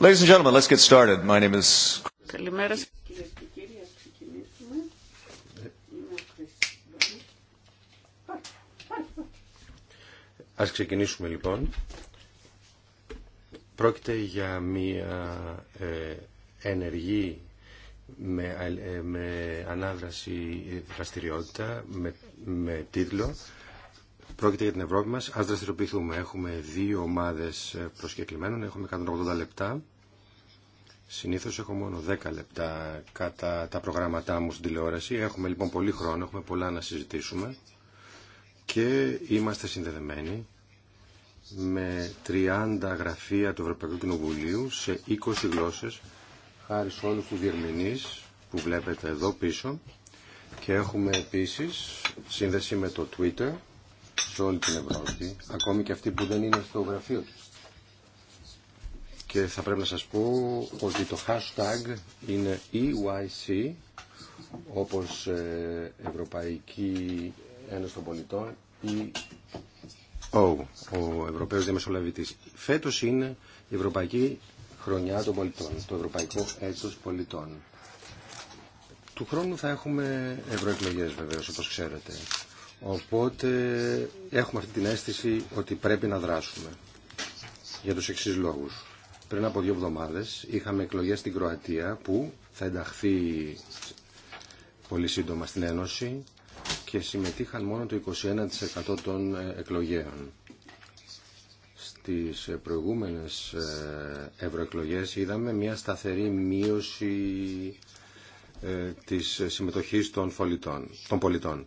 Ladies and gentlemen, let's get started. My name is... ας ξεκινήσουμε. λοιπόν. Πρόκειται για μια ε, ενεργή με, ε, με ανάβραση ε, δραστηριότητα με, με τίτλο Πρόκειται για την Ευρώπη μας. Ας δραστηριοποιηθούμε. Έχουμε δύο ομάδες ε, προσκεκλημένων. Έχουμε 180 λεπτά. Συνήθως έχω μόνο 10 λεπτά κατά τα προγράμματά μου στην τηλεόραση. Έχουμε λοιπόν πολύ χρόνο, έχουμε πολλά να συζητήσουμε και είμαστε συνδεδεμένοι με 30 γραφεία του Ευρωπαϊκού Κοινοβουλίου σε 20 γλώσσες χάρη σε όλους τους διερμηνείς που βλέπετε εδώ πίσω και έχουμε επίσης σύνδεση με το Twitter σε όλη την Ευρώπη, ακόμη και αυτοί που δεν είναι στο γραφείο τους. Και θα πρέπει να σας πω ότι το hashtag είναι EYC, όπως ε, Ευρωπαϊκή Ένωση των Πολιτών, ή e O, ο Ευρωπαίος Διαμεσολαβητής. Φέτος είναι η Ευρωπαϊκή Χρονιά των Πολιτών, το Ευρωπαϊκό Έτος Πολιτών. Του χρόνου θα έχουμε ευρωεκλογές βεβαίως, όπως ξέρετε. Οπότε έχουμε αυτή την αίσθηση ότι πρέπει να δράσουμε για τους εξή λόγους. Πριν από δύο εβδομάδες είχαμε εκλογές στην Κροατία που θα ενταχθεί πολύ σύντομα στην Ένωση και συμμετείχαν μόνο το 21% των ε, εκλογέων. Στις ε, προηγούμενες ε, ευρωεκλογές είδαμε μια σταθερή μείωση της συμμετοχής των, πολιτών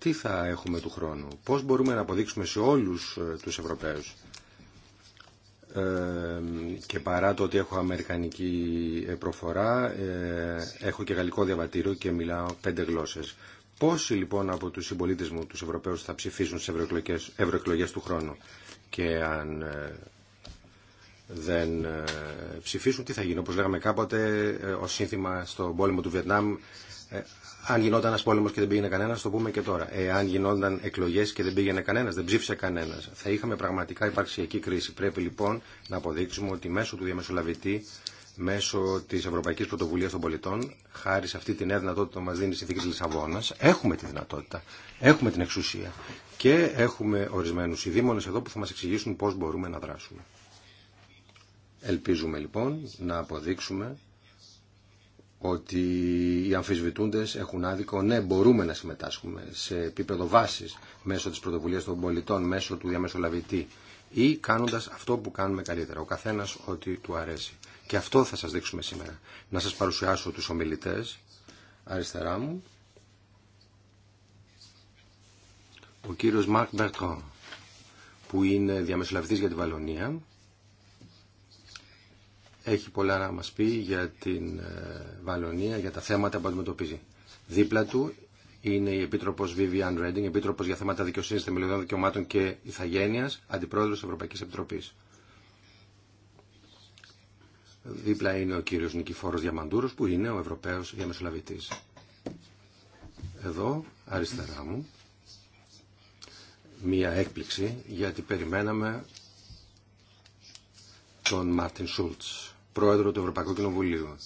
τι θα έχουμε του χρόνου, πώς μπορούμε να αποδείξουμε σε όλους ε, τους Ευρωπαίους ε, και παρά το ότι έχω αμερικανική ε, προφορά έχω και γαλλικό διαβατήριο και μιλάω πέντε γλώσσες. Πόσοι λοιπόν από τους συμπολίτε μου, τους Ευρωπαίους, θα ψηφίσουν σε ευρωεκλογές, ευρωεκλογές του χρόνου και αν δεν ψηφίσουν τι θα γίνει. Όπως λέγαμε κάποτε ως σύνθημα στον πόλεμο του Βιετνάμ αν γινόταν ένα πόλεμο και δεν πήγαινε κανένα, το πούμε και τώρα. Ε, αν γινόταν εκλογέ και δεν πήγαινε κανένα, δεν ψήφισε κανένα, θα είχαμε πραγματικά υπαρξιακή κρίση. Πρέπει λοιπόν να αποδείξουμε ότι μέσω του διαμεσολαβητή, μέσω τη Ευρωπαϊκή Πρωτοβουλία των Πολιτών, χάρη σε αυτή τη νέα δυνατότητα που μα δίνει η συνθήκη Λισαβόνα, έχουμε τη δυνατότητα, έχουμε την εξουσία και έχουμε ορισμένου ειδήμονε εδώ που θα μα εξηγήσουν πώ μπορούμε να δράσουμε. Ελπίζουμε λοιπόν να αποδείξουμε ότι οι αμφισβητούντες έχουν άδικο. Ναι, μπορούμε να συμμετάσχουμε σε επίπεδο βάσης μέσω της πρωτοβουλίας των πολιτών, μέσω του διαμεσολαβητή ή κάνοντας αυτό που κάνουμε καλύτερα. Ο καθένας ό,τι του αρέσει. Και αυτό θα σας δείξουμε σήμερα. Να σας παρουσιάσω τους ομιλητές. Αριστερά μου. Ο κύριος Μαρκ Μπερτρό, που είναι διαμεσολαβητής για τη Βαλονία έχει πολλά να μας πει για την ε, Βαλονία, για τα θέματα που αντιμετωπίζει. Δίπλα του είναι η Επίτροπος Vivian Redding, Επίτροπος για θέματα δικαιοσύνη, θεμελιωδών δικαιωμάτων και ηθαγένεια, Αντιπρόεδρο τη Ευρωπαϊκή Επιτροπή. Δίπλα είναι ο κύριος Νικηφόρος Διαμαντούρος, που είναι ο Ευρωπαίος Διαμεσολαβητή. Εδώ, αριστερά μου, μία έκπληξη, γιατί περιμέναμε τον Μάρτιν Σούλτς πρόεδρο του Ευρωπαϊκού Κοινοβουλίου.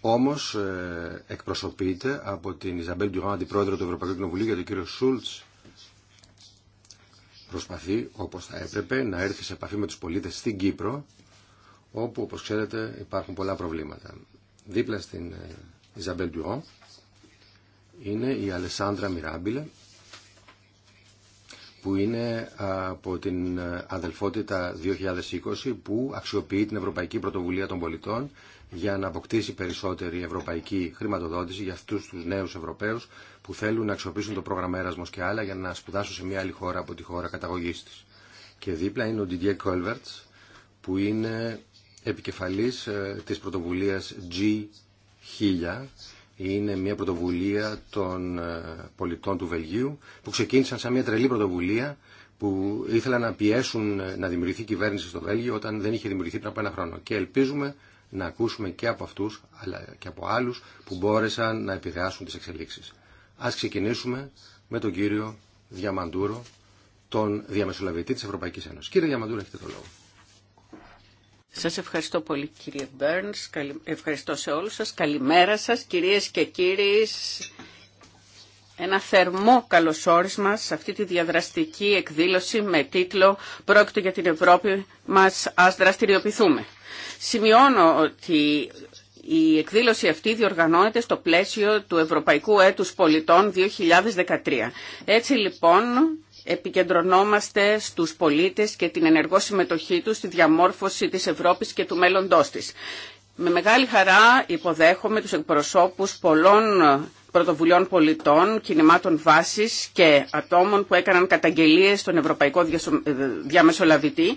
Όμως ε, εκπροσωπείται από την Ιζαμπέλ Ντουγάν, την πρόεδρο του Ευρωπαϊκού Κοινοβουλίου, γιατί ο κύριο Σούλτ προσπαθεί, όπω θα έπρεπε, να έρθει σε επαφή με του πολίτε στην Κύπρο, όπου, όπω ξέρετε, υπάρχουν πολλά προβλήματα. Δίπλα στην ε, Ιζαμπέλ Ντουγάν είναι η Αλεσάνδρα Μιράμπιλε, που είναι από την ε, αδελφότητα 2020 που αξιοποιεί την Ευρωπαϊκή Πρωτοβουλία των Πολιτών για να αποκτήσει περισσότερη ευρωπαϊκή χρηματοδότηση για αυτούς τους νέους Ευρωπαίους που θέλουν να αξιοποιήσουν το πρόγραμμα Έρασμος και άλλα για να σπουδάσουν σε μια άλλη χώρα από τη χώρα καταγωγής της. Και δίπλα είναι ο Didier Colverts που είναι επικεφαλής ε, της πρωτοβουλίας G1000 είναι μια πρωτοβουλία των ε, πολιτών του Βελγίου που ξεκίνησαν σαν μια τρελή πρωτοβουλία που ήθελαν να πιέσουν ε, να δημιουργηθεί κυβέρνηση στο Βέλγιο όταν δεν είχε δημιουργηθεί πριν από ένα χρόνο. Και ελπίζουμε να ακούσουμε και από αυτού, αλλά και από άλλου που μπόρεσαν να επηρεάσουν τι εξελίξει. Α ξεκινήσουμε με τον κύριο Διαμαντούρο, τον διαμεσολαβητή τη Ευρωπαϊκή Ένωση. Κύριε Διαμαντούρο, έχετε το λόγο. Σας ευχαριστώ πολύ κύριε Μπέρνς, ευχαριστώ σε όλους σας, καλημέρα σας κυρίες και κύριοι. Ένα θερμό καλωσόρισμα σε αυτή τη διαδραστική εκδήλωση με τίτλο «Πρόκειται για την Ευρώπη μας, ας δραστηριοποιηθούμε». Σημειώνω ότι η εκδήλωση αυτή διοργανώνεται στο πλαίσιο του Ευρωπαϊκού Έτους Πολιτών 2013. Έτσι λοιπόν επικεντρωνόμαστε στους πολίτες και την ενεργό συμμετοχή τους στη διαμόρφωση της Ευρώπης και του μέλλοντός της. Με μεγάλη χαρά υποδέχομαι τους εκπροσώπους πολλών πρωτοβουλειών πολιτών, κινημάτων βάσης και ατόμων που έκαναν καταγγελίες στον Ευρωπαϊκό ε, Διαμεσολαβητή,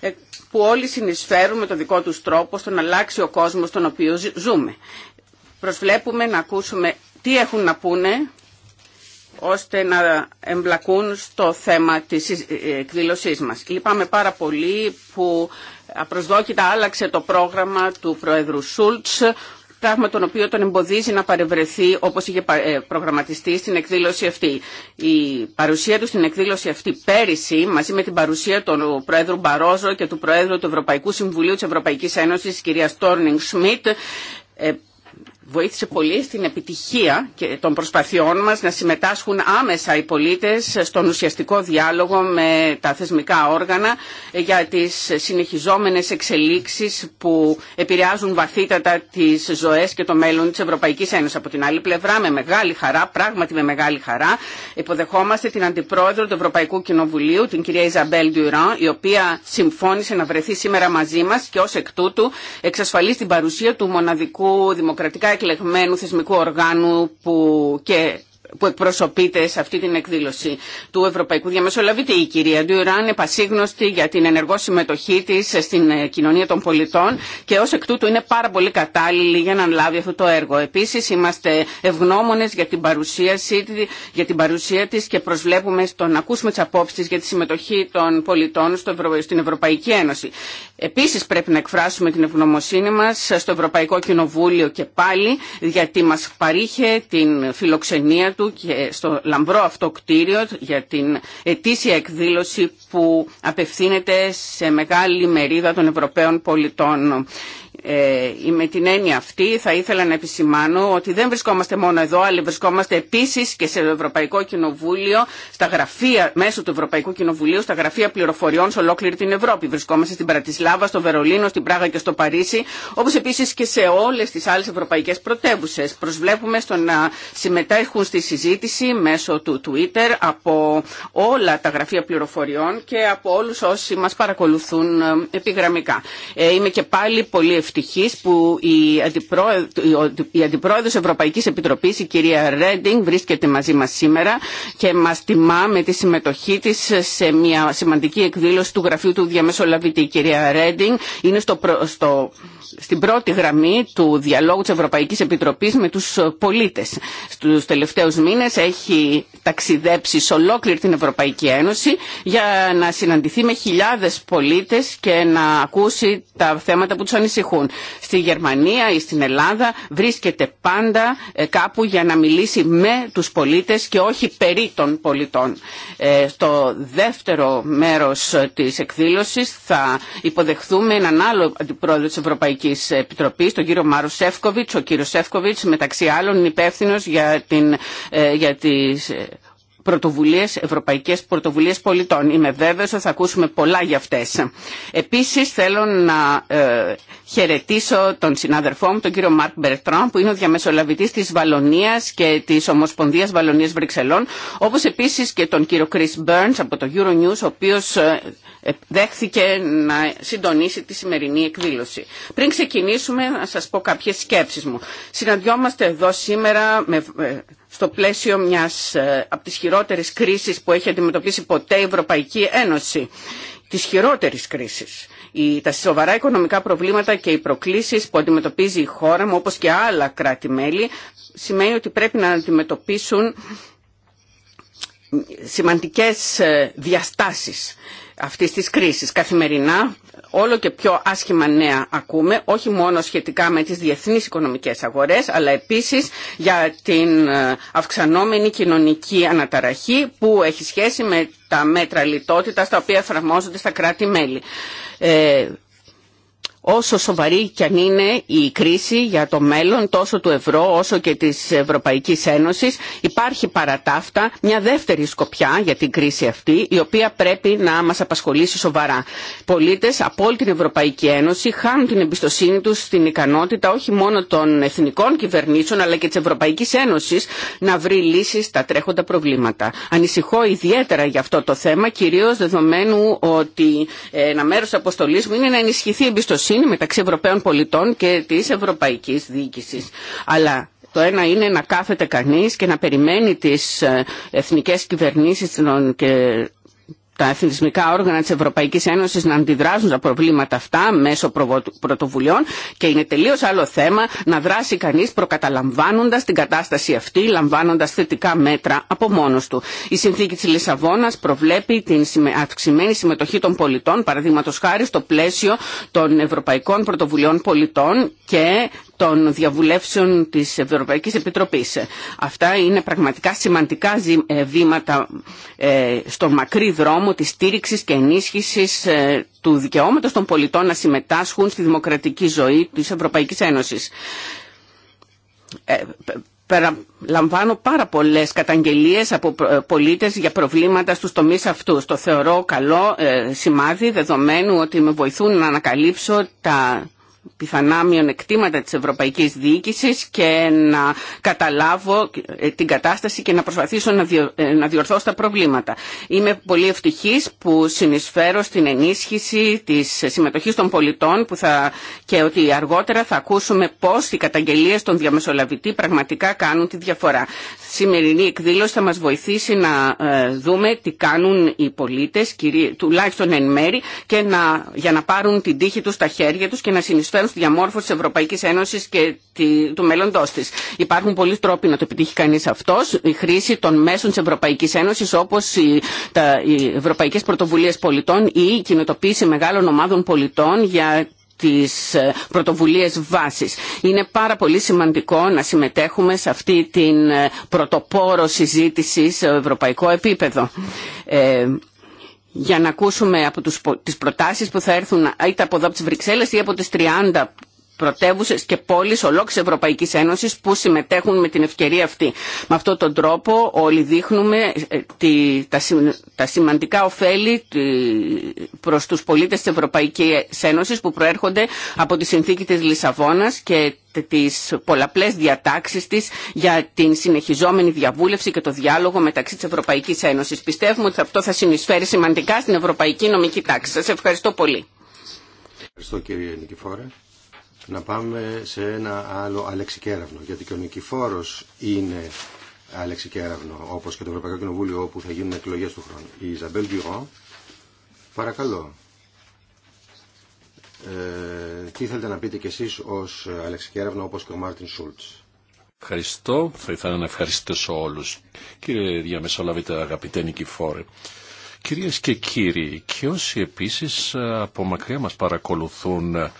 ε, που όλοι συνεισφέρουν με το δικό τους τρόπο στον να ο στον οποίο ζούμε. Προσβλέπουμε να ακούσουμε τι έχουν να πούνε ώστε να εμπλακούν στο θέμα της εκδήλωσής μας. Λυπάμαι πάρα πολύ που απροσδόκητα άλλαξε το πρόγραμμα του Προέδρου Σούλτς, πράγμα τον οποίο τον εμποδίζει να παρευρεθεί όπως είχε ε, προγραμματιστεί στην εκδήλωση αυτή. Η παρουσία του στην εκδήλωση αυτή πέρυσι, μαζί με την παρουσία του Προέδρου Μπαρόζο και του Προέδρου του Ευρωπαϊκού Συμβουλίου της Ευρωπαϊκής Ένωσης, κυρία Τόρνινγκ Σμιτ, ε, βοήθησε πολύ στην επιτυχία και των προσπαθειών μας να συμμετάσχουν άμεσα οι πολίτες στον ουσιαστικό διάλογο με τα θεσμικά όργανα για τις συνεχιζόμενες εξελίξεις που επηρεάζουν βαθύτατα τις ζωές και το μέλλον της Ευρωπαϊκής Ένωσης. Από την άλλη πλευρά, με μεγάλη χαρά, πράγματι με μεγάλη χαρά, υποδεχόμαστε την Αντιπρόεδρο του Ευρωπαϊκού Κοινοβουλίου, την κυρία Ιζαμπέλ Ντουραν, η οποία συμφώνησε να βρεθεί σήμερα μαζί μας και ως εκ τούτου εξασφαλίσει την παρουσία του μοναδικού δημοκρατικά εκλεγμένου θεσμικού οργάνου που και που εκπροσωπείται σε αυτή την εκδήλωση του Ευρωπαϊκού Διαμεσολαβήτη. Η κυρία Ντουιράν επασύγνωστη για την ενεργό συμμετοχή τη στην ε, κοινωνία των πολιτών και ω εκ τούτου είναι πάρα πολύ κατάλληλη για να λάβει αυτό το έργο. Επίση, είμαστε ευγνώμονε για, την παρουσίαση, για την παρουσία τη και προσβλέπουμε στο να ακούσουμε τι απόψει για τη συμμετοχή των πολιτών στο στην Ευρωπαϊκή Ένωση. Επίση, πρέπει να εκφράσουμε την ευγνωμοσύνη μα στο Ευρωπαϊκό Κοινοβούλιο και πάλι, γιατί μα παρήχε την φιλοξενία και στο λαμπρό αυτό κτίριο για την ετήσια εκδήλωση που απευθύνεται σε μεγάλη μερίδα των Ευρωπαίων πολιτών. Ε, με την έννοια αυτή θα ήθελα να επισημάνω ότι δεν βρισκόμαστε μόνο εδώ, αλλά βρισκόμαστε επίσης και σε Ευρωπαϊκό Κοινοβούλιο, στα γραφεία, μέσω του Ευρωπαϊκού Κοινοβουλίου, στα γραφεία πληροφοριών σε ολόκληρη την Ευρώπη. Βρισκόμαστε στην Πρατισλάβα, στο Βερολίνο, στην Πράγα και στο Παρίσι, όπως επίσης και σε όλες τις άλλες ευρωπαϊκές πρωτεύουσε. Προσβλέπουμε στο να συμμετέχουν στη συζήτηση μέσω του Twitter από όλα τα γραφεία πληροφοριών και από όλους όσοι μας παρακολουθούν ε, επιγραμμικά. Ε, είμαι και πάλι πολύ που η, αντιπρόεδρο, η Αντιπρόεδρος Ευρωπαϊκής Επιτροπής, η κυρία Ρέντινγκ, βρίσκεται μαζί μας σήμερα και μας τιμά με τη συμμετοχή της σε μια σημαντική εκδήλωση του Γραφείου του Διαμεσολαβητή. Η κυρία Ρέντινγκ είναι στο, στο στην πρώτη γραμμή του διαλόγου της Ευρωπαϊκής Επιτροπής με τους πολίτες. Στους τελευταίους μήνες έχει ταξιδέψει σε ολόκληρη την Ευρωπαϊκή Ένωση για να συναντηθεί με χιλιάδες πολίτες και να ακούσει τα θέματα που τους ανησυχούν. Στη Γερμανία ή στην Ελλάδα βρίσκεται πάντα ε, κάπου για να μιλήσει με τους πολίτες και όχι περί των πολιτών. Ε, στο δεύτερο μέρος της εκδήλωσης θα υποδεχθούμε έναν άλλο αντιπρόεδρο της Ευρωπαϊκής τον κύριο Μάρου Σεύκοβιτς. Ο κύριος Σεύκοβιτς μεταξύ άλλων είναι υπεύθυνο για, την, ε, για τις ε, πρωτοβουλίες, ευρωπαϊκές πρωτοβουλίες πολιτών. Είμαι βέβαιος ότι θα ακούσουμε πολλά για αυτές. Επίσης θέλω να ε, χαιρετήσω τον συνάδελφό μου, τον κύριο Μάρκ Μπερτρόν, που είναι ο διαμεσολαβητής της Βαλονίας και της Ομοσπονδίας Βαλονίας Βρυξελών, όπως επίσης και τον κύριο Chris Burns από το Euronews, ο οποίος ε, ε, δέχθηκε να συντονίσει τη σημερινή εκδήλωση. Πριν ξεκινήσουμε, να σα πω κάποιε σκέψει μου. Συναντιόμαστε εδώ σήμερα με στο πλαίσιο μιας ε, από τις χειρότερες κρίσεις που έχει αντιμετωπίσει ποτέ η Ευρωπαϊκή Ένωση, της χειρότερης κρίσης. Τα σοβαρά οικονομικά προβλήματα και οι προκλήσεις που αντιμετωπίζει η χώρα μου, όπως και άλλα κράτη-μέλη, σημαίνει ότι πρέπει να αντιμετωπίσουν σημαντικές ε, διαστάσεις αυτής της κρίσης. Καθημερινά όλο και πιο άσχημα νέα ακούμε, όχι μόνο σχετικά με τις διεθνείς οικονομικές αγορές, αλλά επίσης για την ε, αυξανόμενη κοινωνική αναταραχή που έχει σχέση με τα μέτρα λιτότητας τα οποία εφαρμόζονται στα κράτη-μέλη. Ε, όσο σοβαρή κι αν είναι η κρίση για το μέλλον τόσο του ευρώ όσο και της Ευρωπαϊκής Ένωσης υπάρχει παρατάφτα μια δεύτερη σκοπιά για την κρίση αυτή η οποία πρέπει να μας απασχολήσει σοβαρά. Πολίτες από όλη την Ευρωπαϊκή Ένωση χάνουν την εμπιστοσύνη τους στην ικανότητα όχι μόνο των εθνικών κυβερνήσεων αλλά και της Ευρωπαϊκής Ένωσης να βρει λύσεις στα τρέχοντα προβλήματα. Ανησυχώ ιδιαίτερα για αυτό το θέμα κυρίως δεδομένου ότι ένα μέρος αποστολής μου είναι να ενισχυθεί η εμπιστοσύνη είναι μεταξύ Ευρωπαίων πολιτών και της Ευρωπαϊκής Διοίκησης. Αλλά το ένα είναι να κάθεται κανείς και να περιμένει τις ε, εθνικές κυβερνήσεις και τα εθνισμικά όργανα της Ευρωπαϊκής Ένωσης να αντιδράσουν στα προβλήματα αυτά μέσω πρωτοβουλειών και είναι τελείως άλλο θέμα να δράσει κανείς προκαταλαμβάνοντας την κατάσταση αυτή, λαμβάνοντας θετικά μέτρα από μόνος του. Η συνθήκη της Λισαβόνας προβλέπει την αυξημένη συμμετοχή των πολιτών, παραδείγματος χάρη στο πλαίσιο των Ευρωπαϊκών Πρωτοβουλειών Πολιτών και των διαβουλεύσεων της Ευρωπαϊκής Επιτροπής. Αυτά είναι πραγματικά σημαντικά ε, βήματα ε, στον μακρύ δρόμο της στήριξης και ενίσχυσης ε, του δικαιώματος των πολιτών να συμμετάσχουν στη δημοκρατική ζωή της Ευρωπαϊκής Ένωσης. Λαμβάνω πάρα πολλές καταγγελίες από πολίτες για προβλήματα στους τομείς αυτούς. Το θεωρώ καλό σημάδι δεδομένου ότι με βοηθούν να ανακαλύψω τα πιθανά μειονεκτήματα της ευρωπαϊκής διοίκησης και να καταλάβω την κατάσταση και να προσπαθήσω ε, να διορθώσω τα προβλήματα. Είμαι πολύ ευτυχής που συνεισφέρω στην ενίσχυση της συμμετοχής των πολιτών που θα, και ότι αργότερα θα ακούσουμε πώς οι καταγγελίες των διαμεσολαβητή πραγματικά κάνουν τη διαφορά. Σημερινή εκδήλωση θα μας βοηθήσει να ε, δούμε τι κάνουν οι πολίτες, τουλάχιστον εν μέρη, και να, για να πάρουν την τύχη τους στα χέρια τους και να συνεισφέρουν διαμόρφωση της Ευρωπαϊκής Ένωσης και του μέλλοντός της. Υπάρχουν πολλοί τρόποι να το επιτύχει κανεί αυτό, Η χρήση των μέσων τη Ευρωπαϊκή Ένωση, όπω οι, οι Ευρωπαϊκές Πρωτοβουλίες Πολιτών ή η κοινοτοποίηση μεγάλων ομάδων πολιτών για τις ε, πρωτοβουλίες βάσης. Είναι πάρα πολύ σημαντικό να συμμετέχουμε σε αυτή την ε, πρωτοπόρο συζήτηση σε ευρωπαϊκό επίπεδο. Ε, για να ακούσουμε από τους, τις προτάσεις που θα έρθουν είτε από εδώ από τις Βρυξέλλες ή από τις 30 πρωτεύουσε και πόλει ολόκληρη Ευρωπαϊκή Ένωση που συμμετέχουν με την ευκαιρία αυτή. Με αυτόν τον τρόπο όλοι δείχνουμε ε, τα σημαντικά ωφέλη προ του πολίτε τη Ευρωπαϊκή Ένωση που προέρχονται από τη συνθήκη τη Λισαβόνα και τι πολλαπλέ διατάξει τη για την συνεχιζόμενη διαβούλευση και το διάλογο μεταξύ τη Ευρωπαϊκή Ένωση. Πιστεύουμε ότι αυτό θα συνεισφέρει σημαντικά στην Ευρωπαϊκή Νομική Τάξη. Σα ευχαριστώ πολύ. Ευχαριστώ κύριε Νικηφόρα να πάμε σε ένα άλλο αλεξικέραυνο. Γιατί και ο νικηφόρος είναι αλεξικέραυνο, όπως και το Ευρωπαϊκό Κοινοβούλιο όπου θα γίνουν εκλογές του χρόνου. Η Ιζαμπέλ Γιουρό παρακαλώ. Ε, τι θέλετε να πείτε κι εσείς ως αλεξικέραυνο όπως και ο Μάρτιν Σούλτς. Ευχαριστώ. Θα ήθελα να ευχαριστήσω όλους. Κύριε Διαμεσολαβήτε, αγαπητέ Νικηφόρε. Κυρίες και κύριοι, και όσοι επίσης από μακριά μας παρακολουθούν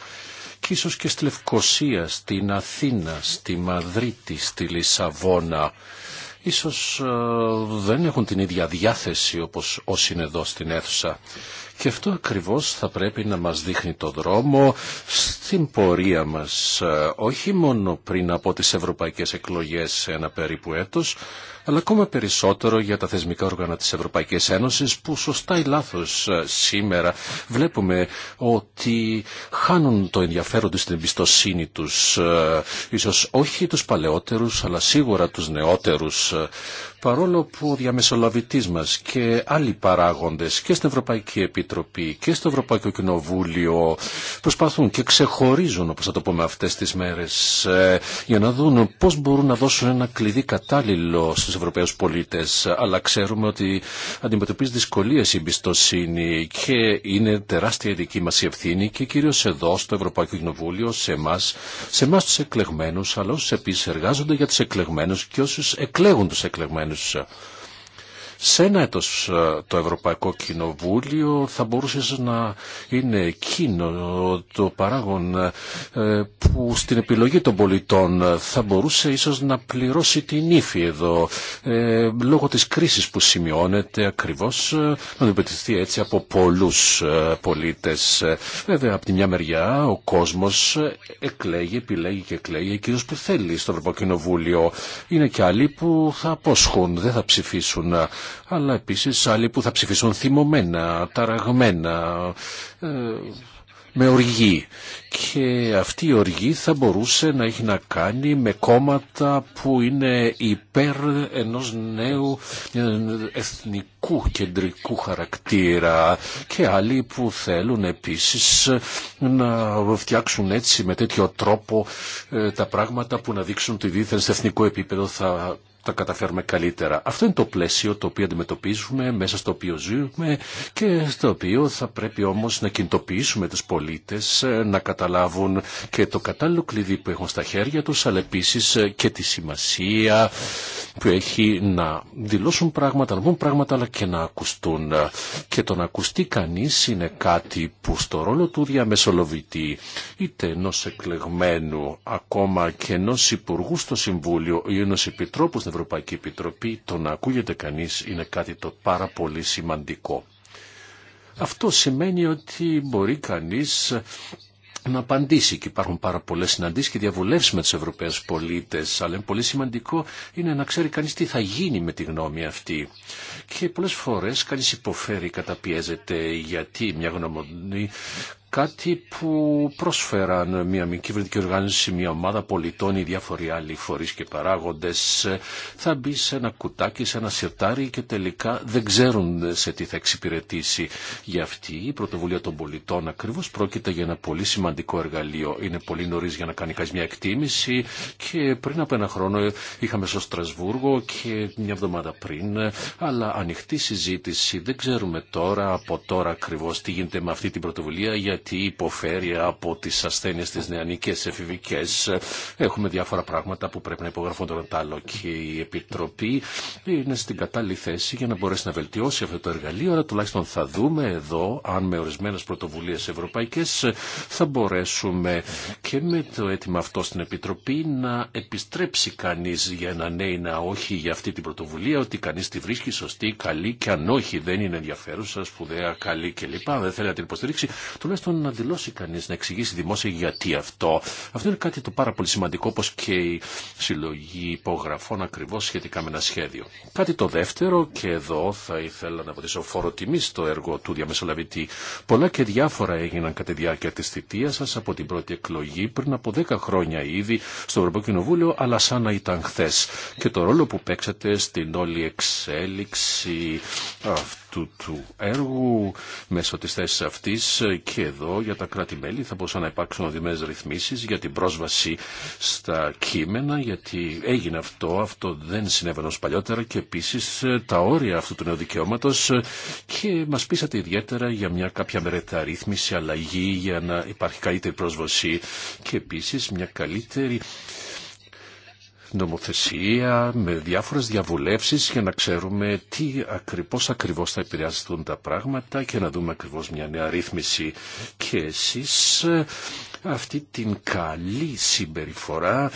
ίσως και στη Λευκοσία, στην Αθήνα, στη Μαδρίτη, στη Λισαβόνα. Ίσως ε, δεν έχουν την ίδια διάθεση όπως όσοι είναι εδώ στην αίθουσα. Και αυτό ακριβώς θα πρέπει να μας δείχνει το δρόμο στην πορεία μας, ε, όχι μόνο πριν από τις ευρωπαϊκές εκλογές σε ένα περίπου έτος, αλλά ακόμα περισσότερο για τα θεσμικά όργανα της Ευρωπαϊκής Ένωσης που σωστά ή λάθος ε, σήμερα βλέπουμε ότι χάνουν το ενδιαφέρον τους στην εμπιστοσύνη τους, ε, ίσως όχι τους παλαιότερους αλλά σίγουρα τους νεότερους ε, παρόλο που ο διαμεσολαβητής μας και άλλοι παράγοντες και στην Ευρωπαϊκή Επιτροπή και στο Ευρωπαϊκό Κοινοβούλιο προσπαθούν και ξεχωρίζουν όπως θα το πούμε αυτές τις μέρες για να δουν πώς μπορούν να δώσουν ένα κλειδί κατάλληλο Ευρωπαίους πολίτες, αλλά ξέρουμε ότι αντιμετωπίζει δυσκολίες η εμπιστοσύνη και είναι τεράστια η δική μας η ευθύνη και κυρίως εδώ στο Ευρωπαϊκό Κοινοβούλιο, σε εμά, σε εμάς τους εκλεγμένους, αλλά όσους επίσης εργάζονται για τους εκλεγμένους και όσους εκλέγουν τους εκλεγμένους. Σε ένα έτος ε, το Ευρωπαϊκό Κοινοβούλιο θα μπορούσε να είναι εκείνο το παράγον ε, ε, που στην επιλογή των πολιτών θα μπορούσε ίσως να πληρώσει την ύφη εδώ λόγω της κρίσης που σημειώνεται ακριβώς να αντιμετωπιστεί έτσι από πολλούς πολίτες. Βέβαια από τη μια μεριά ο κόσμος εκλέγει, επιλέγει και εκλέγει εκείνος που θέλει στο Ευρωπαϊκό Κοινοβούλιο. Είναι και άλλοι που θα απόσχουν, δεν θα ψηφίσουν αλλά επίσης άλλοι που θα ψηφίσουν θυμωμένα, ταραγμένα, ε, με οργή και αυτή η οργή θα μπορούσε να έχει να κάνει με κόμματα που είναι υπέρ ενός νέου εθνικού κεντρικού χαρακτήρα και άλλοι που θέλουν επίσης να φτιάξουν έτσι με τέτοιο τρόπο ε, τα πράγματα που να δείξουν ότι δίθεν σε εθνικό επίπεδο θα τα καταφέρουμε καλύτερα. Αυτό είναι το πλαίσιο το οποίο αντιμετωπίζουμε, μέσα στο οποίο ζούμε και στο οποίο θα πρέπει όμως να κινητοποιήσουμε τους πολίτες ε, να καταλάβουν και το κατάλληλο κλειδί που έχουν στα χέρια τους, αλλά επίση και τη σημασία που έχει να δηλώσουν πράγματα, να πούν πράγματα, αλλά και να ακουστούν. Και το να ακουστεί κανείς είναι κάτι που στο ρόλο του διαμεσολοβητή, είτε ενό εκλεγμένου, ακόμα και ενό υπουργού στο Συμβούλιο ή ενό επιτρόπου στην Ευρωπαϊκή Επιτροπή, το να ακούγεται κανείς είναι κάτι το πάρα πολύ σημαντικό. Αυτό σημαίνει ότι μπορεί κανείς να απαντήσει και υπάρχουν πάρα πολλέ συναντήσει και διαβουλεύσει με του Ευρωπαίου πολίτε. Αλλά είναι πολύ σημαντικό είναι να ξέρει κανεί τι θα γίνει με τη γνώμη αυτή. Και πολλέ φορέ κανεί υποφέρει, καταπιέζεται γιατί μια γνωμονή κάτι που πρόσφεραν μια μη κυβερνητική οργάνωση, μια ομάδα πολιτών ή διάφοροι άλλοι φορείς και παράγοντες θα μπει σε ένα κουτάκι, σε ένα σιρτάρι και τελικά δεν ξέρουν σε τι θα εξυπηρετήσει. Για αυτή η πρωτοβουλία των πολιτών ακριβώς πρόκειται για ένα πολύ σημαντικό εργαλείο. Είναι πολύ νωρίς για να κάνει κανείς μια εκτίμηση και πριν από ένα χρόνο είχαμε στο Στρασβούργο και μια εβδομάδα πριν, αλλά ανοιχτή συζήτηση. Δεν ξέρουμε τώρα από τώρα ακριβώς τι γίνεται με αυτή την πρωτοβουλία για γιατί υποφέρει από τι ασθένειε της νεανικές εφηβικές. Έχουμε διάφορα πράγματα που πρέπει να υπογραφούν τον άλλο και η Επιτροπή είναι στην κατάλληλη θέση για να μπορέσει να βελτιώσει αυτό το εργαλείο, αλλά τουλάχιστον θα δούμε εδώ αν με ορισμένε πρωτοβουλίε ευρωπαϊκέ θα μπορέσουμε και με το αίτημα αυτό στην Επιτροπή να επιστρέψει κανεί για ένα ναι ή να όχι για αυτή την πρωτοβουλία, ότι κανεί τη βρίσκει σωστή, καλή και αν όχι δεν είναι ενδιαφέρουσα, σπουδαία, καλή κλπ. Δεν θέλει να την υποστηρίξει, τουλάχιστον να δηλώσει κανείς, να εξηγήσει δημόσια γιατί αυτό. Αυτό είναι κάτι το πάρα πολύ σημαντικό, όπως και η συλλογή υπογραφών ακριβώς σχετικά με ένα σχέδιο. Κάτι το δεύτερο, και εδώ θα ήθελα να βοηθήσω φόρο τιμή στο έργο του διαμεσολαβητή. Πολλά και διάφορα έγιναν κατά τη διάρκεια της θητείας σας από την πρώτη εκλογή πριν από 10 χρόνια ήδη στο Ευρωπαϊκό Κοινοβούλιο, αλλά σαν να ήταν χθε. Και το ρόλο που παίξατε στην όλη εξέλιξη αυτή του έργου μέσω της θέσης αυτής και εδώ για τα κράτη-μέλη θα μπορούσαν να υπάρξουν οδημές ρυθμίσεις για την πρόσβαση στα κείμενα γιατί έγινε αυτό, αυτό δεν συνέβαινε ως παλιότερα και επίσης ε, τα όρια αυτού του νέου δικαιώματος ε, και μας πείσατε ιδιαίτερα για μια κάποια μερεταρρύθμιση, αλλαγή για να υπάρχει καλύτερη πρόσβαση και επίσης μια καλύτερη νομοθεσία, με διάφορες διαβουλεύσεις για να ξέρουμε τι ακριβώς ακριβώς θα επηρεάζουν τα πράγματα και να δούμε ακριβώς μια νέα ρύθμιση. Και εσείς αυτή την καλή συμπεριφορά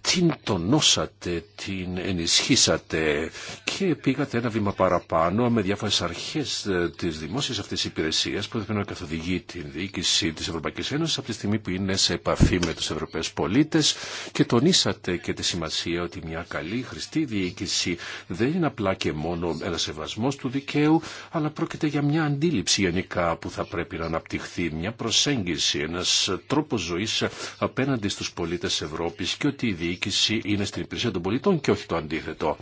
την τονώσατε, την ενισχύσατε και πήγατε ένα βήμα παραπάνω με διάφορες αρχές ε, της δημόσιας αυτής υπηρεσίας που θα πρέπει να καθοδηγεί την διοίκηση της Ευρωπαϊκής Ένωσης από τη στιγμή που είναι σε επαφή με τους Ευρωπαίους πολίτες και τονίσατε και τη σημασία ότι μια καλή χρηστή διοίκηση δεν είναι απλά και μόνο ένα σεβασμός του δικαίου αλλά πρόκειται για μια αντίληψη γενικά που θα πρέπει να αναπτυχθεί, μια προσέγγιση, ένας τρόπος ζωής απέναντι στους πολίτες Ευρώπης και ότι η διοίκηση είναι στην υπηρεσία των πολιτών και όχι το αντίθετο.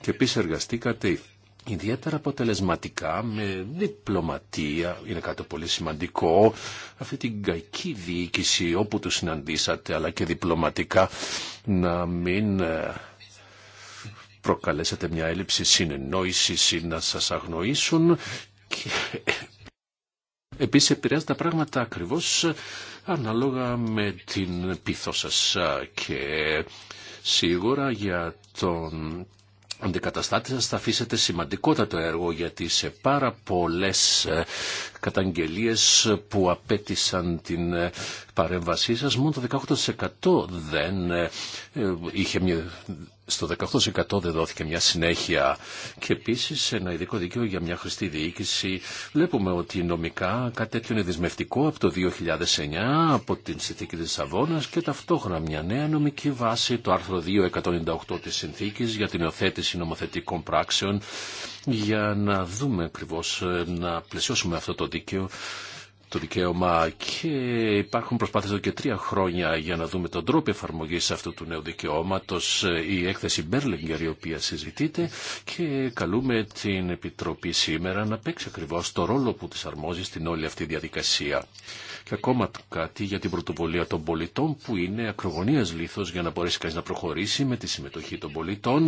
Και επίσης εργαστήκατε ιδιαίτερα αποτελεσματικά με διπλωματία, είναι κάτι πολύ σημαντικό, αυτή την καϊκή διοίκηση όπου το συναντήσατε αλλά και διπλωματικά να μην ε, προκαλέσετε μια έλλειψη συνεννόησης ή να σας αγνοήσουν και ε, επίσης επηρεάζει τα πράγματα ακριβώς ανάλογα με την πίθο σας και σίγουρα για τον αντικαταστάτη σας θα αφήσετε σημαντικότατο έργο γιατί σε πάρα πολλές ε, καταγγελίες που απέτησαν την ε, παρέμβασή σας μόνο το 18% δεν ε, είχε μια στο 18% δεν δόθηκε μια συνέχεια και επίσης ένα ειδικό δικαίωμα για μια χρηστή διοίκηση. Βλέπουμε ότι νομικά κάτι τέτοιο είναι δυσμευτικό από το 2009 από την συνθήκη της Σαββόνας και ταυτόχρονα μια νέα νομική βάση το άρθρο 298 της συνθήκης για την οθέτηση νομοθετικών πράξεων για να δούμε ακριβώ να πλαισιώσουμε αυτό το δίκαιο το δικαίωμα και υπάρχουν προσπάθειες εδώ και τρία χρόνια για να δούμε τον τρόπο εφαρμογής αυτού του νέου δικαιώματος η έκθεση Μπέρλεγκερ η οποία συζητείται και καλούμε την Επιτροπή σήμερα να παίξει ακριβώς το ρόλο που της αρμόζει στην όλη αυτή διαδικασία. Και ακόμα κάτι για την πρωτοβολία των πολιτών που είναι ακρογωνίας λήθος για να μπορέσει κανείς να προχωρήσει με τη συμμετοχή των πολιτών.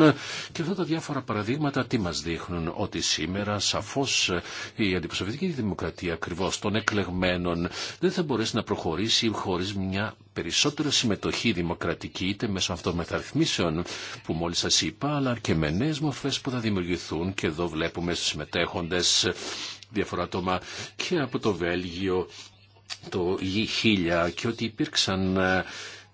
Και αυτά τα διάφορα παραδείγματα τι μας δείχνουν ότι σήμερα σαφώς η αντιπροσωπευτική δημοκρατία ακριβώς των εκλεγμένων δεν θα μπορέσει να προχωρήσει χωρίς μια περισσότερη συμμετοχή δημοκρατική είτε μέσω αυτών μεταρρυθμίσεων που μόλις σας είπα αλλά και με νέες μορφές που θα δημιουργηθούν και εδώ βλέπουμε στους συμμετέχοντες διαφορά άτομα και από το Βέλγιο το γη χίλια και ότι υπήρξαν. Ε,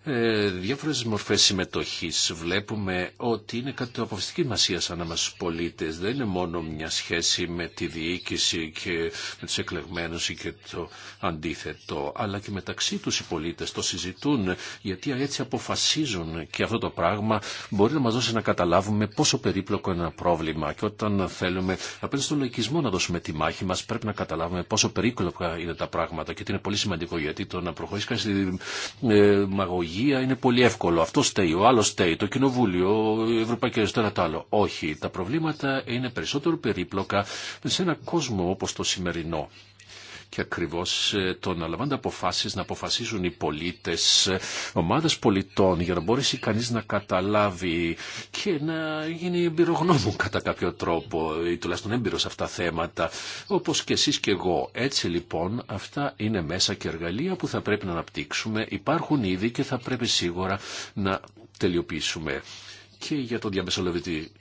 ε, διάφορες μορφές συμμετοχής βλέπουμε ότι είναι κάτι αποφασιστική μασία ανάμεσα στου πολίτες. Δεν είναι μόνο μια σχέση με τη διοίκηση και με τους εκλεγμένους και το αντίθετο, αλλά και μεταξύ τους οι πολίτες το συζητούν γιατί έτσι αποφασίζουν και αυτό το πράγμα μπορεί να μας δώσει να καταλάβουμε πόσο περίπλοκο είναι ένα πρόβλημα και όταν θέλουμε απέναντι στον λογισμό να δώσουμε τη μάχη μας πρέπει να καταλάβουμε πόσο περίπλοκα είναι τα πράγματα και ότι είναι πολύ σημαντικό γιατί το να προχωρήσει κανείς ε, μαγωγή υγεία είναι πολύ εύκολο. Αυτό στέει, ο άλλο στέει, το Κοινοβούλιο, η Ευρωπαϊκή Ένωση, το άλλο. Όχι, τα προβλήματα είναι περισσότερο περίπλοκα σε ένα κόσμο όπω το σημερινό και ακριβώς ε, το να λαμβάνεται αποφάσεις, να αποφασίζουν οι πολίτες, ε, ομάδες πολιτών για να μπορέσει κανείς να καταλάβει και να γίνει εμπειρογνώμου κατά κάποιο τρόπο ή τουλάχιστον έμπειρο σε αυτά θέματα όπως και εσείς και εγώ. Έτσι λοιπόν αυτά είναι μέσα και εργαλεία που θα πρέπει να αναπτύξουμε, υπάρχουν ήδη και θα πρέπει σίγουρα να τελειοποιήσουμε και για τον διαμεσολαβητή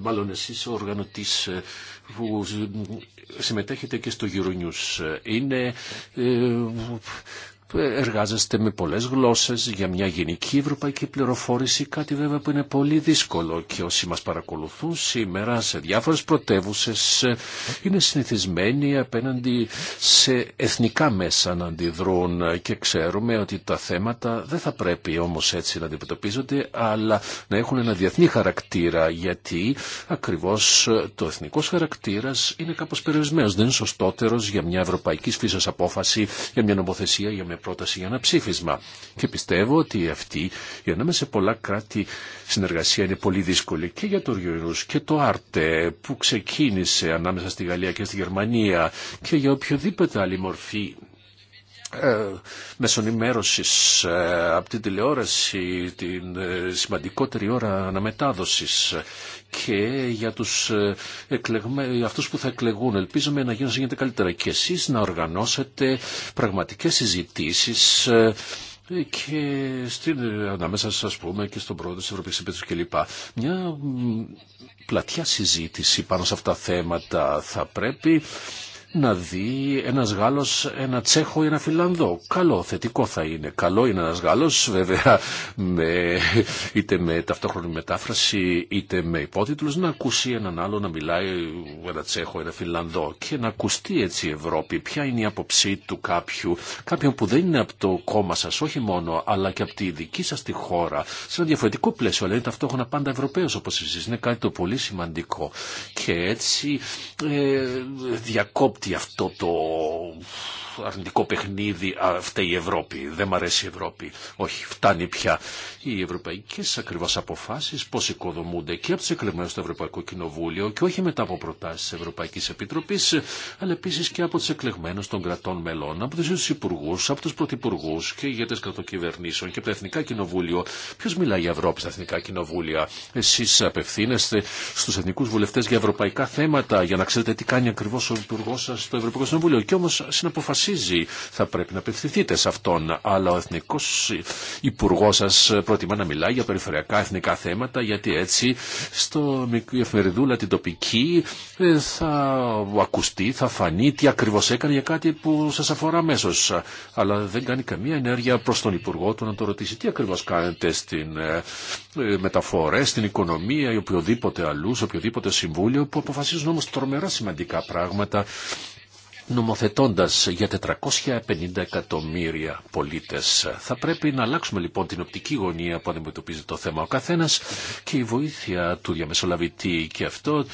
μάλλον εσείς ο οργανωτής ε, που συμμετέχετε και στο Euronews. Ε, είναι ε, εργάζεστε με πολλές γλώσσες για μια γενική ευρωπαϊκή πληροφόρηση, κάτι βέβαια που είναι πολύ δύσκολο και όσοι μας παρακολουθούν σήμερα σε διάφορες πρωτεύουσε ε, είναι συνηθισμένοι απέναντι σε εθνικά μέσα να αντιδρούν και ξέρουμε ότι τα θέματα δεν θα πρέπει όμως έτσι να αντιμετωπίζονται αλλά να έχουν ένα διεθνή χαρακτήρα γιατί ακριβώς το εθνικός χαρακτήρας είναι κάπως περιορισμένος, δεν είναι σωστότερος για μια ευρωπαϊκή φύσης απόφαση, για μια νομοθεσία, για μια πρόταση για ένα ψήφισμα. Και πιστεύω ότι αυτή η ανάμεσα πολλά κράτη συνεργασία είναι πολύ δύσκολη και για το Ριορούς και το Άρτε που ξεκίνησε ανάμεσα στη Γαλλία και στη Γερμανία και για οποιοδήποτε άλλη μορφή ε, μεσονημέρωσης ε, από την τηλεόραση, την ε, σημαντικότερη ώρα αναμετάδοσης και για τους αυτούς που θα εκλεγούν. Ελπίζουμε να γίνουν γίνεται καλύτερα και εσείς να οργανώσετε πραγματικές συζητήσεις και στην, ανάμεσα σας πούμε και στον πρόεδρο της Ευρωπαϊκής Επίτροπης κλπ. Μια πλατιά συζήτηση πάνω σε αυτά τα θέματα θα πρέπει να δει ένας Γάλλος ένα Τσέχο ή ένα Φιλανδό. Καλό, θετικό θα είναι. Καλό είναι ένας Γάλλος βέβαια με, είτε με ταυτόχρονη μετάφραση είτε με υπότιτλους να ακούσει έναν άλλο να μιλάει ένα Τσέχο, ή ένα Φιλανδό και να ακουστεί έτσι η Ευρώπη. Ποια είναι η άποψή του κάποιου, κάποιον που δεν είναι από το κόμμα σας όχι μόνο αλλά και από τη δική σας τη χώρα σε ένα διαφορετικό πλαίσιο αλλά είναι ταυτόχρονα πάντα Ευρωπαίος όπως εσείς. Είναι κάτι το πολύ σημαντικό και έτσι ε, διακόπτει ότι αυτό το αρνητικό παιχνίδι αυτή η Ευρώπη. Δεν μ' αρέσει η Ευρώπη. Όχι, φτάνει πια. Οι ευρωπαϊκέ ακριβώ αποφάσει πώ οικοδομούνται και από του εκλεγμένου στο Ευρωπαϊκό Κοινοβούλιο και όχι μετά από προτάσει τη Ευρωπαϊκή Επιτροπή, αλλά επίση και από τι εκλεγμένου των κρατών μελών, από του υπουργού, από του πρωθυπουργού και ηγέτε κρατοκυβερνήσεων και από τα Εθνικά Κοινοβούλιο. Ποιο μιλάει για Ευρώπη στα Εθνικά Κοινοβούλια. Εσεί απευθύνεστε στου εθνικού βουλευτέ για ευρωπαϊκά θέματα, για να ξέρετε τι κάνει ακριβώ ο υπουργό σα στο Ευρωπαϊκό Κοινοβούλιο. Και όμω συναποφασίζετε αποφασίζει. Θα πρέπει να απευθυνθείτε σε αυτόν. Αλλά ο Εθνικό Υπουργό σα προτιμά να μιλάει για περιφερειακά εθνικά θέματα, γιατί έτσι στο εφημεριδούλα την τοπική ε, θα ακουστεί, θα φανεί τι ακριβώ έκανε για κάτι που σα αφορά αμέσω. Αλλά δεν κάνει καμία ενέργεια προ τον Υπουργό του να το ρωτήσει τι ακριβώ κάνετε στην ε, ε, μεταφορέ, στην οικονομία ή οποιοδήποτε αλλού, σε οποιοδήποτε συμβούλιο που αποφασίζουν όμω τρομερά σημαντικά πράγματα νομοθετώντας για 450 εκατομμύρια πολίτες. Θα πρέπει να αλλάξουμε λοιπόν την οπτική γωνία που αντιμετωπίζει το θέμα ο καθένας και η βοήθεια του διαμεσολαβητή και αυτό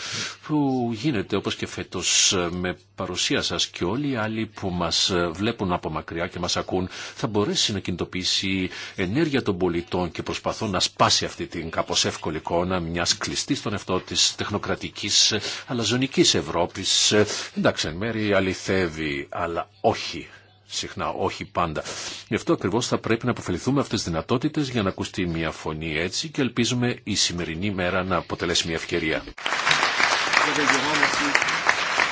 που γίνεται όπως και φέτος με παρουσία σας και όλοι οι άλλοι που μας βλέπουν από μακριά και μας ακούν θα μπορέσει να κινητοποιήσει ενέργεια των πολιτών και προσπαθώ να σπάσει αυτή την κάπως εύκολη εικόνα μιας κλειστή στον εαυτό της τεχνοκρατικής αλλά ζωνικής Ευρώπης. Εντάξει, εν μέρη αληθεύει, αλλά όχι συχνά, όχι πάντα. Γι' αυτό ακριβώς θα πρέπει να αποφεληθούμε αυτές τις δυνατότητες για να ακουστεί μια φωνή έτσι και ελπίζουμε η σημερινή μέρα να αποτελέσει μια ευκαιρία.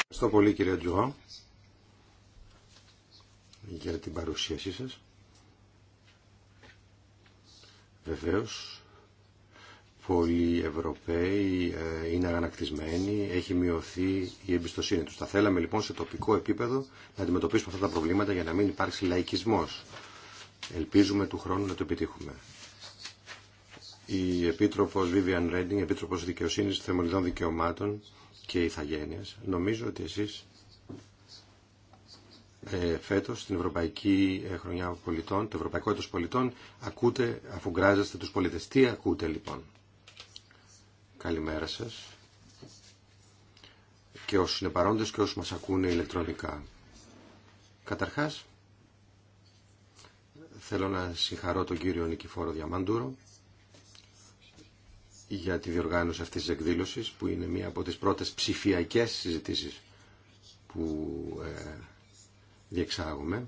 Ευχαριστώ πολύ κύριε Τζουά για την παρουσίασή σας. Βεβαίως, πολλοί Ευρωπαίοι ε, είναι αγανακτισμένοι, έχει μειωθεί η εμπιστοσύνη τους. Θα θέλαμε λοιπόν σε τοπικό επίπεδο να αντιμετωπίσουμε αυτά τα προβλήματα για να μην υπάρξει λαϊκισμός. Ελπίζουμε του χρόνου να το επιτύχουμε. Η Επίτροπος Vivian Redding, Επίτροπος Δικαιοσύνης Θεμελιδών Δικαιωμάτων, και ηθαγένειας. Νομίζω ότι εσείς ε, φέτος στην Ευρωπαϊκή ε, Χρονιά Πολιτών, το Ευρωπαϊκό Έτος Πολιτών, ακούτε, αφού γκράζεστε τους πολίτες. Τι ακούτε λοιπόν. Καλημέρα σας. Και όσοι είναι παρόντες και όσοι μας ακούνε ηλεκτρονικά. Καταρχάς, θέλω να συγχαρώ τον κύριο Νικηφόρο Διαμαντούρο για τη διοργάνωση αυτής της εκδήλωσης που είναι μία από τις πρώτες ψηφιακές συζητήσεις που ε, διεξάγουμε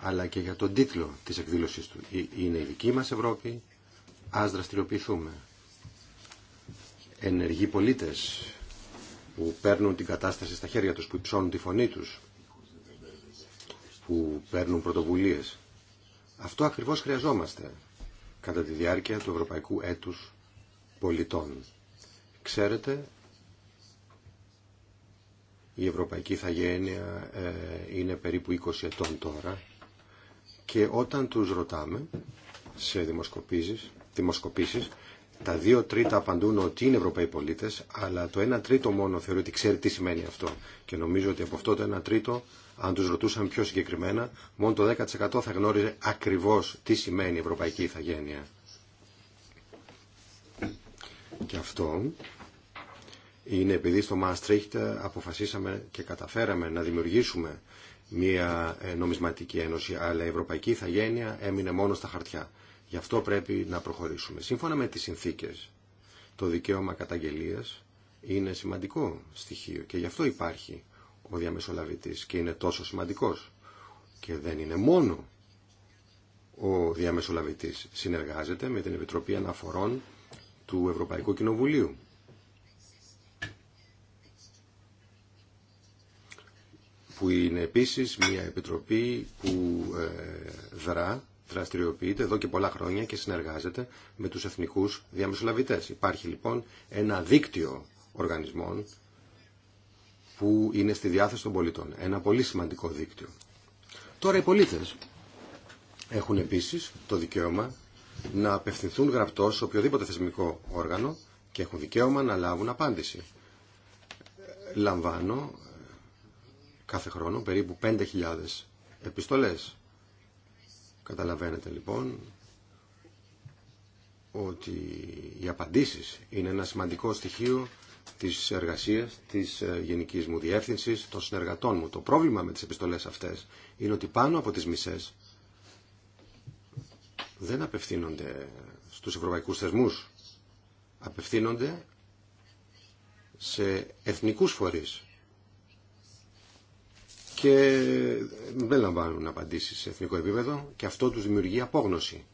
αλλά και για τον τίτλο της εκδήλωσης του. Ε, είναι η δική μας Ευρώπη, ας δραστηριοποιηθούμε. Ενεργοί πολίτες που παίρνουν την κατάσταση στα χέρια τους, που υψώνουν τη φωνή τους, που παίρνουν πρωτοβουλίες. Αυτό ακριβώς χρειαζόμαστε κατά τη διάρκεια του Ευρωπαϊκού Έτους πολιτών. Ξέρετε, η Ευρωπαϊκή Ιθαγένεια ε, είναι περίπου 20 ετών τώρα και όταν τους ρωτάμε σε δημοσκοπήσεις, δημοσκοπήσεις τα δύο τρίτα απαντούν ότι είναι Ευρωπαίοι πολίτες, αλλά το ένα τρίτο μόνο θεωρεί ότι ξέρει τι σημαίνει αυτό. Και νομίζω ότι από αυτό το ένα τρίτο, αν τους ρωτούσαν πιο συγκεκριμένα, μόνο το 10% θα γνώριζε ακριβώς τι σημαίνει Ευρωπαϊκή Ιθαγένεια. Και αυτό είναι επειδή στο Maastricht αποφασίσαμε και καταφέραμε να δημιουργήσουμε μια ε, νομισματική ένωση, αλλά η ευρωπαϊκή ηθαγένεια έμεινε μόνο στα χαρτιά. Γι' αυτό πρέπει να προχωρήσουμε. Σύμφωνα με τις συνθήκες, το δικαίωμα καταγγελίας είναι σημαντικό στοιχείο και γι' αυτό υπάρχει ο διαμεσολαβητής και είναι τόσο σημαντικός. Και δεν είναι μόνο ο διαμεσολαβητής. Συνεργάζεται με την Επιτροπή Αναφορών του Ευρωπαϊκού Κοινοβουλίου. που είναι επίσης μια επιτροπή που ε, δρά, δραστηριοποιείται εδώ και πολλά χρόνια και συνεργάζεται με τους εθνικούς διαμεσολαβητές. Υπάρχει λοιπόν ένα δίκτυο οργανισμών που είναι στη διάθεση των πολιτών. Ένα πολύ σημαντικό δίκτυο. Τώρα οι πολίτες έχουν επίσης το δικαίωμα να απευθυνθούν γραπτό σε οποιοδήποτε θεσμικό όργανο και έχουν δικαίωμα να λάβουν απάντηση. Λαμβάνω ε, κάθε χρόνο περίπου 5.000 επιστολές. Καταλαβαίνετε λοιπόν ότι οι απαντήσεις είναι ένα σημαντικό στοιχείο της εργασίας, της ε, γενικής μου διεύθυνσης, των συνεργατών μου. Το πρόβλημα με τις επιστολές αυτές είναι ότι πάνω από τις μισές δεν απευθύνονται στους ευρωπαϊκούς θεσμούς. Απευθύνονται σε εθνικούς φορείς και δεν λαμβάνουν απαντήσεις σε εθνικό επίπεδο και αυτό τους δημιουργεί απόγνωση.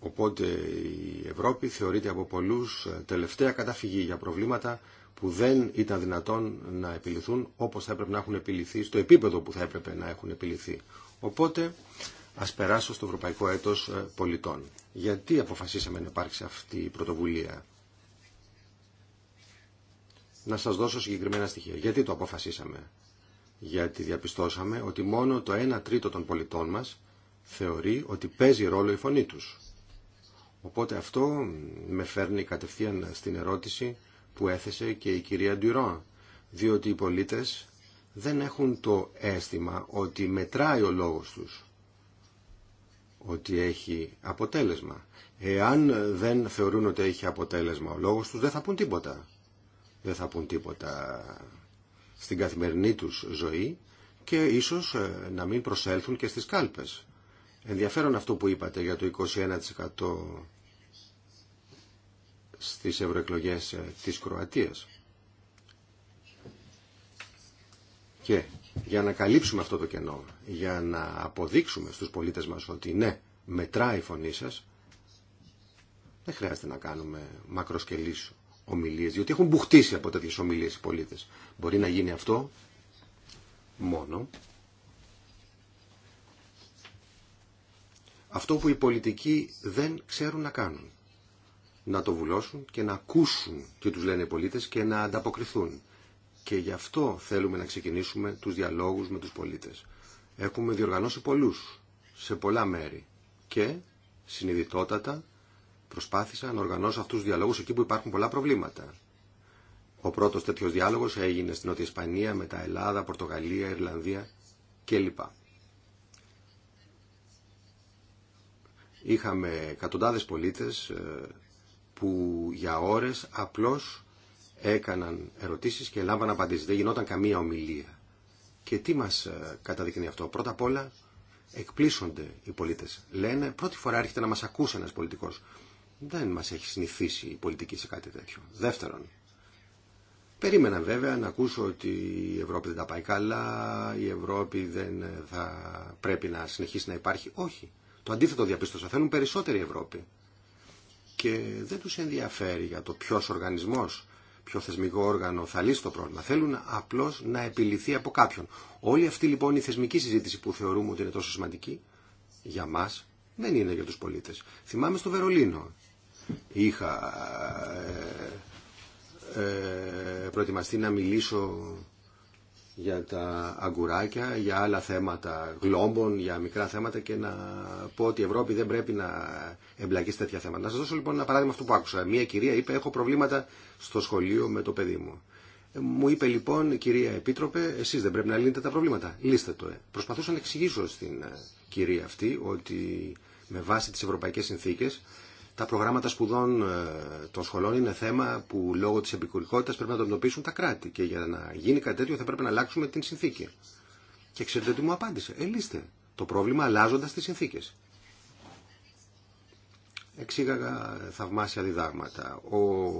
Οπότε η Ευρώπη θεωρείται από πολλούς ε, τελευταία καταφυγή για προβλήματα που δεν ήταν δυνατόν να επιληθούν όπως θα έπρεπε να έχουν επιληθεί, στο επίπεδο που θα έπρεπε να έχουν επιληθεί. Οπότε Ας περάσω στο Ευρωπαϊκό Έτος ε, Πολιτών. Γιατί αποφασίσαμε να υπάρξει αυτή η πρωτοβουλία. Να σας δώσω συγκεκριμένα στοιχεία. Γιατί το αποφασίσαμε. Γιατί διαπιστώσαμε ότι μόνο το 1 τρίτο των πολιτών μας θεωρεί ότι παίζει ρόλο η φωνή τους. Οπότε αυτό με φέρνει κατευθείαν στην ερώτηση που έθεσε και η κυρία Ντουρό. Διότι οι πολίτες δεν έχουν το αίσθημα ότι μετράει ο λόγος τους ότι έχει αποτέλεσμα. Εάν δεν θεωρούν ότι έχει αποτέλεσμα ο λόγος τους, δεν θα πούν τίποτα. Δεν θα πούν τίποτα στην καθημερινή τους ζωή και ίσως ε, να μην προσέλθουν και στις κάλπες. Ενδιαφέρον αυτό που είπατε για το 21% στις ευρωεκλογές ε, της Κροατίας. Και για να καλύψουμε αυτό το κενό, για να αποδείξουμε στους πολίτες μας ότι ναι, μετράει η φωνή σας, δεν χρειάζεται να κάνουμε μακροσκελής ομιλίες, διότι έχουν μπουχτίσει από τέτοιες ομιλίες οι πολίτες. Μπορεί να γίνει αυτό μόνο. Αυτό που οι πολιτικοί δεν ξέρουν να κάνουν. Να το βουλώσουν και να ακούσουν τι τους λένε οι πολίτες και να ανταποκριθούν. Και γι' αυτό θέλουμε να ξεκινήσουμε τους διαλόγους με τους πολίτες. Έχουμε διοργανώσει πολλούς, σε πολλά μέρη. Και, συνειδητότατα, προσπάθησα να οργανώσω αυτούς τους διαλόγους εκεί που υπάρχουν πολλά προβλήματα. Ο πρώτος τέτοιος διάλογος έγινε στην Νότια Ισπανία, τα Ελλάδα, Πορτογαλία, Ιρλανδία κλπ. Είχαμε εκατοντάδες πολίτες ε, που για ώρες απλώς έκαναν ερωτήσεις και λάμβαναν απαντήσεις. Δεν γινόταν καμία ομιλία. Και τι μας ε, καταδεικνύει αυτό. Πρώτα απ' όλα εκπλήσονται οι πολίτες. Λένε πρώτη φορά έρχεται να μας ακούσει ένας πολιτικός. Δεν μας έχει συνηθίσει η πολιτική σε κάτι τέτοιο. Δεύτερον, περίμενα βέβαια να ακούσω ότι η Ευρώπη δεν τα πάει καλά, η Ευρώπη δεν ε, θα πρέπει να συνεχίσει να υπάρχει. Όχι. Το αντίθετο διαπίστωσα. Θέλουν περισσότερη Ευρώπη. Και δεν τους ενδιαφέρει για το ποιος οργανισμός ποιο θεσμικό όργανο θα λύσει το πρόβλημα. Θέλουν απλώ να επιληθεί από κάποιον. Όλη αυτή λοιπόν η θεσμική συζήτηση που θεωρούμε ότι είναι τόσο σημαντική για μα δεν είναι για του πολίτε. Θυμάμαι στο Βερολίνο. Είχα ε, ε προετοιμαστεί να μιλήσω για τα αγκουράκια, για άλλα θέματα γλόμπων, για μικρά θέματα και να πω ότι η Ευρώπη δεν πρέπει να εμπλακεί σε τέτοια θέματα. Να σα δώσω λοιπόν ένα παράδειγμα αυτό που άκουσα. Μία κυρία είπε έχω προβλήματα στο σχολείο με το παιδί μου. Ε, μου είπε λοιπόν, κυρία Επίτροπε, εσεί δεν πρέπει να λύνετε τα προβλήματα. Λύστε το. Ε. Προσπαθούσα να εξηγήσω στην ε, κυρία αυτή ότι με βάση τι ευρωπαϊκέ συνθήκε τα προγράμματα σπουδών ε, των σχολών είναι θέμα που λόγω της επικουρικότητας πρέπει να το εντοπίσουν τα κράτη. Και για να γίνει κάτι τέτοιο θα πρέπει να αλλάξουμε την συνθήκη. Και ξέρετε τι μου απάντησε. Ελίστε το πρόβλημα αλλάζοντα τι συνθήκε. Εξήγαγα θαυμάσια διδάγματα. Ο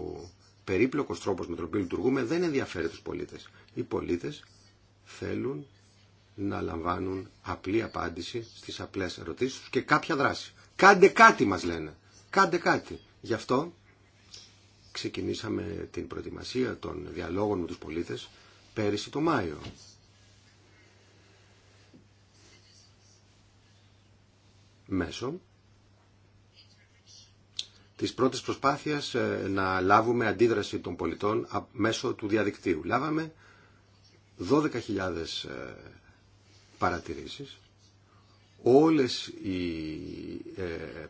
περίπλοκος τρόπος με τον οποίο λειτουργούμε δεν ενδιαφέρει τους πολίτες. Οι πολίτες θέλουν να λαμβάνουν απλή απάντηση στις απλές ερωτήσεις τους και κάποια δράση. Κάντε κάτι μας λένε. Κάντε κάτι. Γι' αυτό ξεκινήσαμε την προετοιμασία των διαλόγων με τους πολίτες πέρυσι το Μάιο. Μέσω της πρώτης προσπάθειας ε, να λάβουμε αντίδραση των πολιτών μέσω του διαδικτύου. Λάβαμε 12.000 ε, παρατηρήσεις όλες οι ε,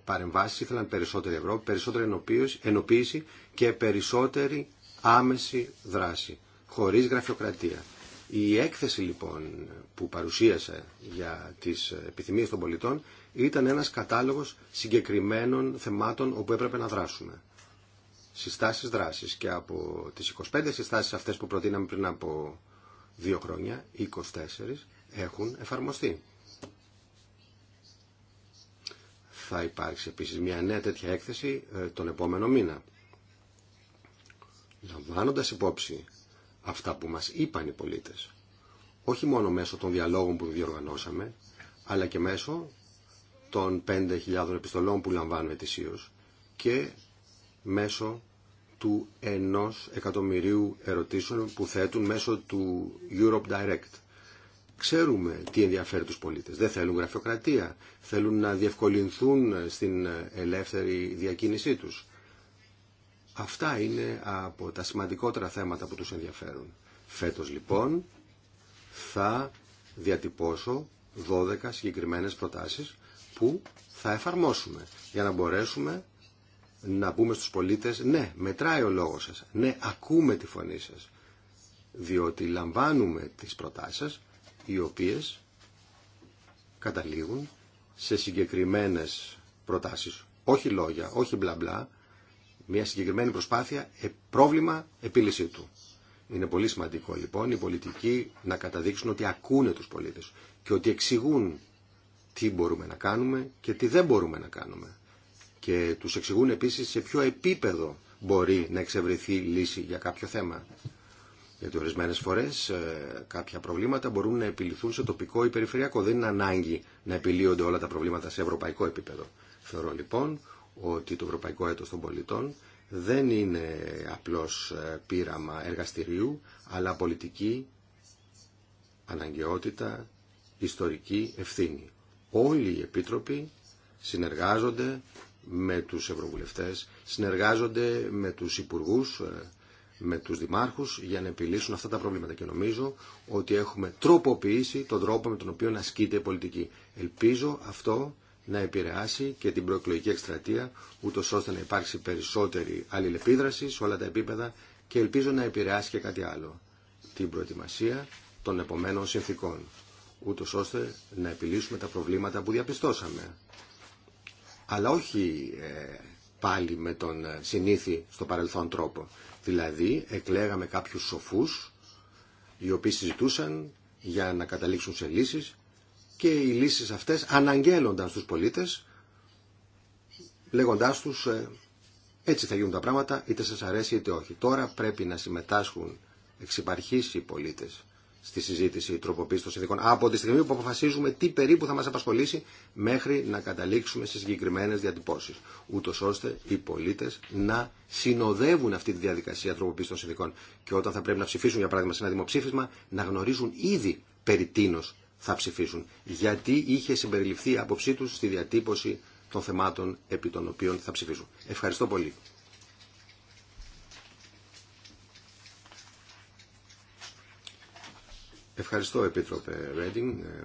παρεμβάσεις ήθελαν περισσότερη Ευρώπη, περισσότερη ενοποίηση και περισσότερη άμεση δράση, χωρίς γραφειοκρατία. Η έκθεση λοιπόν που παρουσίασε για τις επιθυμίες των πολιτών ήταν ένας κατάλογος συγκεκριμένων θεμάτων όπου έπρεπε να δράσουμε. Συστάσεις δράσης και από τις 25 συστάσεις αυτές που προτείναμε πριν από δύο χρόνια, 24 έχουν εφαρμοστεί. Θα υπάρξει επίσης μια νέα τέτοια έκθεση ε, τον επόμενο μήνα. Λαμβάνοντας υπόψη αυτά που μας είπαν οι πολίτες, όχι μόνο μέσω των διαλόγων που διοργανώσαμε, αλλά και μέσω των 5.000 επιστολών που λαμβάνουμε ετησίως και μέσω του ενός εκατομμυρίου ερωτήσεων που θέτουν μέσω του Europe Direct Ξέρουμε τι ενδιαφέρει τους πολίτες. Δεν θέλουν γραφειοκρατία. Θέλουν να διευκολυνθούν στην ελεύθερη διακίνησή τους. Αυτά είναι από τα σημαντικότερα θέματα που τους ενδιαφέρουν. Φέτος λοιπόν θα διατυπώσω 12 συγκεκριμένες προτάσεις που θα εφαρμόσουμε για να μπορέσουμε να πούμε στους πολίτες ναι, μετράει ο λόγος σας, ναι, ακούμε τη φωνή σας, διότι λαμβάνουμε τις προτάσεις σας οι οποίες καταλήγουν σε συγκεκριμένες προτάσεις. Όχι λόγια, όχι μπλα μπλα, μια συγκεκριμένη προσπάθεια, ε, πρόβλημα, επίλυσή του. Είναι πολύ σημαντικό λοιπόν οι πολιτικοί να καταδείξουν ότι ακούνε τους πολίτες και ότι εξηγούν τι μπορούμε να κάνουμε και τι δεν μπορούμε να κάνουμε. Και τους εξηγούν επίσης σε ποιο επίπεδο μπορεί να εξευρεθεί λύση για κάποιο θέμα. Γιατί ορισμένε φορέ ε, κάποια προβλήματα μπορούν να επιληθούν σε τοπικό ή περιφερειακό. Δεν είναι ανάγκη να επιλύονται όλα τα προβλήματα σε ευρωπαϊκό επίπεδο. Θεωρώ λοιπόν ότι το Ευρωπαϊκό Έτο των Πολιτών δεν είναι απλώς ε, πείραμα εργαστηριού, αλλά πολιτική αναγκαιότητα, ιστορική ευθύνη. Όλοι οι επίτροποι συνεργάζονται με τους ευρωβουλευτές, συνεργάζονται με τους υπουργούς ε, με τους δημάρχους για να επιλύσουν αυτά τα προβλήματα. Και νομίζω ότι έχουμε τροποποιήσει τον τρόπο με τον οποίο ασκείται η πολιτική. Ελπίζω αυτό να επηρεάσει και την προεκλογική εκστρατεία, ούτως ώστε να υπάρξει περισσότερη αλληλεπίδραση σε όλα τα επίπεδα και ελπίζω να επηρεάσει και κάτι άλλο, την προετοιμασία των επομένων συνθήκων, ούτως ώστε να επιλύσουμε τα προβλήματα που διαπιστώσαμε. Αλλά όχι ε, πάλι με τον ε, συνήθι στο παρελθόν τρόπο. Δηλαδή εκλέγαμε κάποιους σοφούς οι οποίοι συζητούσαν για να καταλήξουν σε λύσεις και οι λύσεις αυτές αναγγέλλονταν στους πολίτες λέγοντάς τους ε, έτσι θα γίνουν τα πράγματα είτε σας αρέσει είτε όχι. Τώρα πρέπει να συμμετάσχουν εξυπαρχείς οι πολίτες στη συζήτηση τροποποίηση των συνθήκων. Από τη στιγμή που αποφασίζουμε τι περίπου θα μα απασχολήσει μέχρι να καταλήξουμε σε συγκεκριμένε διατυπώσει. Ούτω ώστε οι πολίτε να συνοδεύουν αυτή τη διαδικασία τροποποίηση των συνθήκων. Και όταν θα πρέπει να ψηφίσουν, για παράδειγμα, σε ένα δημοψήφισμα, να γνωρίζουν ήδη περί τίνος θα ψηφίσουν. Γιατί είχε συμπεριληφθεί η άποψή του στη διατύπωση των θεμάτων επί των οποίων θα ψηφίσουν. Ευχαριστώ πολύ. Ευχαριστώ, Επίτροπε Ρέντινγκ, ε,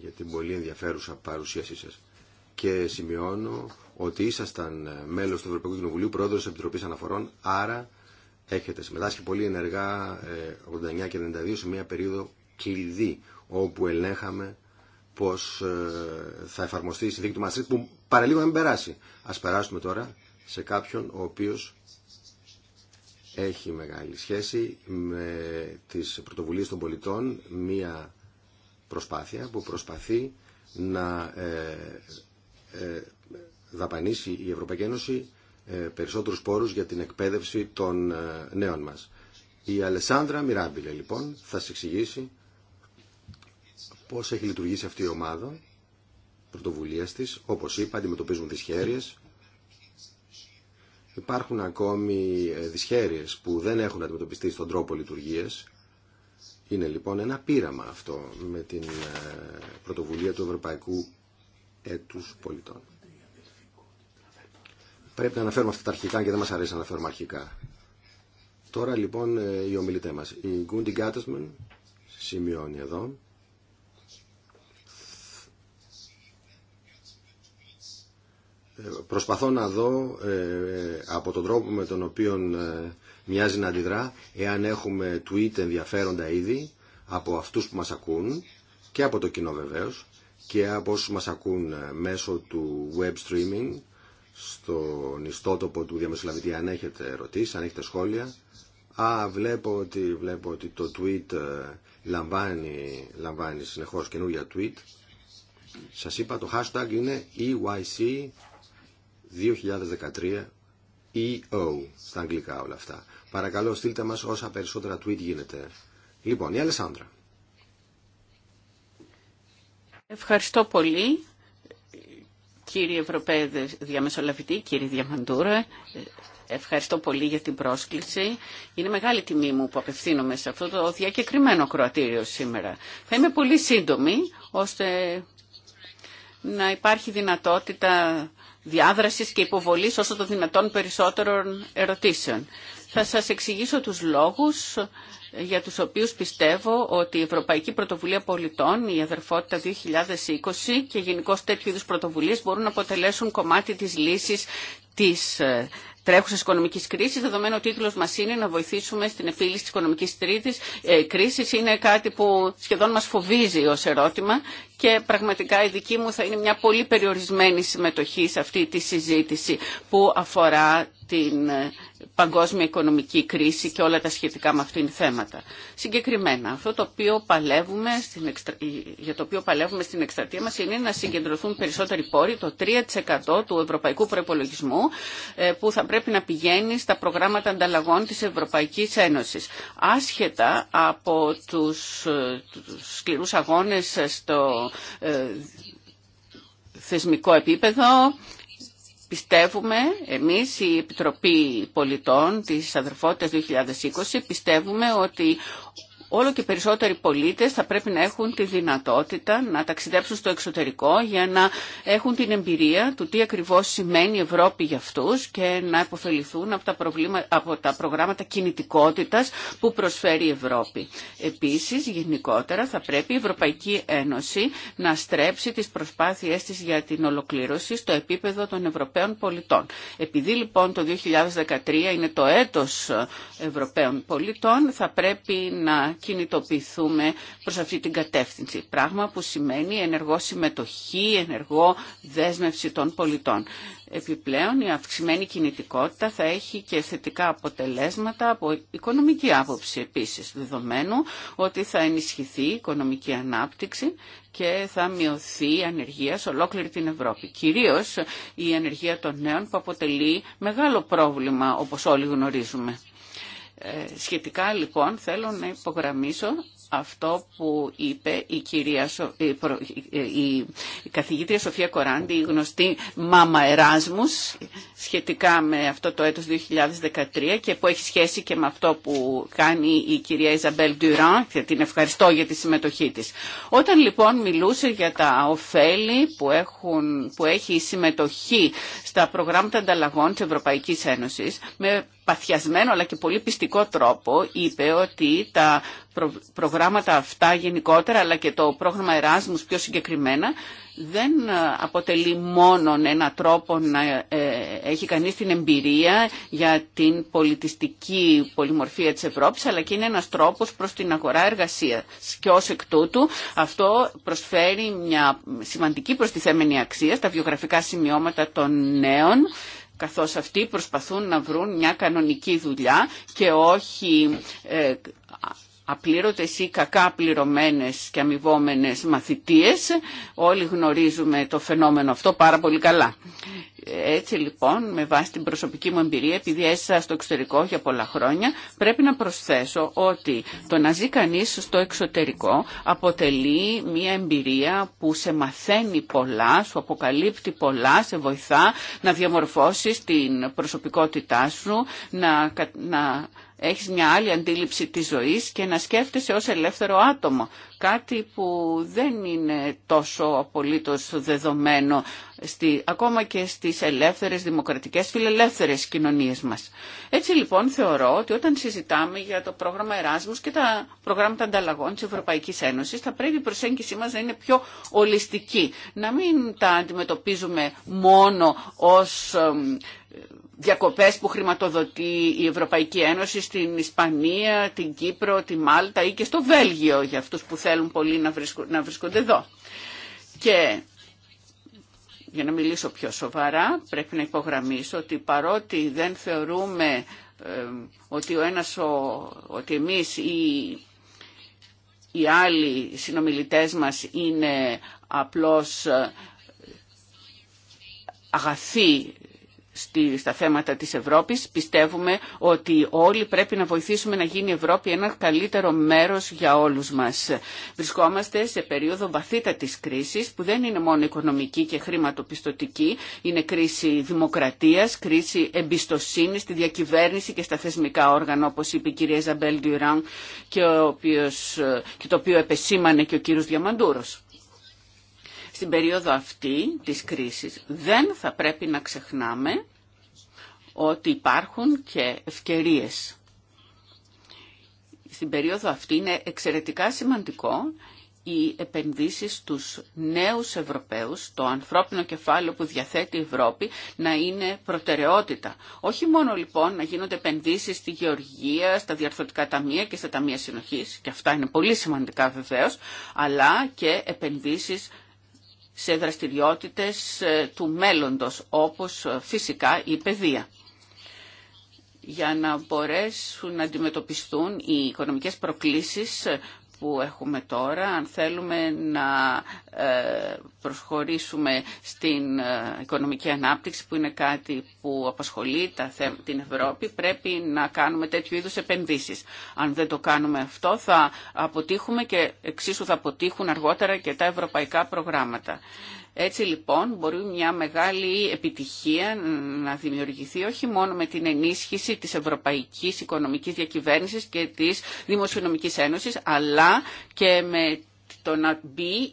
για την πολύ ενδιαφέρουσα παρουσίασή σας. Και σημειώνω ότι ήσασταν ε, μέλος του Ευρωπαϊκού Κοινοβουλίου, πρόεδρος της Επιτροπής Αναφορών, άρα έχετε συμμετάσχει πολύ ενεργά 89 ε, και 92 σε μια περίοδο κλειδί, όπου ελέγχαμε πως θα εφαρμοστεί η συνθήκη του Μαστρίτ που παραλίγο δεν περάσει. Ας περάσουμε τώρα σε κάποιον ο οποίος έχει μεγάλη σχέση με τις πρωτοβουλίες των πολιτών, μία προσπάθεια που προσπαθεί να ε, ε δαπανίσει η Ευρωπαϊκή Ένωση ε, περισσότερους πόρους για την εκπαίδευση των ε, νέων μας. Η Αλεσάνδρα Μιράμπιλε λοιπόν θα σας εξηγήσει πώς έχει λειτουργήσει αυτή η ομάδα πρωτοβουλίας της. Όπως είπα αντιμετωπίζουν δυσχέρειες Υπάρχουν ακόμη ε, δυσχέρειες που δεν έχουν αντιμετωπιστεί στον τρόπο λειτουργίας. Είναι λοιπόν ένα πείραμα αυτό με την ε, πρωτοβουλία του Ευρωπαϊκού Έτους Πολιτών. Πρέπει να αναφέρουμε αυτά τα αρχικά και δεν μας αρέσει να αναφέρουμε αρχικά. Τώρα λοιπόν ε, οι ομιλητέ μας. Η Γκούντι Γκάτεσμεν σημειώνει εδώ προσπαθώ να δω ε, από τον τρόπο με τον οποίο ε, μοιάζει να αντιδρά εάν έχουμε tweet ενδιαφέροντα ήδη από αυτούς που μας ακούν και από το κοινό βεβαίως και από όσους μας ακούν ε, μέσω του web streaming στον ιστότοπο του διαμεσολαβητή αν έχετε ερωτήσεις, αν έχετε σχόλια Α, βλέπω ότι, βλέπω ότι το tweet λαμβάνει, λαμβάνει συνεχώς καινούργια tweet. Σας είπα το hashtag είναι EYC 2013 EO στα αγγλικά όλα αυτά. Παρακαλώ στείλτε μας όσα περισσότερα tweet γίνεται. Λοιπόν, η Αλεσάνδρα. Ευχαριστώ πολύ κύριε Ευρωπαίδε Διαμεσολαβητή, κύριε Διαμαντούρα. Ευχαριστώ πολύ για την πρόσκληση. Είναι μεγάλη τιμή μου που απευθύνομαι σε αυτό το διακεκριμένο κροατήριο σήμερα. Θα είμαι πολύ σύντομη, ώστε να υπάρχει δυνατότητα διάδρασης και υποβολής όσο το δυνατόν περισσότερων ερωτήσεων. Θα σας εξηγήσω τους λόγους για τους οποίους πιστεύω ότι η Ευρωπαϊκή Πρωτοβουλία Πολιτών, η Αδερφότητα 2020 και γενικώ τέτοιου είδους πρωτοβουλίες μπορούν να αποτελέσουν κομμάτι της λύσης της ε, Τρέχουσα οικονομική κρίση, δεδομένου ο τίτλος μας είναι να βοηθήσουμε στην επίλυση τη οικονομική τρίτης, ε, κρίσης. Είναι κάτι που σχεδόν μας φοβίζει ω ερώτημα και πραγματικά η δική μου θα είναι μια πολύ περιορισμένη συμμετοχή σε αυτή τη συζήτηση που αφορά την ε, παγκόσμια οικονομική κρίση και όλα τα σχετικά με αυτήν θέματα. Συγκεκριμένα, αυτό το οποίο παλεύουμε στην για το οποίο παλεύουμε στην εκστρατεία μας είναι να συγκεντρωθούν περισσότεροι πόροι, το 3% του ευρωπαϊκού προπολογισμού ε, που θα πρέπει να πηγαίνει στα προγράμματα ανταλλαγών της Ευρωπαϊκής Ένωσης. Άσχετα από τους, ε, τους σκληρούς αγώνες στο θεσμικό επίπεδο, πιστεύουμε, εμείς η Επιτροπή Πολιτών της Αδερφότητας 2020, πιστεύουμε ότι όλο και περισσότεροι πολίτες θα πρέπει να έχουν τη δυνατότητα να ταξιδέψουν στο εξωτερικό για να έχουν την εμπειρία του τι ακριβώς σημαίνει η Ευρώπη για αυτούς και να υποφεληθούν από τα, από τα προγράμματα κινητικότητας που προσφέρει η Ευρώπη. Επίσης, γενικότερα, θα πρέπει η Ευρωπαϊκή Ένωση να στρέψει τις προσπάθειές της για την ολοκλήρωση στο επίπεδο των Ευρωπαίων πολιτών. Επειδή λοιπόν το 2013 είναι το έτος Ευρωπαίων πολιτών, θα πρέπει να κινητοποιηθούμε προς αυτή την κατεύθυνση. Πράγμα που σημαίνει ενεργό συμμετοχή, ενεργό δέσμευση των πολιτών. Επιπλέον η αυξημένη κινητικότητα θα έχει και θετικά αποτελέσματα από οικονομική άποψη επίσης, δεδομένου ότι θα ενισχυθεί η οικονομική ανάπτυξη και θα μειωθεί η ανεργία σε ολόκληρη την Ευρώπη. Κυρίως η ανεργία των νέων που αποτελεί μεγάλο πρόβλημα όπως όλοι γνωρίζουμε. Ε, σχετικά λοιπόν θέλω να υπογραμμίσω αυτό που είπε η, κυρία, ε, η, καθηγήτρια Σοφία Κοράντη, η γνωστή Μάμα Εράσμους, σχετικά με αυτό το έτος 2013 και που έχει σχέση και με αυτό που κάνει η κυρία Ιζαμπέλ Ντουράν και την ευχαριστώ για τη συμμετοχή της. Όταν λοιπόν μιλούσε για τα ωφέλη που, έχουν, που έχει η συμμετοχή στα προγράμματα ανταλλαγών της Ευρωπαϊκής Ένωσης, με παθιασμένο αλλά και πολύ πιστικό τρόπο είπε ότι τα προγράμματα αυτά γενικότερα αλλά και το πρόγραμμα Εράσμους πιο συγκεκριμένα δεν ε, αποτελεί μόνο ένα τρόπο να ε, έχει κανείς την εμπειρία για την πολιτιστική πολυμορφία της Ευρώπης, αλλά και είναι ένας τρόπος προς την αγορά εργασία. Και ως εκ τούτου αυτό προσφέρει μια σημαντική προστιθέμενη αξία στα βιογραφικά σημειώματα των νέων καθώς αυτοί προσπαθούν να βρουν μια κανονική δουλειά και όχι ε, απλήρωτες ή κακά πληρωμένες και αμοιβόμενες μαθητείες. Όλοι γνωρίζουμε το φαινόμενο αυτό πάρα πολύ καλά. Έτσι λοιπόν, με βάση την προσωπική μου εμπειρία, επειδή έζησα στο εξωτερικό για πολλά χρόνια, πρέπει να προσθέσω ότι το να ζει κανείς στο εξωτερικό αποτελεί μια εμπειρία που σε μαθαίνει πολλά, σου αποκαλύπτει πολλά, σε βοηθά να διαμορφώσεις την προσωπικότητά σου, να, να έχεις μια άλλη αντίληψη της ζωής και να σκέφτεσαι ως ελεύθερο άτομο. Κάτι που δεν είναι τόσο απολύτως δεδομένο στη, ακόμα και στις ελεύθερες, δημοκρατικές, φιλελεύθερες κοινωνίες μας. Έτσι λοιπόν θεωρώ ότι όταν συζητάμε για το πρόγραμμα Εράσμους και τα προγράμματα ανταλλαγών της Ευρωπαϊκής Ένωσης θα πρέπει η προσέγγιση μας να είναι πιο ολιστική. Να μην τα αντιμετωπίζουμε μόνο ως διακοπές που χρηματοδοτεί η Ευρωπαϊκή Ένωση στην Ισπανία, την Κύπρο, τη Μάλτα ή και στο Βέλγιο για αυτούς που θέλουν πολύ να, να βρίσκονται εδώ. Και για να μιλήσω πιο σοβαρά, πρέπει να υπογραμμίσω ότι παρότι δεν θεωρούμε ότι ο ένας, ο, ότι εμείς οι, οι άλλοι συνομιλητές μας είναι απλώς ε, αγαθοί στα θέματα της Ευρώπης. Πιστεύουμε ότι όλοι πρέπει να βοηθήσουμε να γίνει η Ευρώπη ένα καλύτερο μέρος για όλους μας. Βρισκόμαστε σε περίοδο βαθύτατης κρίσης που δεν είναι μόνο οικονομική και χρηματοπιστωτική. Είναι κρίση δημοκρατίας, κρίση εμπιστοσύνης στη διακυβέρνηση και στα θεσμικά όργανα όπως είπε η κυρία Ζαμπέλ Ντουράν και, ε, και το οποίο επεσήμανε και ο κύριος Διαμαντούρος. Στην περίοδο αυτή της κρίσης δεν θα πρέπει να ξεχνάμε ότι υπάρχουν και ευκαιρίες. Στην περίοδο αυτή είναι εξαιρετικά σημαντικό οι επενδύσεις στους νέους Ευρωπαίους, το ανθρώπινο κεφάλαιο που διαθέτει η Ευρώπη, να είναι προτεραιότητα. Όχι μόνο λοιπόν να γίνονται επενδύσεις στη γεωργία, στα διαρθρωτικά ταμεία και στα ταμεία συνοχής, και αυτά είναι πολύ σημαντικά βεβαίως, αλλά και επενδύσεις σε δραστηριότητες ε, του μέλλοντος, όπως ε, φυσικά η παιδεία. Για να μπορέσουν να αντιμετωπιστούν οι οικονομικές προκλήσεις ε, που έχουμε τώρα, αν θέλουμε να ε, προσχωρήσουμε στην ε, οικονομική ανάπτυξη που είναι κάτι που απασχολεί την Ευρώπη, πρέπει να κάνουμε τέτοιου είδους επενδύσεις. Αν δεν το κάνουμε αυτό θα αποτύχουμε και εξίσου θα αποτύχουν αργότερα και τα ευρωπαϊκά προγράμματα. Έτσι λοιπόν μπορεί μια μεγάλη επιτυχία να δημιουργηθεί όχι μόνο με την ενίσχυση της Ευρωπαϊκής Οικονομικής Διακυβέρνησης και της Δημοσιονομικής Ένωσης αλλά και με το να μπει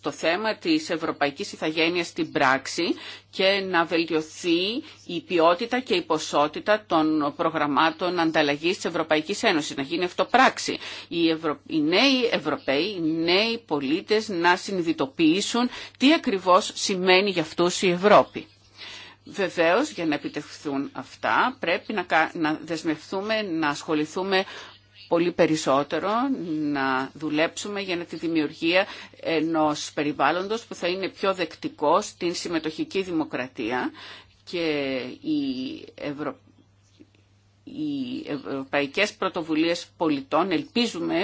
το θέμα της ευρωπαϊκής ηθαγένειας στην πράξη και να βελτιωθεί η ποιότητα και η ποσότητα των προγραμμάτων ανταλλαγής της Ευρωπαϊκής Ένωσης, να γίνει αυτό πράξη. Οι, οι νέοι Ευρωπαίοι, οι νέοι πολίτες να συνειδητοποιήσουν τι ακριβώς σημαίνει για αυτούς η Ευρώπη. Βεβαίως, για να επιτευχθούν αυτά, πρέπει να δεσμευτούμε, να ασχοληθούμε πολύ περισσότερο να δουλέψουμε για τη δημιουργία ενός περιβάλλοντος που θα είναι πιο δεκτικό στην συμμετοχική δημοκρατία και η Ευρωπαϊκή οι ευρωπαϊκές πρωτοβουλίες πολιτών ελπίζουμε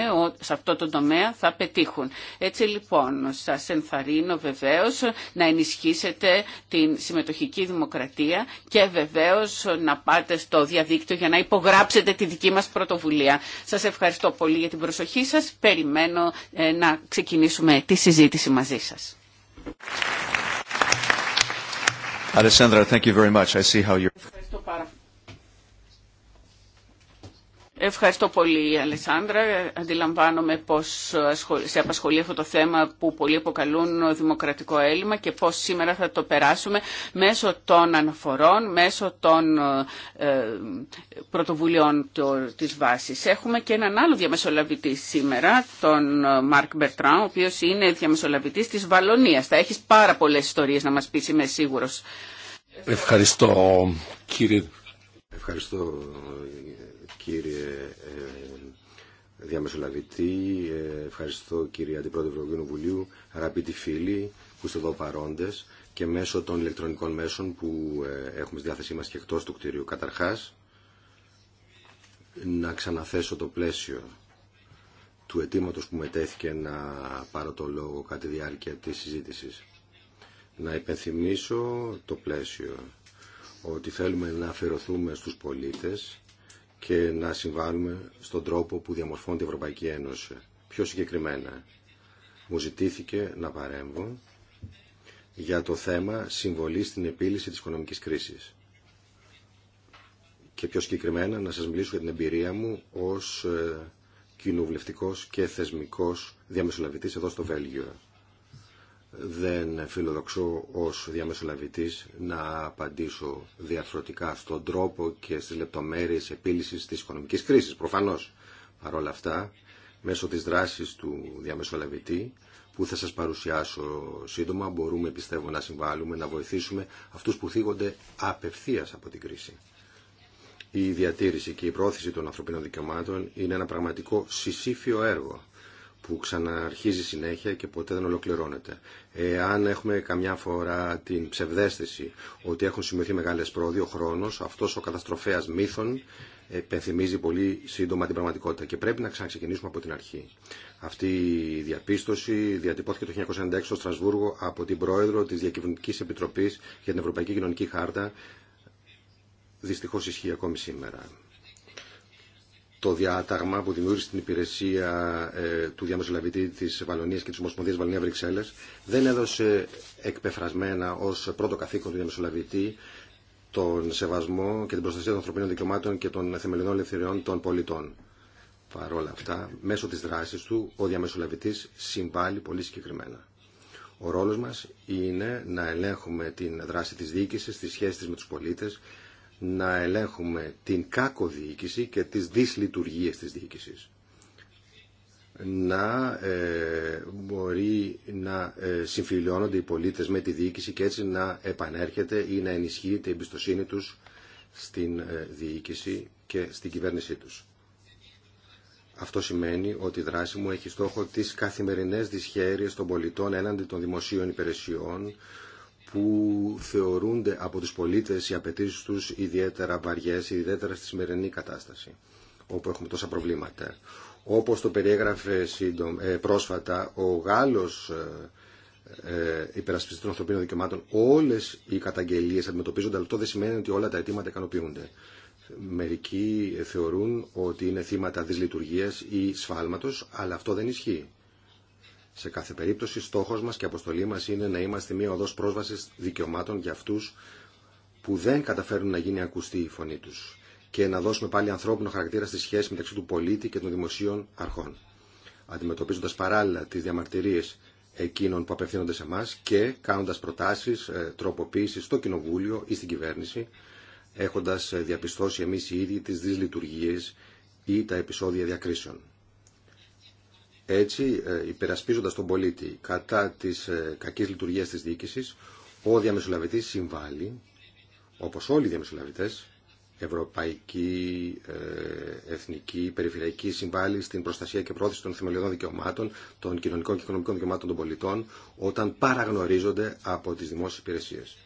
σε αυτό το τομέα θα πετύχουν. Έτσι λοιπόν σας ενθαρρύνω βεβαίως να ενισχύσετε την συμμετοχική δημοκρατία και βεβαίως να πάτε στο διαδίκτυο για να υπογράψετε τη δική μας πρωτοβουλία. Σας ευχαριστώ πολύ για την προσοχή σας. Περιμένω ε, να ξεκινήσουμε τη συζήτηση μαζί σας. Ευχαριστώ πολύ, Αλεσάνδρα. Αντιλαμβάνομαι πώς ε, σε απασχολεί αυτό το θέμα που πολλοί αποκαλούν δημοκρατικό έλλειμμα και πώς σήμερα θα το περάσουμε μέσω των αναφορών, μέσω των ε, ε, πρωτοβουλειών της βάσης. Έχουμε και έναν άλλο διαμεσολαβητή σήμερα, τον Μάρκ Μπερτράν, ο οποίος είναι διαμεσολαβητής της Βαλονίας. Θα έχεις πάρα πολλές ιστορίες να μας πεις, είμαι σίγουρος. Ευχαριστώ, κύριε. Ευχαριστώ, κύριε ε, διαμεσολαβητή, ε, ευχαριστώ κύριε Αντιπρόεδρο του Βουλίου, αγαπητοί φίλοι που είστε εδώ παρόντες και μέσω των ηλεκτρονικών μέσων που ε, έχουμε στη διάθεσή μας και εκτός του κτίριου. Καταρχάς, να ξαναθέσω το πλαίσιο του αιτήματο που μετέθηκε να πάρω το λόγο κατά τη διάρκεια της συζήτησης. Να υπενθυμίσω το πλαίσιο ότι θέλουμε να αφαιρωθούμε στους πολίτες και να συμβάλλουμε στον τρόπο που διαμορφώνει η Ευρωπαϊκή Ένωση. Πιο συγκεκριμένα, μου ζητήθηκε να παρέμβω για το θέμα συμβολή στην επίλυση της οικονομικής κρίσης. Και πιο συγκεκριμένα να σας μιλήσω για την εμπειρία μου ως ε, κοινοβουλευτικός και θεσμικός διαμεσολαβητής εδώ στο Βέλγιο δεν φιλοδοξώ ως διαμεσολαβητής να απαντήσω διαρθρωτικά στον τρόπο και στις λεπτομέρειες επίλυσης της οικονομικής κρίσης. Προφανώς, παρόλα αυτά, μέσω της δράσης του διαμεσολαβητή που θα σας παρουσιάσω σύντομα μπορούμε πιστεύω να συμβάλλουμε, να βοηθήσουμε αυτούς που θίγονται απευθείας από την κρίση. Η διατήρηση και η πρόθεση των ανθρωπίνων δικαιωμάτων είναι ένα πραγματικό συσύφιο έργο που ξαναρχίζει συνέχεια και ποτέ δεν ολοκληρώνεται. Εάν έχουμε καμιά φορά την ψευδέστηση ότι έχουν σημειωθεί μεγάλες πρόοδοι, ο χρόνος, αυτός ο καταστροφέα μύθων επενθυμίζει πολύ σύντομα την πραγματικότητα και πρέπει να ξαναξεκινήσουμε από την αρχή. Αυτή η διαπίστωση διατυπώθηκε το 1996 στο Στρασβούργο από την πρόεδρο της Διακυβερνητική Επιτροπής για την Ευρωπαϊκή Κοινωνική Χάρτα. δυστυχώ ισχύει ακόμη σήμερα το διάταγμα που δημιούργησε την υπηρεσία ε, του διαμεσολαβητή τη Βαλονία και τη Ομοσπονδία Βαλονία Βρυξέλλε δεν έδωσε εκπεφρασμένα ω πρώτο καθήκον του διαμεσολαβητή τον σεβασμό και την προστασία των ανθρωπίνων δικαιωμάτων και των θεμελινών ελευθεριών των πολιτών. Παρ' όλα αυτά, μέσω τη δράση του, ο διαμεσολαβητή συμβάλλει πολύ συγκεκριμένα. Ο ρόλο μα είναι να ελέγχουμε την δράση τη διοίκηση, τη σχέση τη με του πολίτε να ελέγχουμε την κάκο διοίκηση και τις δυσλειτουργίες της διοίκησης. Να ε, μπορεί να ε, συμφιλιώνονται οι πολίτες με τη διοίκηση και έτσι να επανέρχεται ή να ενισχύεται η εμπιστοσύνη τους στην ε, διοίκηση και στην κυβέρνησή τους. Αυτό σημαίνει ότι η δράση μου έχει στόχο τις καθημερινές δυσχέρειες των πολιτών έναντι των δημοσίων υπηρεσιών, που θεωρούνται από τους πολίτες οι απαιτήσει τους ιδιαίτερα βαριές, ιδιαίτερα στη σημερινή κατάσταση, όπου έχουμε τόσα προβλήματα. Όπως το περιέγραφε ε, πρόσφατα ο Γάλλος ε, ε, υπερασπιστή των ανθρωπίνων δικαιωμάτων, όλες οι καταγγελίες αντιμετωπίζονται, αλλά αυτό δεν σημαίνει ότι όλα τα αιτήματα ικανοποιούνται. Μερικοί θεωρούν ότι είναι θύματα δυσλειτουργίας ή σφάλματος, αλλά αυτό δεν ισχύει. Σε κάθε περίπτωση, στόχο μα και αποστολή μα είναι να είμαστε μία οδό πρόσβαση δικαιωμάτων για αυτού που δεν καταφέρουν να γίνει ακουστή η φωνή του και να δώσουμε πάλι ανθρώπινο χαρακτήρα στη σχέση μεταξύ του πολίτη και των δημοσίων αρχών. Αντιμετωπίζοντα παράλληλα τι διαμαρτυρίε εκείνων που απευθύνονται σε εμά και κάνοντα προτάσει, ε, τροποποίηση στο Κοινοβούλιο ή στην κυβέρνηση, έχοντα ε, διαπιστώσει εμεί οι ίδιοι τι δυσλειτουργίε ή τα επεισόδια διακρίσεων. Έτσι, ε, υπερασπίζοντας τον πολίτη κατά της ε, κακής λειτουργίας της διοίκησης, ο διαμεσολαβητής συμβάλλει, όπως όλοι οι διαμεσολαβητές, ευρωπαϊκή, ε, εθνική, περιφερειακή συμβάλλει στην προστασία και πρόθεση των θεμελιωδών δικαιωμάτων, των κοινωνικών και οικονομικών δικαιωμάτων των πολιτών, όταν παραγνωρίζονται από τις δημόσιες υπηρεσίες.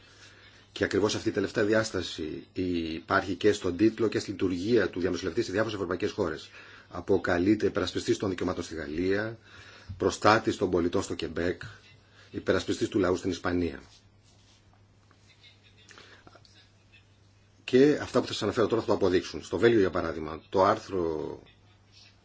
Και ακριβώ αυτή η τελευταία διάσταση υπάρχει και στον τίτλο και στη λειτουργία του διαμεσολαβητή σε διάφορε ευρωπαϊκέ χώρε αποκαλείται υπερασπιστή των δικαιωμάτων στη Γαλλία, προστάτη των πολιτών στο Κεμπέκ, υπερασπιστή του λαού στην Ισπανία. Και αυτά που θα σα αναφέρω τώρα θα το αποδείξουν. Στο Βέλγιο, για παράδειγμα, το άρθρο,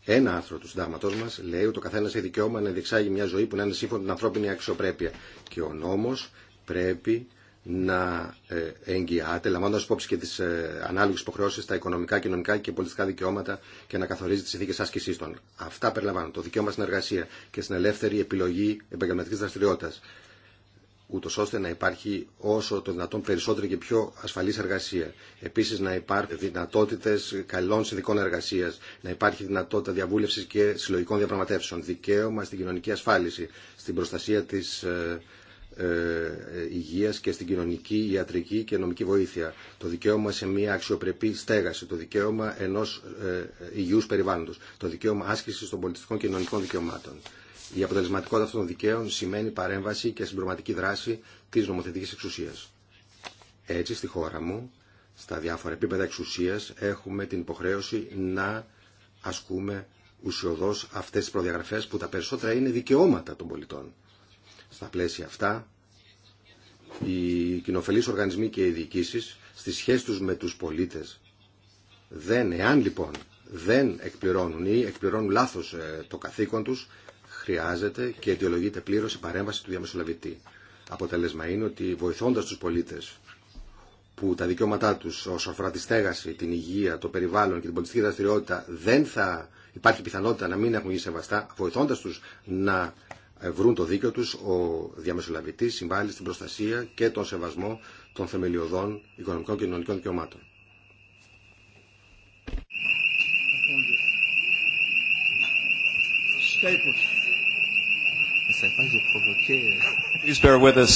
ένα άρθρο του συντάγματό μα, λέει ότι ο καθένα έχει δικαίωμα να διεξάγει μια ζωή που να είναι σύμφωνα την ανθρώπινη αξιοπρέπεια. Και ο νόμος πρέπει να ε, εγγυάται, λαμβάνοντα υπόψη και τι ε, ανάλογε υποχρεώσει, τα οικονομικά, κοινωνικά και πολιτικά δικαιώματα και να καθορίζει τι συνθήκε άσκησή των. Αυτά περιλαμβάνουν το δικαίωμα στην εργασία και στην ελεύθερη επιλογή επαγγελματική δραστηριότητα, ούτω ώστε να υπάρχει όσο το δυνατόν περισσότερη και πιο ασφαλή εργασία. Επίση, να υπάρχουν δυνατότητε καλών συνδικών εργασία, να υπάρχει δυνατότητα διαβούλευση και συλλογικών διαπραγματεύσεων, δικαίωμα στην κοινωνική ασφάλιση, στην προστασία τη ε, ε, υγείας και στην κοινωνική, ιατρική και νομική βοήθεια. Το δικαίωμα σε μια αξιοπρεπή στέγαση, το δικαίωμα ενός ε, υγιούς περιβάλλοντος, το δικαίωμα άσκησης των πολιτιστικών και κοινωνικών δικαιωμάτων. Η αποτελεσματικότητα αυτών των δικαίων σημαίνει παρέμβαση και συμπληρωματική δράση της νομοθετικής εξουσίας. Έτσι, στη χώρα μου, στα διάφορα επίπεδα εξουσίας, έχουμε την υποχρέωση να ασκούμε ουσιοδός αυτές τις προδιαγραφές που τα περισσότερα είναι δικαιώματα των πολιτών. Στα πλαίσια αυτά, οι κοινοφελείς οργανισμοί και οι διοικήσει στις σχέσεις τους με τους πολίτες δεν, εάν λοιπόν δεν εκπληρώνουν ή εκπληρώνουν λάθος ε, το καθήκον τους, χρειάζεται και αιτιολογείται πλήρως η παρέμβαση του διαμεσολαβητή. Αποτέλεσμα είναι ότι βοηθώντας τους πολίτες που τα δικαιώματά τους όσο αφορά τη στέγαση, την υγεία, το περιβάλλον και την πολιτιστική δραστηριότητα δεν θα υπάρχει πιθανότητα να μην έχουν γίνει σεβαστά, βοηθώντας τους να βρουν το δίκαιο τους, ο διαμεσολαβητής συμβάλλει στην προστασία και τον σεβασμό των θεμελιωδών οικονομικών και κοινωνικών δικαιωμάτων. Euh? Please bear with us.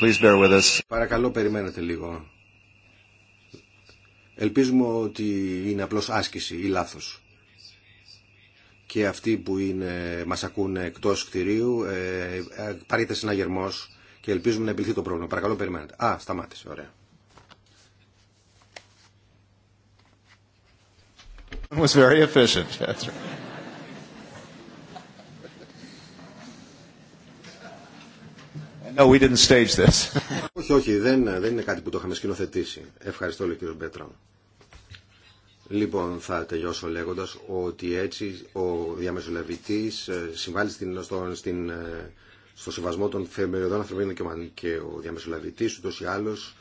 Please bear with us. Παρακαλώ περιμένετε λίγο. Ελπίζουμε ότι είναι απλώς άσκηση ή λάθος και αυτοί που είναι, μας ακούνε εκτός κτηρίου, ε, πάρετε συναγερμός και ελπίζουμε να επιλυθεί το πρόβλημα. Παρακαλώ, περιμένετε. Α, σταμάτησε, ωραία. No, we didn't stage this. όχι, όχι, δεν, δεν είναι κάτι που το είχαμε σκηνοθετήσει. Ευχαριστώ, λέει ο κύριος Μπέτραν. Λοιπόν, θα τελειώσω λέγοντας ότι έτσι ο διαμεσολαβητής ε, συμβάλλει στην, ε, στο, στην, στο συμβασμό των θεμελιωδών ανθρωπίνων και ο διαμεσολαβητής ούτως ή άλλως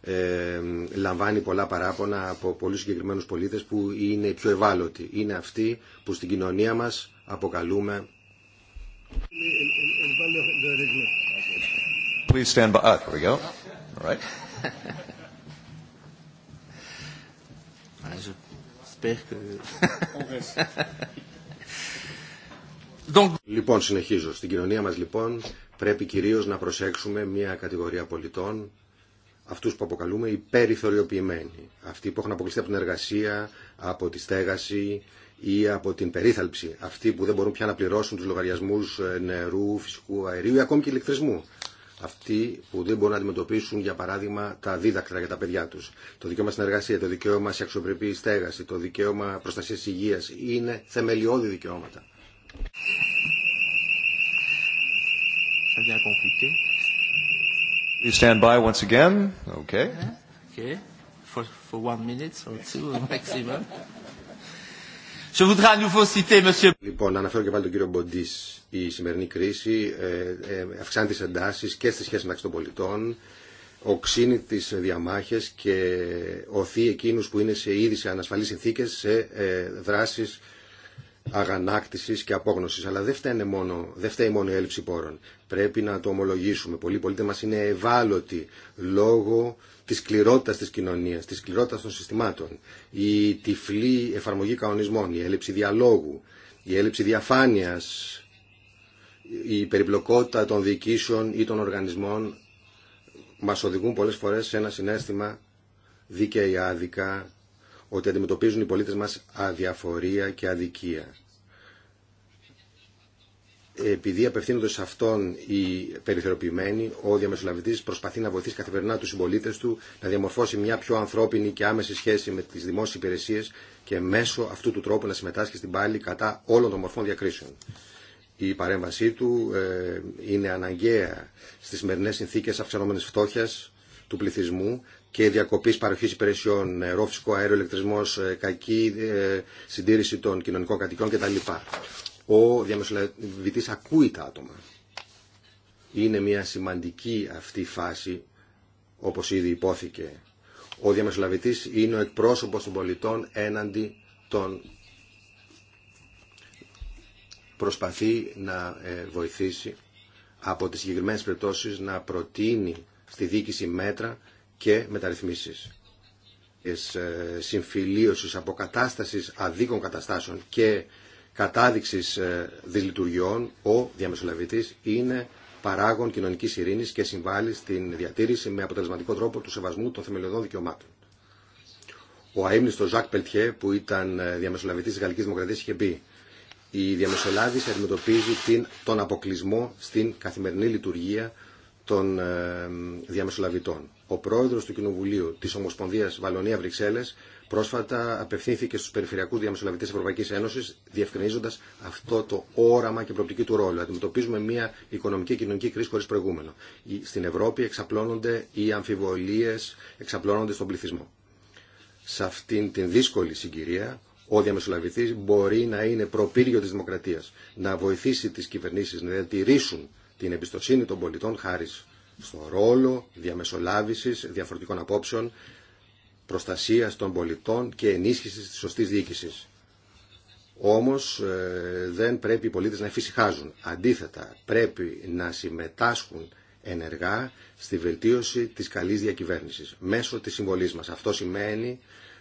ε, λαμβάνει πολλά παράπονα από πολλούς συγκεκριμένους πολίτες που είναι οι πιο ευάλωτοι. Είναι αυτοί που στην κοινωνία μας αποκαλούμε... Please stand by. Ah, All right. Λοιπόν, συνεχίζω. Στην κοινωνία μας λοιπόν πρέπει κυρίως να προσέξουμε μια κατηγορία πολιτών, αυτούς που αποκαλούμε οι Αυτοί που έχουν αποκλειστεί από την εργασία, από τη στέγαση ή από την περίθαλψη. Αυτοί που δεν μπορούν πια να πληρώσουν τους λογαριασμούς ε, νερού, φυσικού αερίου ή ακόμη και ηλεκτρισμού αυτοί που δεν μπορούν να αντιμετωπίσουν, για παράδειγμα, τα δίδακτρα για τα παιδιά του. Το δικαίωμα στην εργασία, το δικαίωμα σε αξιοπρεπή στέγαση, το δικαίωμα προστασία υγεία είναι θεμελιώδη δικαιώματα. You stand by once again. Okay. Okay. For, for one minute or two maximum. Je Λοιπόν, αναφέρω και πάλι τον κύριο Μποντή. Η σημερινή κρίση ε, ε, αυξάνει τι εντάσει και στι σχέσει μεταξύ των πολιτών, οξύνει τι διαμάχε και οθεί εκείνου που είναι σε ήδη σε ανασφαλεί συνθήκε σε ε, δράσει αγανάκτησης και απόγνωσης. Αλλά δεν, μόνο, δεν φταίει μόνο η έλλειψη πόρων. Πρέπει να το ομολογήσουμε. Πολλοί πολίτε μας είναι ευάλωτοι λόγω της σκληρότητας της κοινωνίας, της σκληρότητας των συστημάτων. Η τυφλή εφαρμογή κανονισμών, η έλλειψη διαλόγου, η έλλειψη διαφάνειας, η περιπλοκότητα των διοικήσεων ή των οργανισμών μας οδηγούν πολλές φορές σε ένα συνέστημα δίκαια άδικα ότι αντιμετωπίζουν οι πολίτες μας αδιαφορία και αδικία. Επειδή απευθύνονται σε αυτόν οι περιθεροποιημένοι, ο διαμεσολαβητής προσπαθεί να βοηθήσει καθημερινά τους συμπολίτε του να διαμορφώσει μια πιο ανθρώπινη και άμεση σχέση με τις δημόσιες υπηρεσίες και μέσω αυτού του τρόπου να συμμετάσχει στην πάλη κατά όλων των μορφών διακρίσεων. Η παρέμβασή του ε, είναι αναγκαία στις σημερινές συνθήκες αυξανόμενης φτώχειας του πληθυσμού και διακοπή παροχή υπηρεσιών, νερό, φυσικό αέριο, ηλεκτρισμό, ε, κακή ε, συντήρηση των κοινωνικών κατοικιών κτλ. Ο διαμεσολαβητή ακούει τα άτομα. Είναι μια σημαντική αυτή φάση, όπω ήδη υπόθηκε. Ο διαμεσολαβητή είναι ο εκπρόσωπο των πολιτών έναντι των. Προσπαθεί να ε, βοηθήσει από τις συγκεκριμένες περιπτώσεις να προτείνει στη δίκηση μέτρα και μεταρρυθμίσεις της ε, συμφιλίωσης, αποκατάστασης αδίκων καταστάσεων και κατάδειξης ε, δυσλειτουργιών, ο διαμεσολαβητής είναι παράγων κοινωνικής ειρήνης και συμβάλλει στην διατήρηση με αποτελεσματικό τρόπο του σεβασμού των θεμελιωδών δικαιωμάτων. Ο αείμνηστος Ζακ Πελτιέ, που ήταν ε, διαμεσολαβητής της Γαλλικής Δημοκρατίας, είχε πει «Η διαμεσολάβηση αντιμετωπίζει τον αποκλεισμό στην καθημερινή λειτουργία των διαμεσολαβητών. Ο πρόεδρο του Κοινοβουλίου τη Ομοσπονδία Βαλονία Βρυξέλλες πρόσφατα απευθύνθηκε στου περιφερειακού διαμεσολαβητέ Ευρωπαϊκή Ένωση, διευκρινίζοντας αυτό το όραμα και προοπτική του ρόλου. Αντιμετωπίζουμε μια οικονομική και κοινωνική κρίση χωρί προηγούμενο. Στην Ευρώπη εξαπλώνονται οι αμφιβολίες, εξαπλώνονται στον πληθυσμό. Σε αυτήν την δύσκολη συγκυρία ο διαμεσολαβητή μπορεί να είναι προπύργιο τη δημοκρατία, να βοηθήσει τι κυβερνήσει, να διατηρήσουν την εμπιστοσύνη των πολιτών χάρη στο ρόλο διαμεσολάβησης διαφορετικών απόψεων, προστασίας των πολιτών και ενίσχυσης της σωστής διοίκησης. Όμως ε, δεν πρέπει οι πολίτες να εφησυχάζουν. Αντίθετα, πρέπει να συμμετάσχουν ενεργά στη βελτίωση της καλής διακυβέρνησης μέσω της συμβολής μας. Αυτό σημαίνει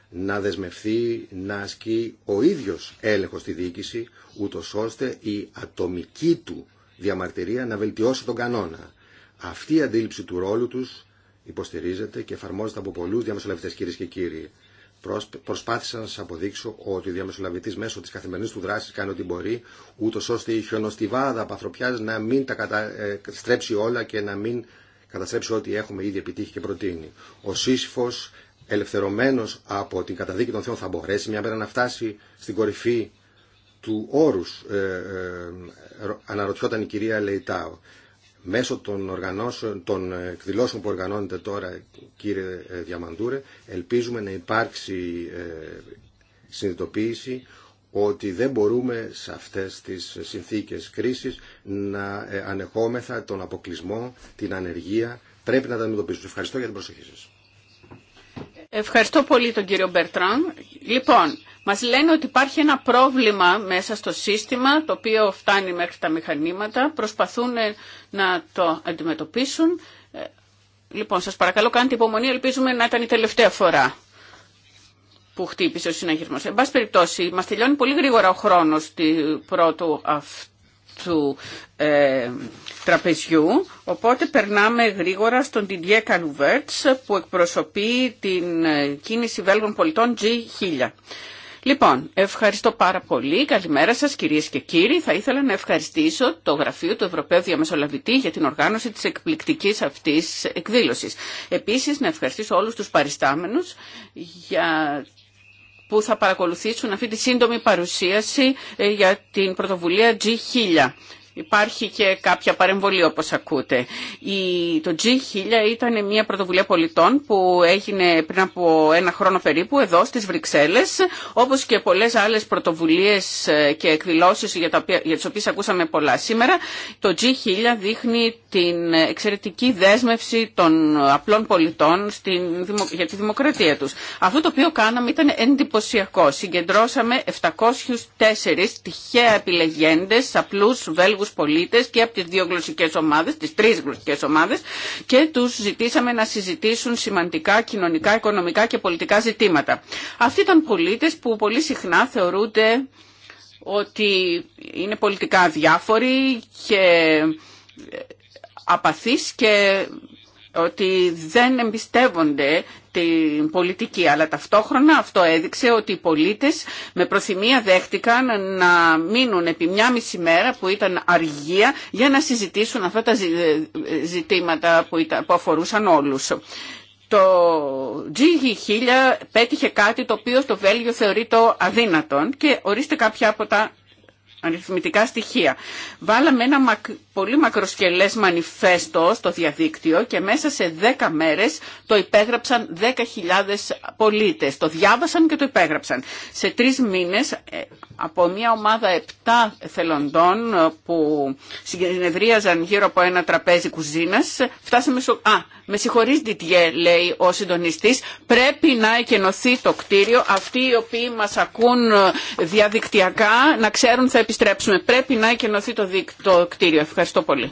να δεσμευθεί να ασκεί ο ίδιος έλεγχος στη διοίκηση, ούτω ώστε η ατομική του διαμαρτυρία να βελτιώσει τον κανόνα. Αυτή η αντίληψη του ρόλου τους υποστηρίζεται και εφαρμόζεται από πολλούς διαμεσολαβητές κυρίες και κύριοι. Προσπάθησα να σα αποδείξω ότι ο διαμεσολαβητή μέσω τη καθημερινή του δράση κάνει ό,τι μπορεί, ούτω ώστε η χιονοστιβάδα παθροπιά να μην τα καταστρέψει ε, όλα και να μην καταστρέψει ό,τι έχουμε ήδη επιτύχει και προτείνει. Ο σύσφο, ελευθερωμένο από την καταδίκη των Θεών, θα μπορέσει μια μέρα να φτάσει στην κορυφή του όρου, ε, ε, ε, αναρωτιόταν η κυρία Λεϊτάου μέσω των, οργανώσεων, των ε, εκδηλώσεων που οργανώνεται τώρα, κύριε ε, Διαμαντούρε, ελπίζουμε να υπάρξει ε, συνειδητοποίηση ότι δεν μπορούμε σε αυτές τις συνθήκες κρίσης να ανεχόμεθα τον αποκλεισμό, την ανεργία. Πρέπει να τα αντιμετωπίσουμε. Ευχαριστώ για την προσοχή σας. Ευχαριστώ πολύ τον κύριο Μπερτράν. Λοιπόν, μας λένε ότι υπάρχει ένα πρόβλημα μέσα στο σύστημα, το οποίο φτάνει μέχρι τα μηχανήματα, προσπαθούν ε, να το αντιμετωπίσουν. Ε, λοιπόν, σας παρακαλώ κάντε υπομονή, ελπίζουμε να ήταν η τελευταία φορά που χτύπησε ο συναγερμό. Εν πάση περιπτώσει, μας τελειώνει πολύ γρήγορα ο χρόνος του πρώτου αυτού ε, τραπεζιού. Οπότε περνάμε γρήγορα στον Didier Καλουβέρτ που εκπροσωπεί την ε, κίνηση Βέλγων πολιτών G1000. Λοιπόν, ευχαριστώ πάρα πολύ. Καλημέρα σας κυρίες και κύριοι. Θα ήθελα να ευχαριστήσω το Γραφείο του Ευρωπαίου Διαμεσολαβητή για την οργάνωση της εκπληκτικής αυτής εκδήλωσης. Επίσης, να ευχαριστήσω όλους τους παριστάμενους για που θα παρακολουθήσουν αυτή τη σύντομη παρουσίαση ε, για την πρωτοβουλία G1000 Υπάρχει και κάποια παρεμβολή όπως ακούτε. Η, το G1000 ήταν μια πρωτοβουλία πολιτών που έγινε πριν από ένα χρόνο περίπου εδώ στις Βρυξέλλες όπως και πολλές άλλες πρωτοβουλίες ε, και εκδηλώσεις για, τα, για τις οποίες ακούσαμε πολλά σήμερα. Το G1000 δείχνει την εξαιρετική δέσμευση των απλών πολιτών στην, για τη δημοκρατία τους. Αυτό το οποίο κάναμε ήταν εντυπωσιακό. Συγκεντρώσαμε 704 τυχαία επιλεγέντες, απλούς Βέλγους πολίτες και από τις δύο γλωσσικές ομάδες, τις τρεις γλωσσικές ομάδες και τους ζητήσαμε να συζητήσουν σημαντικά κοινωνικά, οικονομικά και πολιτικά ζητήματα. Αυτοί ήταν πολίτες που πολύ συχνά θεωρούνται ότι είναι πολιτικά αδιάφοροι και ε, απαθείς και ότι δεν εμπιστεύονται την πολιτική. Αλλά ταυτόχρονα αυτό έδειξε ότι οι πολίτες με προθυμία δέχτηκαν να μείνουν επί μια μισή μέρα που ήταν αργία για να συζητήσουν αυτά τα ε, ζητήματα που αφορούσαν όλους. Το G1000 πέτυχε κάτι το οποίο στο Βέλγιο θεωρεί το αδύνατον και ορίστε κάποια από τα αριθμητικά στοιχεία. Βάλαμε ένα πολύ μακροσκελές μανιφέστο στο διαδίκτυο και μέσα σε 10 μέρες το υπέγραψαν 10.000 πολίτες. Το διάβασαν και το υπέγραψαν. Σε τρεις μήνες ε, από μια ομάδα 7 θελοντών ε, που συνεδρίαζαν γύρω από ένα τραπέζι κουζίνας. Φτάσαμε στο... Α, με συγχωρείς Διτιέ, λέει ο συντονιστής, πρέπει να εκενωθεί το κτίριο. Αυτοί οι οποίοι μας ακούν ε, διαδικτυακά να ξέρουν θα επιστρέψουμε. Πρέπει να εκενωθεί το, το κτίριο. Ευχαριστώ πολύ.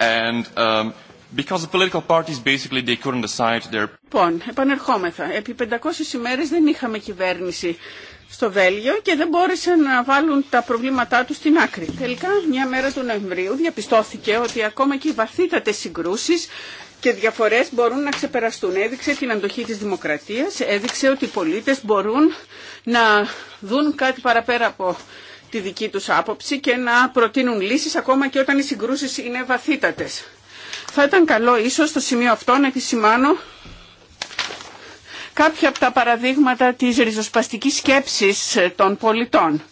And Λοιπόν, επανερχόμεθα. Επί 500 ημέρε δεν είχαμε κυβέρνηση στο Βέλγιο και δεν μπόρεσαν να βάλουν τα προβλήματά του στην άκρη. Τελικά, μια μέρα του Νοεμβρίου διαπιστώθηκε ότι ακόμα και οι βαθύτατες συγκρούσει και διαφορέ μπορούν να ξεπεραστούν. Έδειξε την αντοχή τη δημοκρατία, έδειξε ότι οι πολίτε μπορούν να δουν κάτι παραπέρα από τη δική τους άποψη και να προτείνουν λύσεις ακόμα και όταν οι συγκρούσεις είναι βαθύτατες. Θα ήταν καλό ίσως στο σημείο αυτό να επισημάνω κάποια από τα παραδείγματα της ριζοσπαστικής σκέψης των πολιτών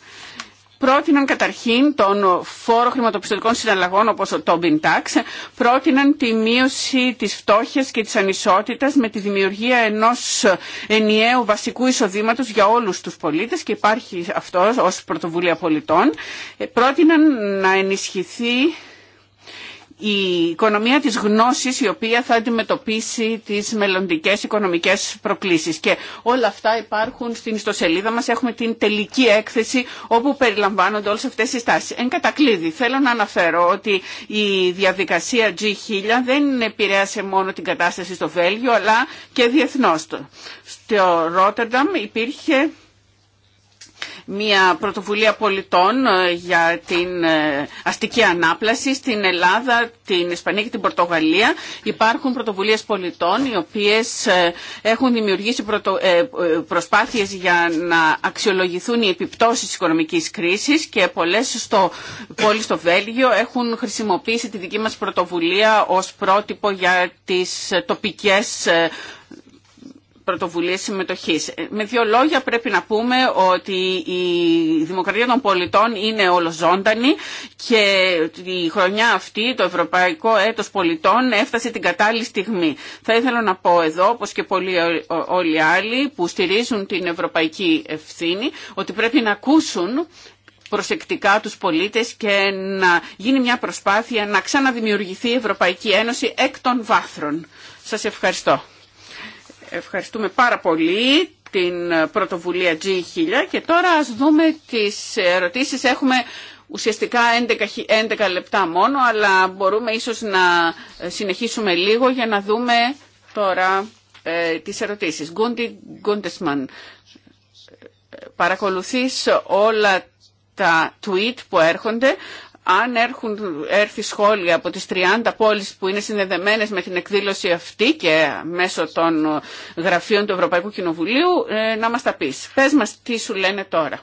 πρότειναν καταρχήν τον φόρο χρηματοπιστωτικών συναλλαγών όπως ο Tobin Tax, πρότειναν τη μείωση της φτώχειας και της ανισότητας με τη δημιουργία ενός ενιαίου βασικού εισοδήματος για όλους τους πολίτες και υπάρχει αυτός ως πρωτοβουλία πολιτών. Ε, πρότειναν να ενισχυθεί η οικονομία της γνώσης η οποία θα αντιμετωπίσει τις μελλοντικές οικονομικές προκλήσεις. Και όλα αυτά υπάρχουν στην ιστοσελίδα μας. Έχουμε την τελική έκθεση όπου περιλαμβάνονται όλες αυτές οι στάσεις. Εν κατακλείδη, θέλω να αναφέρω ότι η διαδικασία G1000 δεν επηρέασε μόνο την κατάσταση στο Βέλγιο αλλά και διεθνώς. Στο Ρότερνταμ υπήρχε μια πρωτοβουλία πολιτών ε, για την ε, αστική ανάπλαση. Στην Ελλάδα, την Ισπανία και την Πορτογαλία υπάρχουν πρωτοβουλίες πολιτών οι οποίες ε, έχουν δημιουργήσει προσπάθειες για να αξιολογηθούν οι επιπτώσεις της οικονομικής κρίσης και πολλές στο πόλη στο Βέλγιο έχουν χρησιμοποιήσει τη δική μας πρωτοβουλία ως πρότυπο για τις τοπικές πρωτοβουλίες συμμετοχής. Ε, με δύο λόγια πρέπει να πούμε ότι η δημοκρατία των πολιτών είναι ολοζώντανη και η χρονιά αυτή, το Ευρωπαϊκό Έτος Πολιτών, έφτασε την κατάλληλη στιγμή. Θα ήθελα να πω εδώ, όπως και πολλοί άλλοι που στηρίζουν την ευρωπαϊκή ευθύνη, ότι πρέπει να ακούσουν προσεκτικά τους πολίτες και να γίνει μια προσπάθεια να ξαναδημιουργηθεί η Ευρωπαϊκή Ένωση εκ των βάθρων. Σας ευχαριστώ. Ευχαριστούμε πάρα πολύ την πρωτοβουλία G1000 και τώρα ας δούμε τις ερωτήσεις. Έχουμε ουσιαστικά 11, 11 λεπτά μόνο, αλλά μπορούμε ίσως να συνεχίσουμε λίγο για να δούμε τώρα ε, τις ερωτήσεις. Γκούντι Γκούντεσμαν, παρακολουθείς όλα τα tweet που έρχονται αν έρχουν, έρθει σχόλια από τις 30 πόλεις που είναι συνδεδεμένες με την εκδήλωση αυτή και μέσω των γραφείων του Ευρωπαϊκού Κοινοβουλίου, ε, να μας τα πεις. Πες μας τι σου λένε τώρα.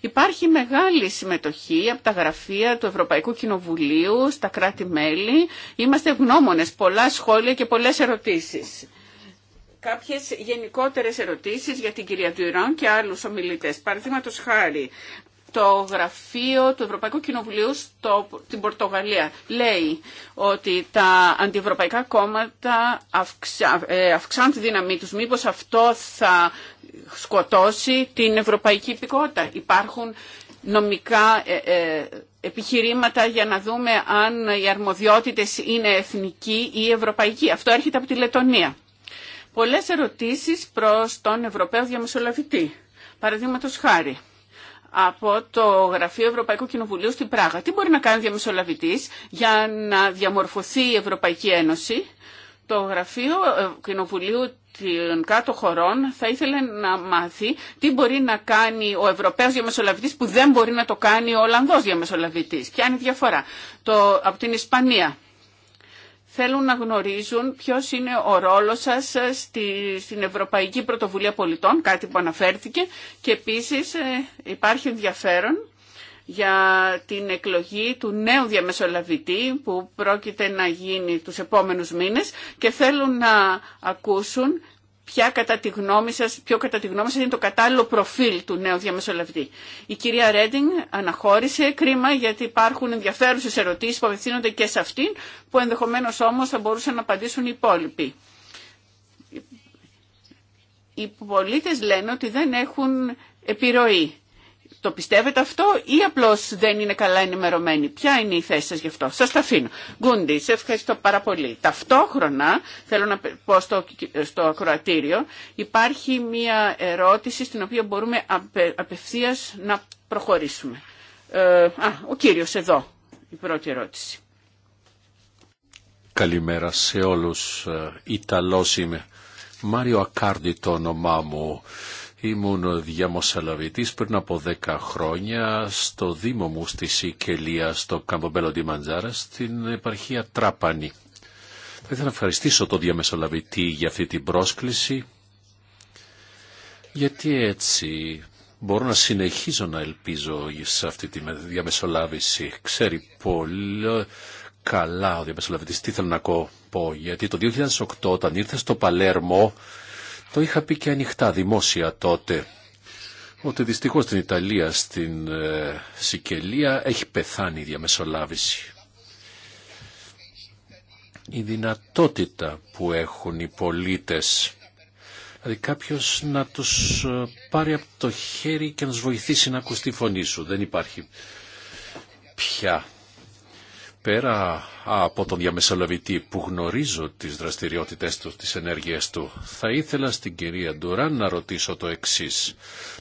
Υπάρχει μεγάλη συμμετοχή από τα γραφεία του Ευρωπαϊκού Κοινοβουλίου στα κράτη-μέλη. Είμαστε γνώμονες. πολλά σχόλια και πολλές ερωτήσεις. Κάποιες γενικότερες ερωτήσεις για την κυρία Τουιράν και άλλους ομιλητές. Παραδείγματο χάρη, το γραφείο του Ευρωπαϊκού Κοινοβουλίου στην Πορτογαλία. Λέει ότι τα αντιευρωπαϊκά κόμματα ε, αυξάνουν τη δύναμή τους. Μήπως αυτό θα σκοτώσει την ευρωπαϊκή υπηκότητα. Υπάρχουν νομικά ε, ε, επιχειρήματα για να δούμε αν οι αρμοδιότητες είναι εθνική ή ευρωπαϊκή. Αυτό έρχεται από τη Λετωνία. Πολλές ερωτήσεις προς τον Ευρωπαίο Διαμεσολαβητή. Παραδείγματος χάρη από το Γραφείο Ευρωπαϊκού Κοινοβουλίου στην Πράγα. Τι μπορεί να κάνει διαμεσολαβητής για να διαμορφωθεί η Ευρωπαϊκή Ένωση. Το Γραφείο ε, Κοινοβουλίου των κάτω χωρών θα ήθελε να μάθει τι μπορεί να κάνει ο Ευρωπαίος διαμεσολαβητής που δεν μπορεί να το κάνει ο Ολλανδός διαμεσολαβητής. Ποια είναι η διαφορά το, από την Ισπανία θέλουν να γνωρίζουν ποιος είναι ο ρόλος σας στη, στην Ευρωπαϊκή Πρωτοβουλία Πολιτών, κάτι που αναφέρθηκε, και επίσης ε, υπάρχει ενδιαφέρον για την εκλογή του νέου διαμεσολαβητή που πρόκειται να γίνει τους επόμενους μήνες και θέλουν να ακούσουν ποια κατά τη γνώμη σας, ποιο κατά τη γνώμη σας είναι το κατάλληλο προφίλ του νέου διαμεσολαβητή. Η κυρία Ρέντινγκ αναχώρησε κρίμα γιατί υπάρχουν ενδιαφέρουσε ερωτήσεις που απευθύνονται και σε αυτήν που ενδεχομένως όμως θα μπορούσαν να απαντήσουν οι υπόλοιποι. Οι πολίτες λένε ότι δεν έχουν επιρροή. Το πιστεύετε αυτό ή απλώς δεν είναι καλά ενημερωμένοι. Ποια είναι η θέση σας γι' αυτό. Σας τα αφήνω. Γκούντι, σε ευχαριστώ πάρα πολύ. Ταυτόχρονα, θέλω να πω στο, ακροατήριο, υπάρχει μία ερώτηση στην οποία μπορούμε απε, απευθείας να προχωρήσουμε. Ε, α, ο κύριος εδώ, η πρώτη ερώτηση. Καλημέρα σε όλους. Ε, Ιταλός είμαι. Μάριο Ακάρντι το όνομά μου. Ήμουν διαμοσαλαβητής πριν από δέκα χρόνια στο Δήμο μου στη Σικελία, στο Καμπομπέλο Ντιμαντζάρα, στην επαρχία Τράπανη. Θα ήθελα να ευχαριστήσω τον διαμεσολαβητή για αυτή την πρόσκληση, γιατί έτσι μπορώ να συνεχίζω να ελπίζω σε αυτή τη διαμεσολάβηση. Ξέρει πολύ καλά ο διαμεσολαβητής τι θέλω να πω, γιατί το 2008 όταν ήρθε στο Παλέρμο το είχα πει και ανοιχτά δημόσια τότε ότι δυστυχώς στην Ιταλία, στην ε, Σικελία έχει πεθάνει η διαμεσολάβηση. Η δυνατότητα που έχουν οι πολίτες Δηλαδή κάποιος να τους ε, πάρει από το χέρι και να τους βοηθήσει να ακούσει τη φωνή σου. Δεν υπάρχει πια πέρα από τον διαμεσολαβητή που γνωρίζω τις δραστηριότητες του, τις ενέργειες του, θα ήθελα στην κυρία Ντουρά να ρωτήσω το εξής.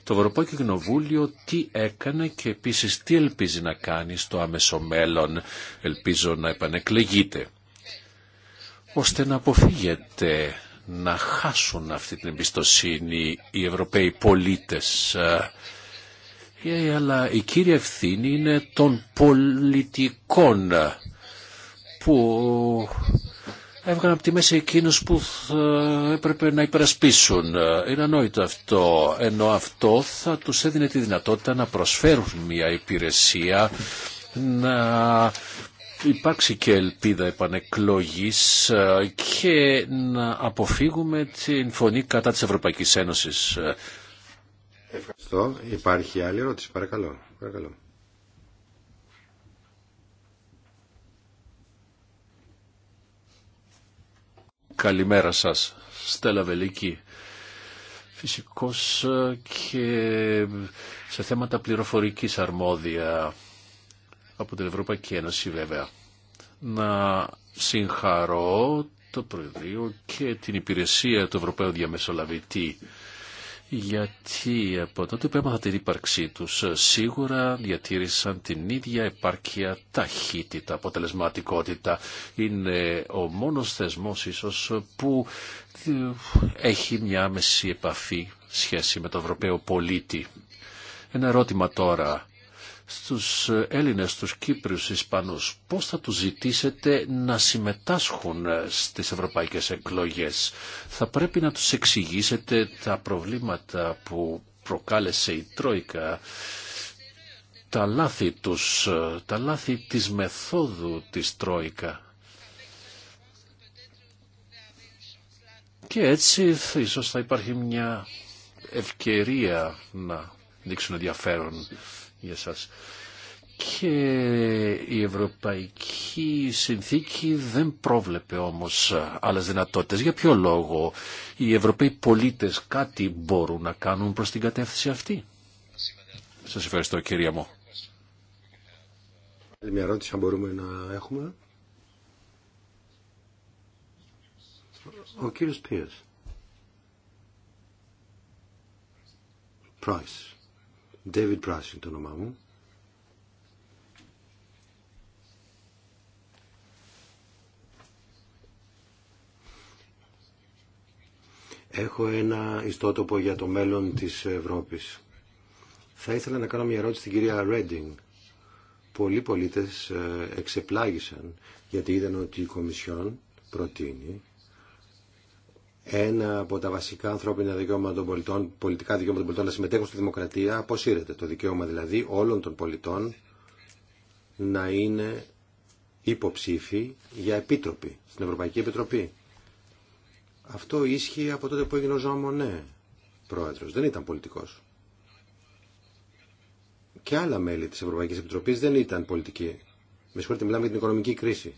Το Ευρωπαϊκό Κοινοβούλιο τι έκανε και επίσης τι ελπίζει να κάνει στο άμεσο μέλλον, ελπίζω να επανεκλεγείτε, ώστε να αποφύγετε να χάσουν αυτή την εμπιστοσύνη οι Ευρωπαίοι πολίτες ε, αλλά η κύρια ευθύνη είναι των πολιτικών που έβγαλαν από τη μέση εκείνους που έπρεπε να υπερασπίσουν. Είναι ανόητο αυτό, ενώ αυτό θα τους έδινε τη δυνατότητα να προσφέρουν μια υπηρεσία, να υπάρξει και ελπίδα επανεκλογής ε, και να αποφύγουμε την φωνή κατά της Ευρωπαϊκής Ένωσης. Ευχαριστώ. Υπάρχει άλλη ερώτηση, παρακαλώ. παρακαλώ. Καλημέρα σας, Στέλλα Βελική. Φυσικός ε, και σε θέματα πληροφορικής αρμόδια από την Ευρωπαϊκή Ένωση βέβαια. Να συγχαρώ το Προεδρείο και την υπηρεσία του Ευρωπαίου Διαμεσολαβητή γιατί από τότε που έμαθα την ύπαρξή τους σίγουρα διατήρησαν την ίδια επάρκεια ταχύτητα, αποτελεσματικότητα. Είναι ο μόνος θεσμός ίσως που ε, έχει μια άμεση επαφή σχέση με το Ευρωπαίο πολίτη. Ένα ερώτημα τώρα στους Έλληνες, στους Κύπριους, Ισπανούς, πώς θα τους ζητήσετε να συμμετάσχουν ε, στις ευρωπαϊκές εκλογές. Θα πρέπει να τους εξηγήσετε τα προβλήματα που προκάλεσε η Τρόικα, τα λάθη τους, ε, τα λάθη της μεθόδου της Τρόικα. Και έτσι ίσως θα υπάρχει μια ευκαιρία να δείξουν ενδιαφέρον για σας. Και η Ευρωπαϊκή Συνθήκη δεν πρόβλεπε όμως άλλες δυνατότητες. Για ποιο λόγο οι Ευρωπαίοι πολίτες κάτι μπορούν να κάνουν προς την κατεύθυνση αυτή. Σας ευχαριστώ κυρία μου. Άλλη μια ερώτηση αν μπορούμε να έχουμε. Ο κύριος Πίερς. Price. David το Έχω ένα ιστότοπο για το μέλλον της Ευρώπης. Θα ήθελα να κάνω μια ερώτηση στην κυρία Ρέντινγκ. Πολλοί πολίτες ε, εξεπλάγησαν γιατί είδαν ότι η Κομισιόν προτείνει ένα από τα βασικά ανθρώπινα δικαιώματα των πολιτών, πολιτικά δικαιώματα των πολιτών να συμμετέχουν στη δημοκρατία, αποσύρεται το δικαίωμα δηλαδή όλων των πολιτών να είναι υποψήφοι για επίτροπη στην Ευρωπαϊκή Επιτροπή. Αυτό ίσχυε από τότε που έγινε ο Ζωά Μονέ πρόεδρος. Δεν ήταν πολιτικός. Και άλλα μέλη της Ευρωπαϊκής Επιτροπής δεν ήταν πολιτικοί. Με συγχωρείτε, μιλάμε για την οικονομική κρίση,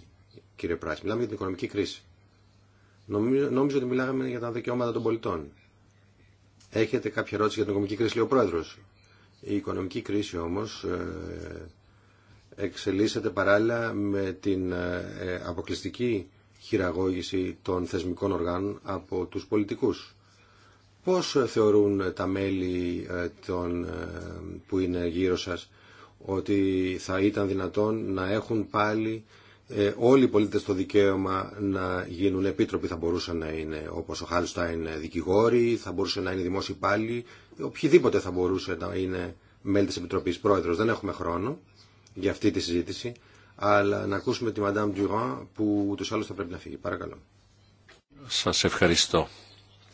κύριε Πράσι. Μιλάμε για την οικονομική κρίση. Νομίζω, νόμιζα ότι μιλάγαμε για τα δικαιώματα των πολιτών. Έχετε κάποια ερώτηση για την οικονομική κρίση, λέει ο πρόεδρο. Η οικονομική κρίση όμω ε, εξελίσσεται παράλληλα με την ε, ε, αποκλειστική χειραγώγηση των θεσμικών οργάνων από τους πολιτικούς. Πώς θεωρούν τα μέλη των, που είναι γύρω σα ότι θα ήταν δυνατόν να έχουν πάλι ε, όλοι οι πολίτε το δικαίωμα να γίνουν επίτροποι θα μπορούσαν να είναι όπω ο Χάλσταϊν ε, δικηγόροι, θα μπορούσε να είναι δημόσιοι πάλι, οποιοδήποτε θα μπορούσε να είναι μέλη τη Επιτροπή Πρόεδρο. Δεν έχουμε χρόνο για αυτή τη συζήτηση, αλλά να ακούσουμε τη Μαντάμ Ντουράν που ούτως άλλως θα πρέπει να φύγει. Παρακαλώ. Σα ευχαριστώ.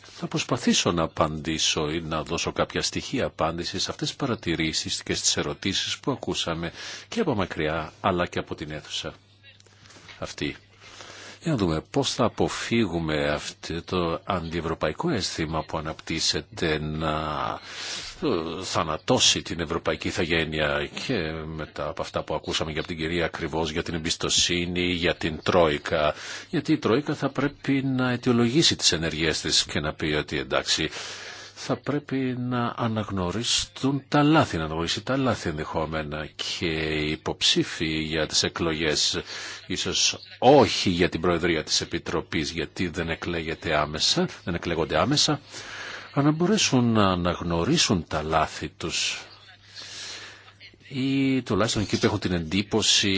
Θα προσπαθήσω να απαντήσω ή να δώσω κάποια στοιχεία απάντηση σε αυτές τις παρατηρήσεις και στις ερωτήσει που ακούσαμε και από μακριά αλλά και από την αίθουσα αυτή. Για να δούμε πώς θα αποφύγουμε αυτό το αντιευρωπαϊκό αίσθημα που αναπτύσσεται να θανατώσει την ευρωπαϊκή ηθαγένεια και μετά από αυτά που ακούσαμε για την κυρία ακριβώ για την εμπιστοσύνη, για την Τρόικα. Γιατί η Τρόικα θα πρέπει να αιτιολογήσει τις ενεργές της και να πει ότι εντάξει θα πρέπει να αναγνωρίσουν τα λάθη, να αναγνωρίσει τα λάθη ενδεχόμενα και οι υποψήφοι για τις εκλογές, ίσως όχι για την Προεδρία της Επιτροπής γιατί δεν εκλέγεται άμεσα, δεν εκλέγονται άμεσα, αλλά να μπορέσουν να αναγνωρίσουν τα λάθη τους ή τουλάχιστον εκεί που έχω την εντύπωση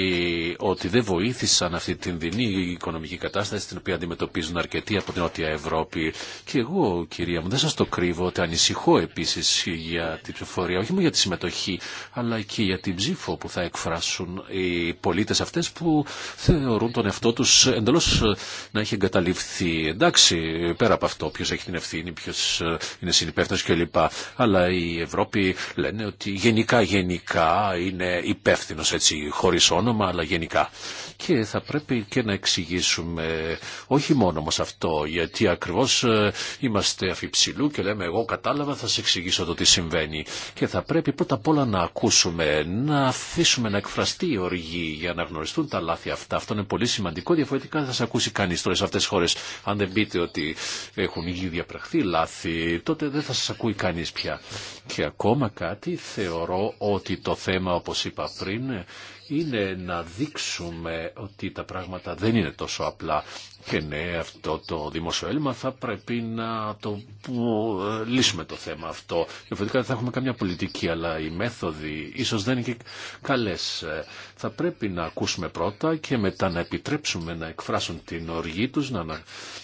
ότι δεν βοήθησαν αυτή την δινή οικονομική κατάσταση την οποία αντιμετωπίζουν αρκετοί από την Νότια Ευρώπη. Και εγώ, κυρία μου, δεν σας το κρύβω ότι ανησυχώ επίσης για την ψηφοφορία, όχι μόνο για τη συμμετοχή, αλλά και για την ψήφο που θα εκφράσουν οι πολίτες αυτές που θεωρούν τον εαυτό τους εντελώς να έχει εγκαταλειφθεί. Εντάξει, πέρα από αυτό, ποιος έχει την ευθύνη, ποιος ε, είναι συνυπεύθυνος κλπ. Αλλά η Ευρώπη λένε ότι γενικά, γενικά, είναι υπεύθυνο έτσι χωρίς όνομα αλλά γενικά και θα πρέπει και να εξηγήσουμε όχι μόνο μας αυτό γιατί ακριβώς ε, είμαστε αφιψηλού και λέμε εγώ κατάλαβα θα σε εξηγήσω το τι συμβαίνει και θα πρέπει πρώτα απ' όλα να ακούσουμε, να αφήσουμε να εκφραστεί η οργή για να γνωριστούν τα λάθη αυτά. Αυτό είναι πολύ σημαντικό, διαφορετικά θα σε ακούσει κανείς τώρα σε αυτές τις χώρες. Αν δεν πείτε ότι έχουν ήδη διαπραχθεί λάθη, τότε δεν θα σας ακούει κανείς πια. Και ακόμα κάτι θεωρώ ότι το θέμα όπως είπα πριν είναι να δείξουμε ότι τα πράγματα δεν είναι τόσο απλά και ναι, αυτό το δημοσιοέλλημα θα πρέπει να το ε, λύσουμε το θέμα αυτό. Διαφορετικά δεν θα έχουμε καμιά πολιτική, αλλά οι μέθοδοι ίσως δεν είναι και καλές. Ε, θα πρέπει να ακούσουμε πρώτα και μετά να επιτρέψουμε να εκφράσουν την οργή τους, να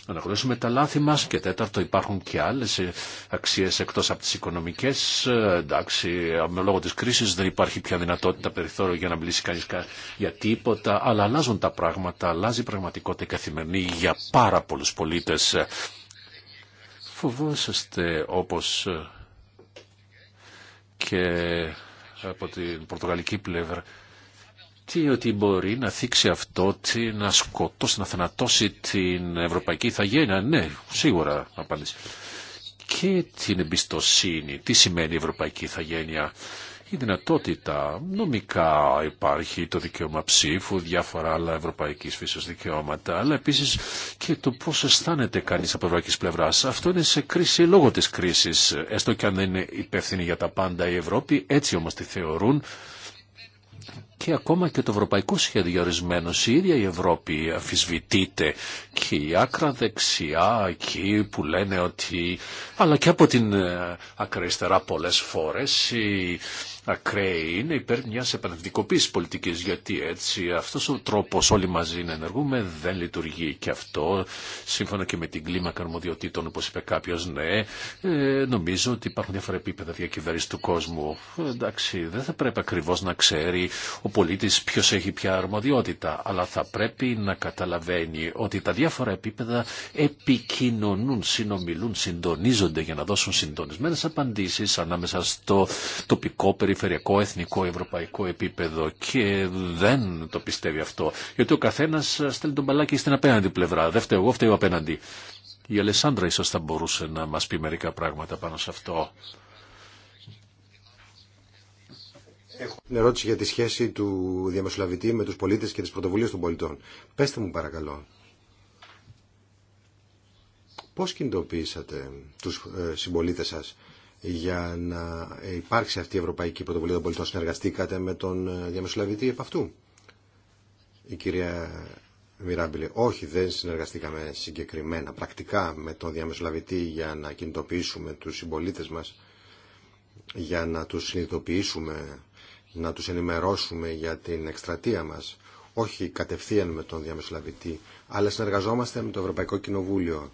αναγνωρίσουμε τα λάθη μας και τέταρτο υπάρχουν και άλλες ε, αξίες εκτός από τις οικονομικές. Εντάξει, με λόγω της κρίσης δεν υπάρχει πια δυνατότητα περιθώριο για να μιλήσει κανείς για τίποτα, αλλά αλλάζουν τα πράγματα, αλλάζει η πραγματικότητα η καθημερινή για πάρα πολλούς πολίτες. Φοβόσαστε όπως και από την πορτογαλική πλευρά τι ότι μπορεί να θίξει αυτό, τι, να σκοτώσει, να θανατώσει την ευρωπαϊκή ηθαγένεια. Ναι, σίγουρα απάντηση. Και την εμπιστοσύνη. Τι σημαίνει η ευρωπαϊκή ηθαγένεια η δυνατότητα. Νομικά υπάρχει το δικαίωμα ψήφου, διάφορα άλλα ευρωπαϊκής φύσεως δικαιώματα, αλλά επίσης και το πώς αισθάνεται κανείς από ευρωπαϊκής πλευράς. Αυτό είναι σε κρίση λόγω της κρίσης, έστω και αν δεν είναι υπεύθυνη για τα πάντα η Ευρώπη, έτσι όμως τη θεωρούν και ακόμα και το ευρωπαϊκό σχέδιο ορισμένο. Η ίδια η Ευρώπη αφισβητείται και η άκρα δεξιά εκεί που λένε ότι αλλά και από την ακραριστερά ε, πολλές φορές η ακραίοι είναι υπέρ μιας επαναδικοποίησης πολιτικής γιατί έτσι αυτός ο τρόπος όλοι μαζί να ενεργούμε δεν λειτουργεί και αυτό σύμφωνα και με την κλίμακα αρμοδιοτήτων όπως είπε κάποιος ναι ε, νομίζω ότι υπάρχουν διάφορα επίπεδα διακυβέρνηση του κόσμου εντάξει δεν θα πρέπει ακριβώς να ξέρει ο πολίτης ποιος έχει ποια αρμοδιότητα, αλλά θα πρέπει να καταλαβαίνει ότι τα διάφορα επίπεδα επικοινωνούν, συνομιλούν, συντονίζονται για να δώσουν συντονισμένες απαντήσεις ανάμεσα στο τοπικό, περιφερειακό, εθνικό, ευρωπαϊκό επίπεδο και δεν το πιστεύει αυτό, γιατί ο καθένας στέλνει τον μπαλάκι στην απέναντι πλευρά, δεν φταίω εγώ, φταίω απέναντι. Η Αλεσάνδρα ίσως θα μπορούσε να μας πει μερικά πράγματα πάνω σε αυτό. Έχω την ερώτηση για τη σχέση του διαμεσολαβητή με τους πολίτες και τις πρωτοβουλίες των πολιτών. Πεστε μου παρακαλώ, πώς κινητοποιήσατε τους ε, συμπολίτες σας για να υπάρξει αυτή η Ευρωπαϊκή Πρωτοβουλία των Πολιτών. Συνεργαστήκατε με τον ε, διαμεσολαβητή επ' αυτού. Η κυρία Μιράμπηλε. όχι δεν συνεργαστήκαμε συγκεκριμένα πρακτικά με τον διαμεσολαβητή για να κινητοποιήσουμε τους συμπολίτες μας, για να τους συνειδητοποιήσουμε να τους ενημερώσουμε για την εκστρατεία μας, όχι κατευθείαν με τον διαμεσολαβητή, αλλά συνεργαζόμαστε με το Ευρωπαϊκό Κοινοβούλιο.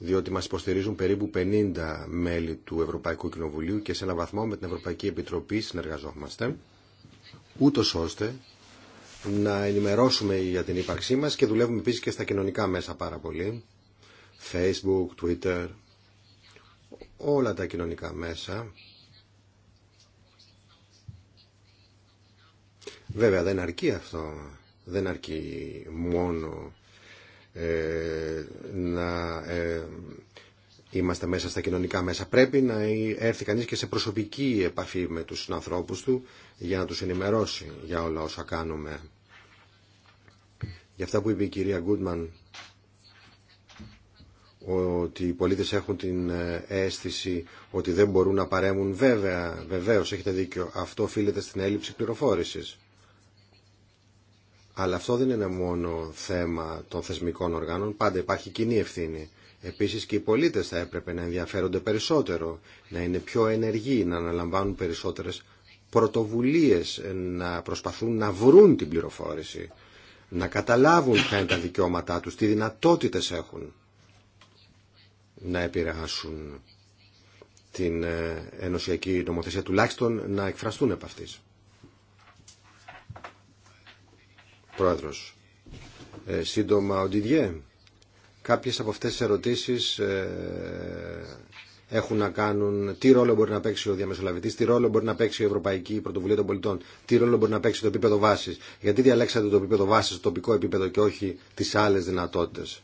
διότι μας υποστηρίζουν περίπου 50 μέλη του Ευρωπαϊκού Κοινοβουλίου και σε ένα βαθμό με την Ευρωπαϊκή Επιτροπή συνεργαζόμαστε, ούτω ώστε να ενημερώσουμε για την ύπαρξή μας και δουλεύουμε επίσης και στα κοινωνικά μέσα πάρα πολύ, Facebook, Twitter, όλα τα κοινωνικά μέσα. Βέβαια δεν αρκεί αυτό, δεν αρκεί μόνο ε, να ε, είμαστε μέσα στα κοινωνικά μέσα. Πρέπει να έρθει κανείς και σε προσωπική επαφή με τους συνανθρώπους του για να τους ενημερώσει για όλα όσα κάνουμε. Για αυτά που είπε η κυρία Γκούτμαν ότι οι πολίτες έχουν την ε, αίσθηση ότι δεν μπορούν να παρέμουν βέβαια, βεβαίως έχετε δίκιο, αυτό οφείλεται στην έλλειψη πληροφόρησης. Αλλά αυτό δεν είναι μόνο θέμα των θεσμικών οργάνων, πάντα υπάρχει κοινή ευθύνη. Επίσης και οι πολίτες θα έπρεπε να ενδιαφέρονται περισσότερο, να είναι πιο ενεργοί, να αναλαμβάνουν περισσότερες πρωτοβουλίες, να προσπαθούν να βρουν την πληροφόρηση, να καταλάβουν ποια είναι τα δικαιώματά τους, τι δυνατότητες έχουν να επηρεάσουν την ε, ενωσιακή νομοθεσία, τουλάχιστον να εκφραστούν επ' αυτής. Πρόεδρος, ε, σύντομα ο Ντιδιέ, κάποιες από αυτές τις ερωτήσεις ε, έχουν να κάνουν τι ρόλο μπορεί να παίξει ο διαμεσολαβητής, τι ρόλο μπορεί να παίξει η Ευρωπαϊκή Πρωτοβουλία των Πολιτών, τι ρόλο μπορεί να παίξει το επίπεδο βάσης. Γιατί διαλέξατε το επίπεδο βάσης, το τοπικό επίπεδο και όχι τις άλλες δυνατότητες.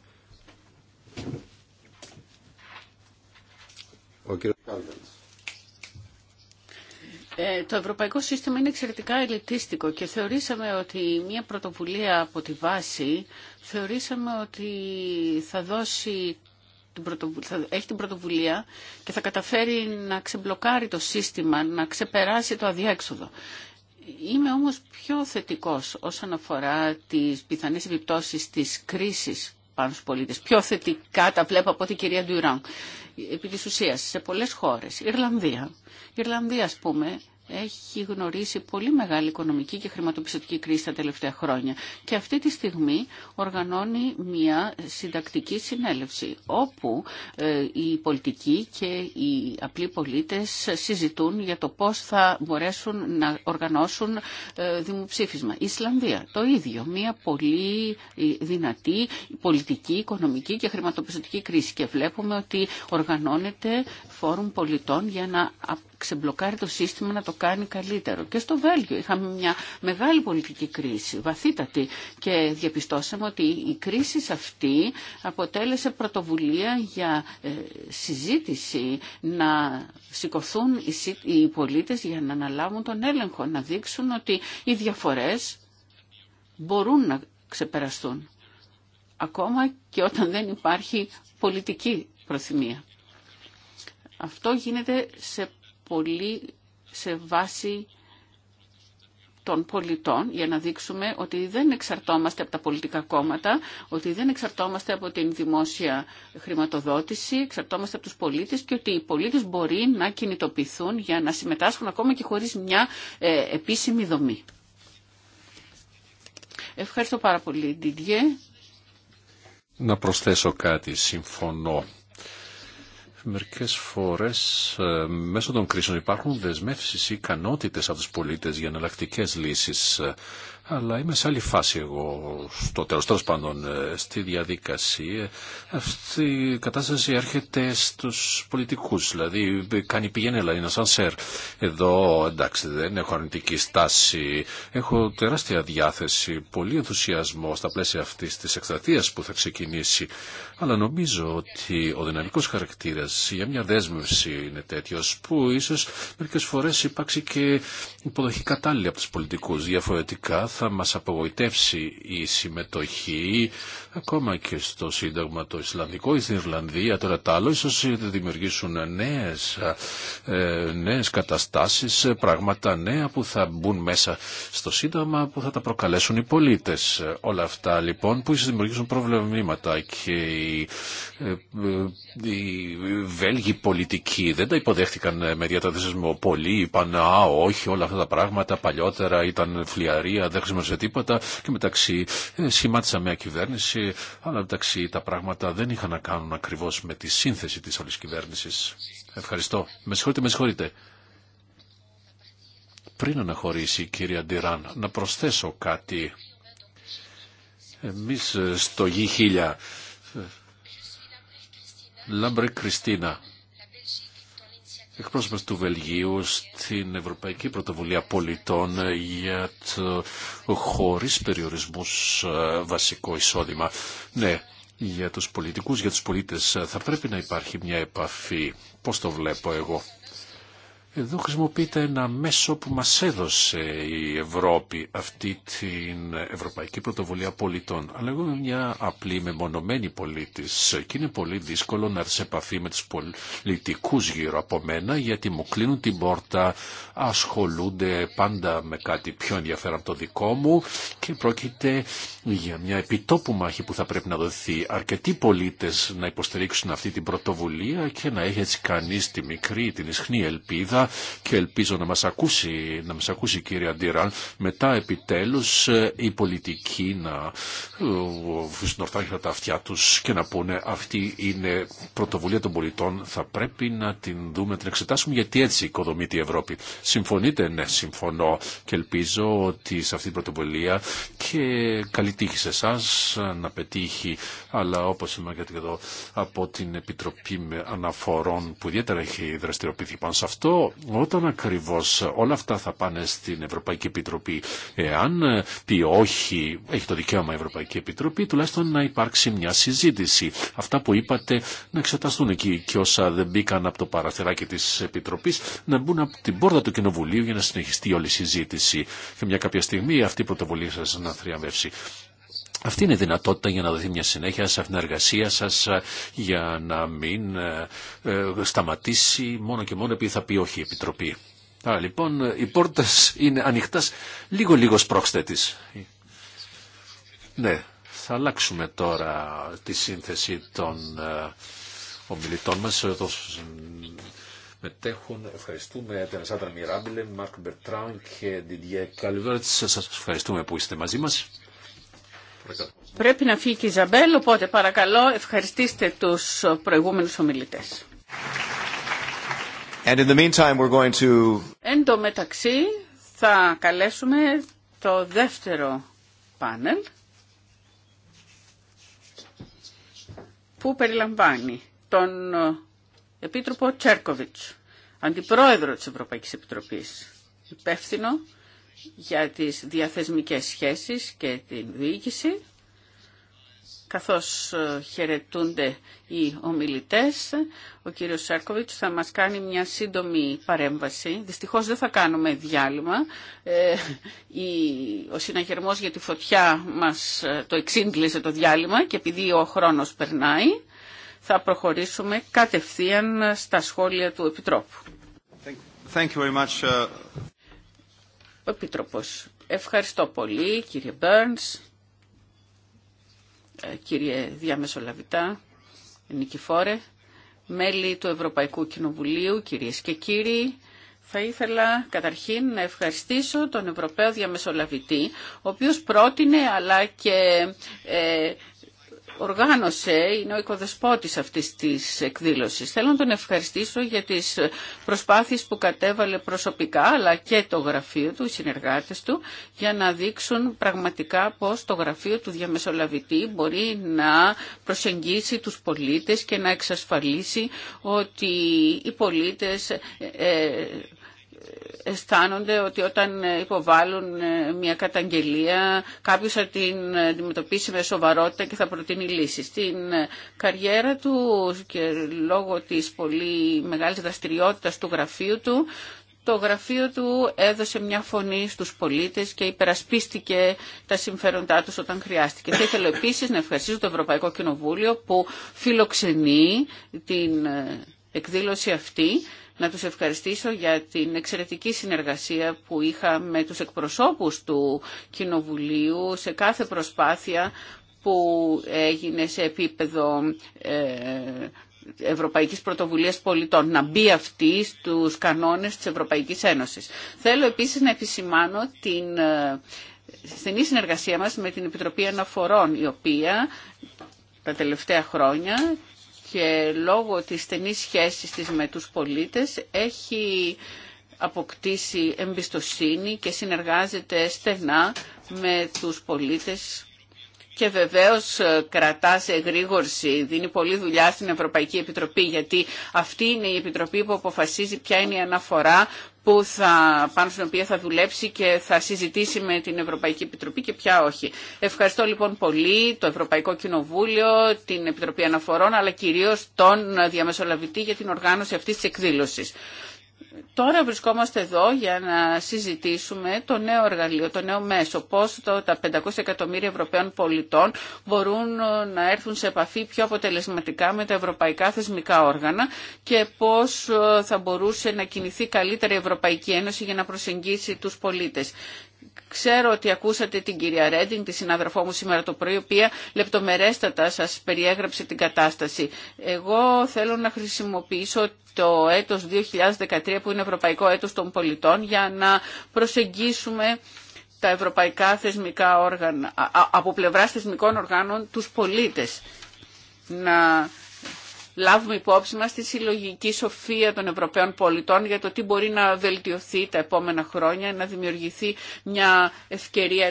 Ε, το ευρωπαϊκό σύστημα είναι εξαιρετικά ελιτίστικο και θεωρήσαμε ότι μια πρωτοβουλία από τη βάση θεωρήσαμε ότι θα δώσει θα έχει την πρωτοβουλία και θα καταφέρει να ξεμπλοκάρει το σύστημα, να ξεπεράσει το αδιέξοδο. Είμαι όμως πιο θετικός όσον αφορά τις πιθανές επιπτώσεις της κρίσης πάνω στους πολίτες. Πιο θετικά τα βλέπω από την κυρία Ντουιράν. Επί της ουσίας, σε πολλές χώρες, Ιρλανδία, Ιρλανδία ας πούμε, έχει γνωρίσει πολύ μεγάλη οικονομική και χρηματοπιστωτική κρίση τα τελευταία χρόνια και αυτή τη στιγμή οργανώνει μια συντακτική συνέλευση όπου ε, οι πολιτικοί και οι απλοί πολίτες συζητούν για το πώς θα μπορέσουν να οργανώσουν ε, δημοψήφισμα. Η Ισλανδία, το ίδιο, μια πολύ ε, δυνατή πολιτική, οικονομική και χρηματοπιστωτική κρίση και βλέπουμε ότι οργανώνεται φόρουμ πολιτών για να ξεμπλοκάρει το σύστημα να το κάνει καλύτερο. Και στο Βέλγιο είχαμε μια μεγάλη πολιτική κρίση, βαθύτατη, και διαπιστώσαμε ότι η κρίση αυτή αποτέλεσε πρωτοβουλία για ε, συζήτηση να σηκωθούν οι πολίτες για να αναλάβουν τον έλεγχο, να δείξουν ότι οι διαφορές μπορούν να ξεπεραστούν. Ακόμα και όταν δεν υπάρχει πολιτική προθυμία. Αυτό γίνεται σε πολύ σε βάση των πολιτών για να δείξουμε ότι δεν εξαρτώμαστε από τα πολιτικά κόμματα, ότι δεν εξαρτώμαστε από την δημόσια χρηματοδότηση, εξαρτώμαστε από τους πολίτες και ότι οι πολίτες μπορεί να κινητοποιηθούν για να συμμετάσχουν ακόμα και χωρίς μια ε, επίσημη δομή. Ευχαριστώ πάρα πολύ, Ντιντιέ. Να προσθέσω κάτι. Συμφωνώ μερικές φορές ε, μέσω των κρίσεων υπάρχουν δεσμεύσεις ή ικανότητες από τους πολίτες για εναλλακτικέ λύσεις αλλά είμαι σε άλλη φάση εγώ στο τέλος τέλος πάντων ε, στη διαδικασία. Αυτή η κατάσταση έρχεται στους πολιτικούς, δηλαδή κάνει πηγαίνει δηλαδή σαν σέρ... Εδώ εντάξει δεν έχω αρνητική στάση, έχω τεράστια διάθεση, πολύ ενθουσιασμό στα πλαίσια αυτής της εκστρατείας που θα ξεκινήσει, αλλά νομίζω ότι ο δυναμικός χαρακτήρας για μια δέσμευση είναι τέτοιος που ίσως μερικές φορές υπάρξει και υποδοχή κατάλληλη από του πολιτικού διαφορετικά θα μας απογοητεύσει η συμμετοχή ακόμα και στο Σύνταγμα το Ισλανδικό ή στην Ιρλανδία. Τώρα τα άλλο ίσως δημιουργήσουν νέες, ε, νέες καταστάσεις, ε, πράγματα νέα που θα μπουν μέσα στο Σύνταγμα που θα τα προκαλέσουν οι πολίτες. Όλα αυτά λοιπόν που ίσως δημιουργήσουν προβλήματα και οι, ε, οι Βέλγοι πολιτικοί δεν τα υποδέχτηκαν με διαταδεσμό πολύ, είπαν α όχι όλα αυτά τα πράγματα παλιότερα ήταν φλιαρία, σε τίποτα και μεταξύ ε, σχημάτισα μια κυβέρνηση, αλλά μεταξύ τα πράγματα δεν είχαν να κάνουν ακριβώς με τη σύνθεση της όλης κυβέρνησης. Ευχαριστώ. Με συγχωρείτε, με συγχωρείτε. Πριν αναχωρήσει η κυρία Ντιράν, να προσθέσω κάτι. Εμείς ε, στο γη χίλια. Ε, Λάμπρε Κριστίνα εκπρόσωπος του Βελγίου στην Ευρωπαϊκή Πρωτοβουλία Πολιτών για το χωρίς περιορισμούς ε, βασικό εισόδημα. Ναι, για τους πολιτικούς, για τους πολίτες ε, θα πρέπει να υπάρχει μια επαφή. Πώς το βλέπω εγώ. Εδώ χρησιμοποιείται ένα μέσο που μας έδωσε η Ευρώπη αυτή την Ευρωπαϊκή Πρωτοβουλία Πολιτών. Αλλά εγώ είμαι μια απλή μεμονωμένη πολίτης και είναι πολύ δύσκολο να έρθει σε επαφή με τους πολιτικούς γύρω από μένα γιατί μου κλείνουν την πόρτα, ασχολούνται πάντα με κάτι πιο ενδιαφέρον από το δικό μου και πρόκειται για μια επιτόπου μάχη που θα πρέπει να δοθεί. Αρκετοί πολίτες να υποστηρίξουν αυτή την πρωτοβουλία και να έχει έτσι κανείς τη μικρή, την ισχνή ελπίδα και ελπίζω να μας ακούσει, να μας ακούσει μετά επιτέλους οι ε, πολιτικοί να ε, βρίσκουν τα αυτιά τους και να πούνε αυτή είναι πρωτοβουλία των πολιτών, θα πρέπει να την δούμε, να την εξετάσουμε γιατί έτσι οικοδομείται η Ευρώπη. Συμφωνείτε, ναι, συμφωνώ και ελπίζω ότι σε αυτή την πρωτοβουλία και καλή τύχη σε εσά να πετύχει, αλλά όπως είμαι και εδώ από την Επιτροπή Αναφορών που ιδιαίτερα έχει δραστηριοποιηθεί πάνω σε αυτό, όταν ακριβώς όλα αυτά θα πάνε στην Ευρωπαϊκή Επιτροπή, εάν πει όχι, έχει το δικαίωμα η Ευρωπαϊκή Επιτροπή, τουλάχιστον να υπάρξει μια συζήτηση. Αυτά που είπατε να εξεταστούν εκεί και όσα δεν μπήκαν από το παραθυράκι της Επιτροπής να μπουν από την πόρτα του Κοινοβουλίου για να συνεχιστεί όλη η συζήτηση. Και μια κάποια στιγμή αυτή η πρωτοβουλία σας να θριαμβεύσει. Αυτή είναι η δυνατότητα για να δοθεί μια συνέχεια σε αυτήν την εργασία σας ε, για να μην ε, ε, σταματήσει μόνο και μόνο επειδή θα πει όχι η Επιτροπή. Άρα λοιπόν οι πόρτες είναι ανοιχτές, λίγο λίγο σπρώξτε Ναι, θα αλλάξουμε τώρα τη σύνθεση των ε, ομιλητών μας. Εδώ μετέχουν. Ευχαριστούμε την Ασάντρα Μιράμπλε, Μάρκ Μπερτράν και Διδιέ Καλβέρτς. Σας ευχαριστούμε που είστε μαζί μας. Πρέπει να φύγει η Ζαμπέλ, οπότε παρακαλώ ευχαριστήστε τους προηγούμενους ομιλητές. And in the meantime, we're going to... Εν τω μεταξύ θα καλέσουμε το δεύτερο πάνελ που περιλαμβάνει τον Επίτροπο Τσέρκοβιτς, Αντιπρόεδρο της Ευρωπαϊκής Επιτροπής, υπεύθυνο για τις διαθεσμικές σχέσεις και την διοίκηση. Καθώς ε, χαιρετούνται οι ομιλητές, ο κύριος Σάρκοβιτς θα μας κάνει μια σύντομη παρέμβαση. Δυστυχώς δεν θα κάνουμε διάλειμμα. Ε, ο συναγερμός για τη φωτιά μας ε, το εξήγκλησε το διάλειμμα και επειδή ο χρόνος περνάει, θα προχωρήσουμε κατευθείαν στα σχόλια του Επιτρόπου. Uh, Ευχαριστώ πολύ κύριε Μπέρνς, ε, κύριε Διαμεσολαβητά, Νικηφόρε, μέλη του Ευρωπαϊκού Κοινοβουλίου, κυρίες και κύριοι. Θα ήθελα καταρχήν να ευχαριστήσω τον Ευρωπαίο Διαμεσολαβητή, ο οποίος πρότεινε αλλά και ε, οργάνωσε, είναι ο οικοδεσπότης αυτής της εκδήλωσης. Θέλω να τον ευχαριστήσω για τις προσπάθειες που κατέβαλε προσωπικά, αλλά και το γραφείο του, οι συνεργάτες του, για να δείξουν πραγματικά πώς το γραφείο του διαμεσολαβητή μπορεί να προσεγγίσει τους πολίτες και να εξασφαλίσει ότι οι πολίτες ε, ε, αισθάνονται ότι όταν υποβάλλουν ε, μια καταγγελία κάποιος θα την αντιμετωπίσει με σοβαρότητα και θα προτείνει λύσεις. Στην ε, καριέρα του και λόγω της πολύ μεγάλης δραστηριότητας του γραφείου του το γραφείο του έδωσε μια φωνή στους πολίτες και υπερασπίστηκε τα συμφέροντά τους όταν χρειάστηκε. Θα ήθελα επίσης να ευχαριστήσω το Ευρωπαϊκό Κοινοβούλιο που φιλοξενεί την ε, εκδήλωση αυτή να τους ευχαριστήσω για την εξαιρετική συνεργασία που είχα με τους εκπροσώπους του Κοινοβουλίου σε κάθε προσπάθεια που έγινε σε επίπεδο ε, Ευρωπαϊκής Πρωτοβουλίας Πολιτών, να μπει αυτή στους κανόνες της Ευρωπαϊκής Ένωσης. Θέλω επίσης να επισημάνω την ε, στενή συνεργασία μας με την Επιτροπή Αναφορών, η οποία τα τελευταία χρόνια και λόγω της στενής σχέσης της με τους πολίτες έχει αποκτήσει εμπιστοσύνη και συνεργάζεται στενά με τους πολίτες και βεβαίως ε, κρατά σε εγρήγορση, δίνει πολλή δουλειά στην Ευρωπαϊκή Επιτροπή γιατί αυτή είναι η Επιτροπή που αποφασίζει ποια είναι η αναφορά που θα, πάνω στην οποία θα δουλέψει και θα συζητήσει με την Ευρωπαϊκή Επιτροπή και πια όχι. Ευχαριστώ λοιπόν πολύ το Ευρωπαϊκό Κοινοβούλιο, την Επιτροπή Αναφορών, αλλά κυρίως τον διαμεσολαβητή για την οργάνωση αυτής της εκδήλωσης. Τώρα βρισκόμαστε εδώ για να συζητήσουμε το νέο εργαλείο, το νέο μέσο, πώς τα 500 εκατομμύρια Ευρωπαίων πολιτών μπορούν ε, να έρθουν σε επαφή πιο αποτελεσματικά με τα ευρωπαϊκά θεσμικά όργανα και πώς ε, θα μπορούσε να κινηθεί καλύτερα η Ευρωπαϊκή Ένωση για να προσεγγίσει τους πολίτες. Ξέρω ότι ακούσατε την κυρία Ρέντινγκ, τη συναδελφό μου σήμερα το πρωί, η οποία λεπτομερέστατα σας περιέγραψε την κατάσταση. Εγώ θέλω να χρησιμοποιήσω το έτος 2013 που είναι Ευρωπαϊκό Έτος των Πολιτών για να προσεγγίσουμε τα ευρωπαϊκά θεσμικά όργανα, από πλευράς θεσμικών οργάνων, τους πολίτες. Να λάβουμε υπόψη μας τη συλλογική σοφία των Ευρωπαίων πολιτών για το τι μπορεί να βελτιωθεί τα επόμενα χρόνια, να δημιουργηθεί μια ευκαιρία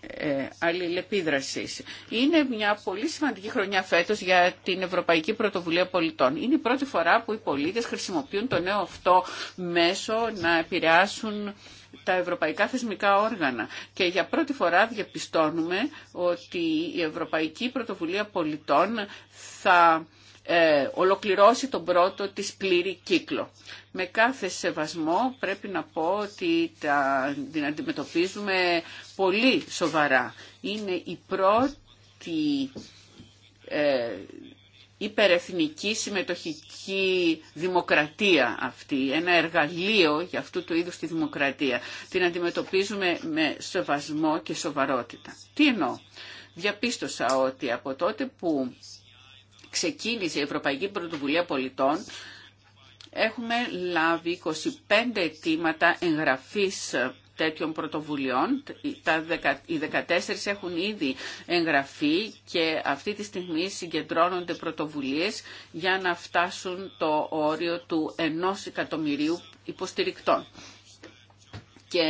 ε, αλληλεπίδρασης. Είναι μια πολύ σημαντική χρονιά φέτος για την Ευρωπαϊκή Πρωτοβουλία Πολιτών. Είναι η πρώτη φορά που οι πολίτες χρησιμοποιούν το νέο αυτό μέσο να επηρεάσουν τα ευρωπαϊκά θεσμικά όργανα. Και για πρώτη φορά διαπιστώνουμε ότι η Ευρωπαϊκή Πρωτοβουλία Πολιτών θα ε, ολοκληρώσει τον πρώτο της πλήρη κύκλο. Με κάθε σεβασμό πρέπει να πω ότι τα, την αντιμετωπίζουμε πολύ σοβαρά. Είναι η πρώτη ε, υπερεθνική συμμετοχική δημοκρατία αυτή, ένα εργαλείο για αυτού του είδους τη δημοκρατία. Την αντιμετωπίζουμε με σεβασμό και σοβαρότητα. Τι εννοώ. Διαπίστωσα ότι από τότε που ξεκίνησε η Ευρωπαϊκή Πρωτοβουλία Πολιτών, έχουμε λάβει 25 αιτήματα εγγραφής τέτοιων πρωτοβουλειών. Τα, οι 14 έχουν ήδη εγγραφεί και αυτή τη στιγμή συγκεντρώνονται πρωτοβουλίες για να φτάσουν το όριο του 1 εκατομμυρίου υποστηρικτών. Και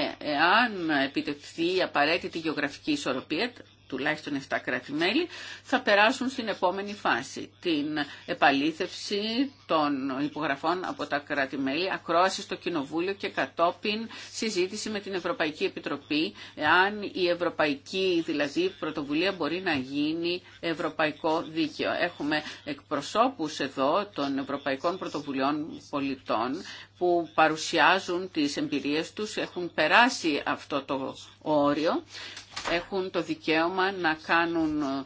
αν επιτευχθεί η απαραίτητη γεωγραφική ισορροπία, τουλάχιστον 7 κράτη-μέλη, θα περάσουν στην επόμενη φάση. Την επαλήθευση των υπογραφών από τα κράτη-μέλη, ακρόαση στο Κοινοβούλιο και κατόπιν συζήτηση με την Ευρωπαϊκή Επιτροπή, αν η Ευρωπαϊκή δηλαδή πρωτοβουλία μπορεί να γίνει ευρωπαϊκό δίκαιο. Έχουμε εκπροσώπους εδώ των Ευρωπαϊκών Πρωτοβουλειών Πολιτών που παρουσιάζουν τις εμπειρίες τους, έχουν περάσει αυτό το όριο έχουν το δικαίωμα να κάνουν ε,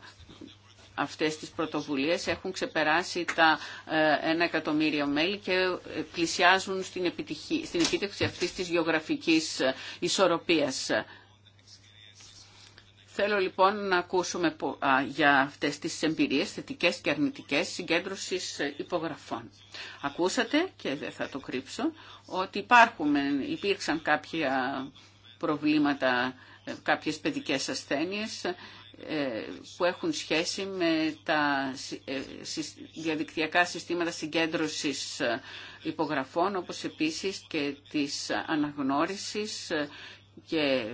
αυτές τις πρωτοβουλίες έχουν ξεπεράσει τα ε, ένα εκατομμύριο μέλη και ε, πλησιάζουν στην, επιτυχή, στην επίτευξη αυτής της γεωγραφικής ισορροπίας. Θέλω λοιπόν να ακούσουμε για αυτές τις εμπειρίες θετικές και αρνητικές συγκέντρωσης υπογραφών. Ακούσατε, και δεν θα το κρύψω, ότι υπάρχουν, υπήρξαν κάποια προβλήματα κάποιες παιδικές ασθένειες ε, που έχουν σχέση με τα ε, διαδικτυακά συστήματα συγκέντρωσης ε, υπογραφών, όπως επίσης και της αναγνώρισης και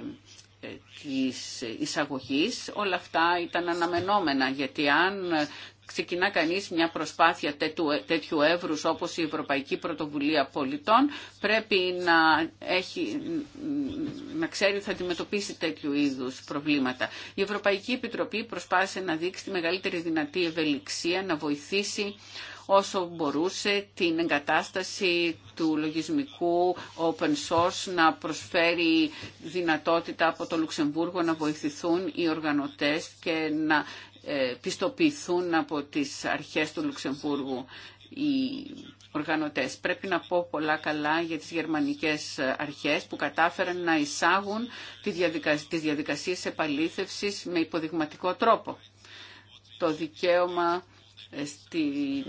της εισαγωγής. Όλα αυτά ήταν αναμενόμενα, γιατί αν ξεκινά κανείς μια προσπάθεια τέτοιου εύρους όπως η Ευρωπαϊκή Πρωτοβουλία Πολιτών πρέπει να, έχει, να ξέρει ότι θα αντιμετωπίσει τέτοιου είδους προβλήματα. Η Ευρωπαϊκή Επιτροπή προσπάθησε να δείξει τη μεγαλύτερη δυνατή ευελιξία, να βοηθήσει όσο μπορούσε την εγκατάσταση του λογισμικού open source να προσφέρει δυνατότητα από το Λουξεμβούργο να βοηθηθούν οι οργανωτές και να ε, πιστοποιηθούν από τις αρχές του Λουξεμβούργου οι οργανωτές. Πρέπει να πω πολλά καλά για τις γερμανικές αρχές που κατάφεραν να εισάγουν τις διαδικασίες επαλήθευσης με υποδειγματικό τρόπο. Το δικαίωμα ε, στην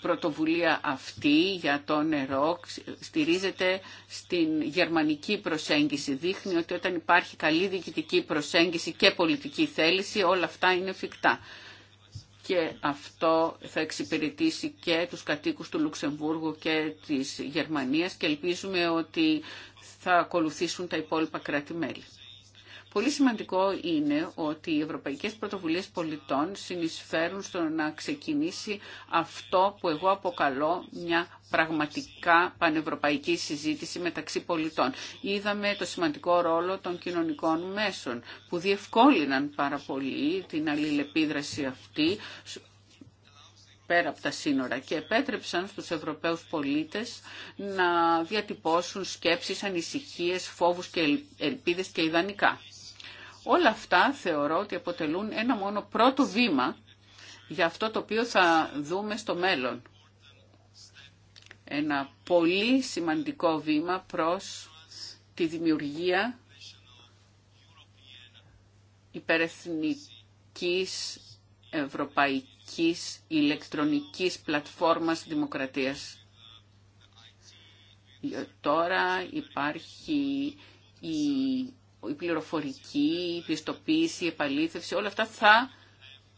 πρωτοβουλία αυτή για το νερό στηρίζεται στην γερμανική προσέγγιση. Δείχνει ότι όταν υπάρχει καλή διοικητική προσέγγιση και πολιτική θέληση όλα αυτά είναι εφικτά. Και αυτό θα εξυπηρετήσει και τους κατοίκους του Λουξεμβούργου και της Γερμανίας και ελπίζουμε ότι θα ακολουθήσουν τα υπόλοιπα κράτη-μέλη. Πολύ σημαντικό είναι ότι οι ευρωπαϊκές πρωτοβουλίες πολιτών συνεισφέρουν στο να ξεκινήσει αυτό που εγώ αποκαλώ μια πραγματικά πανευρωπαϊκή συζήτηση μεταξύ πολιτών. Είδαμε το σημαντικό ρόλο των κοινωνικών μέσων που διευκόλυναν πάρα πολύ την αλληλεπίδραση αυτή πέρα από τα σύνορα και επέτρεψαν στους Ευρωπαίους πολίτες να διατυπώσουν σκέψεις, ανησυχίες, φόβους και ελπίδες και ιδανικά. Όλα αυτά θεωρώ ότι αποτελούν ένα μόνο πρώτο βήμα για αυτό το οποίο θα δούμε στο μέλλον. Ένα πολύ σημαντικό βήμα προς τη δημιουργία υπερεθνικής ευρωπαϊκής ηλεκτρονικής πλατφόρμας δημοκρατίας. Τώρα υπάρχει η η πληροφορική, η πιστοποίηση, η επαλήθευση, όλα αυτά θα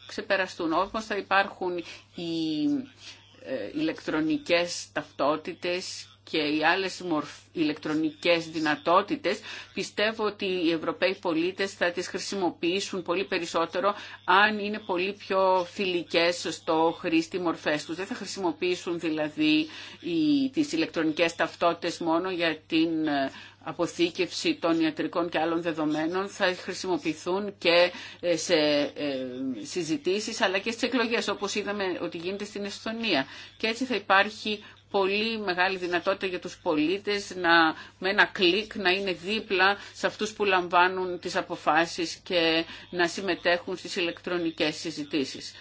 ξεπεραστούν. Όπως θα υπάρχουν οι ε, ηλεκτρονικές ταυτότητες και οι άλλες ηλεκτρονικές δυνατότητες, πιστεύω ότι οι Ευρωπαίοι πολίτες θα τις χρησιμοποιήσουν πολύ περισσότερο αν είναι πολύ πιο φιλικές στο χρήστη μορφές τους. Δεν θα χρησιμοποιήσουν δηλαδή οι, τις ηλεκτρονικές ταυτότητες μόνο για την ε, αποθήκευση των ιατρικών και άλλων δεδομένων θα χρησιμοποιηθούν και ε, σε ε, συζητήσεις αλλά και στις εκλογές όπως είδαμε ότι γίνεται στην Εσθονία. Και έτσι θα υπάρχει πολύ μεγάλη δυνατότητα για τους πολίτες να, με ένα κλικ να είναι δίπλα σε αυτούς που λαμβάνουν τις αποφάσεις και να συμμετέχουν στις ηλεκτρονικές συζητήσεις.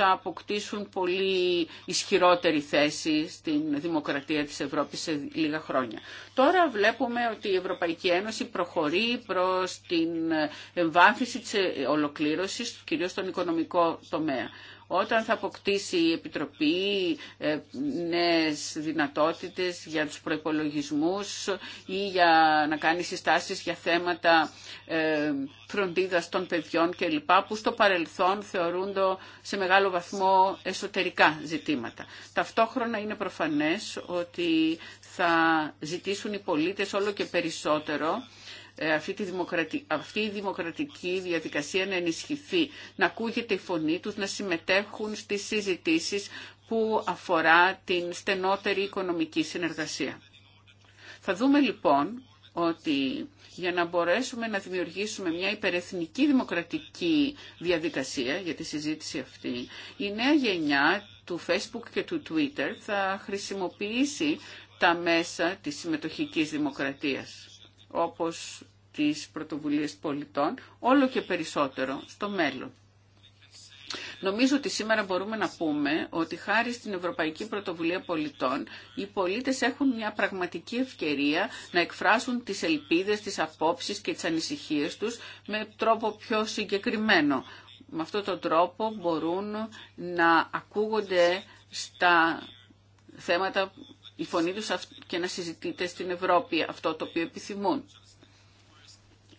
Θα αποκτήσουν πολύ ισχυρότερη θέση στην δημοκρατία της Ευρώπης σε λίγα χρόνια. Τώρα βλέπουμε ότι η Ευρωπαϊκή Ένωση προχωρεί προς την εμβάθυνση της ολοκλήρωσης, κυρίως στον οικονομικό τομέα. Όταν θα αποκτήσει η Επιτροπή ε, νέες δυνατότητες για τους προϋπολογισμούς ή για να κάνει συστάσεις για θέματα ε, φροντίδας των παιδιών κλπ. που στο παρελθόν θεωρούνται σε μεγάλο βαθμό εσωτερικά ζητήματα. Ταυτόχρονα είναι προφανές ότι θα ζητήσουν οι πολίτες όλο και περισσότερο ε, αυτή, η δημοκρατική διαδικασία να ενισχυθεί, να ακούγεται η φωνή τους, να συμμετέχουν στις συζητήσεις που αφορά την στενότερη οικονομική συνεργασία. Θα δούμε λοιπόν ότι για να μπορέσουμε να δημιουργήσουμε μια υπερεθνική δημοκρατική διαδικασία για τη συζήτηση αυτή, η νέα γενιά του Facebook και του Twitter θα χρησιμοποιήσει τα μέσα της συμμετοχικής δημοκρατίας όπως τις πρωτοβουλίες πολιτών, όλο και περισσότερο στο μέλλον. Νομίζω ότι σήμερα μπορούμε να πούμε ότι χάρη στην Ευρωπαϊκή Πρωτοβουλία Πολιτών οι πολίτες έχουν μια πραγματική ευκαιρία να εκφράσουν τις ελπίδες, τις απόψεις και τις ανησυχίες τους με τρόπο πιο συγκεκριμένο. Με αυτόν τον τρόπο μπορούν να ακούγονται στα θέματα η φωνή τους και να συζητείτε στην Ευρώπη αυτό το οποίο επιθυμούν.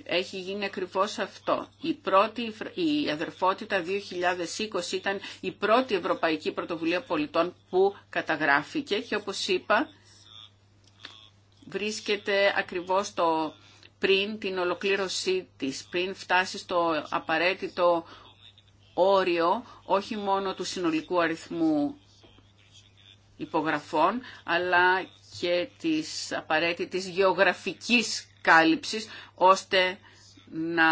Έχει γίνει ακριβώς αυτό. Η, πρώτη, η αδερφότητα 2020 ήταν η πρώτη Ευρωπαϊκή Πρωτοβουλία Πολιτών που καταγράφηκε και όπως είπα βρίσκεται ακριβώς το πριν την ολοκλήρωσή της, πριν φτάσει στο απαραίτητο όριο όχι μόνο του συνολικού αριθμού υπογραφών, αλλά και της απαραίτητης γεωγραφικής κάλυψης, ώστε να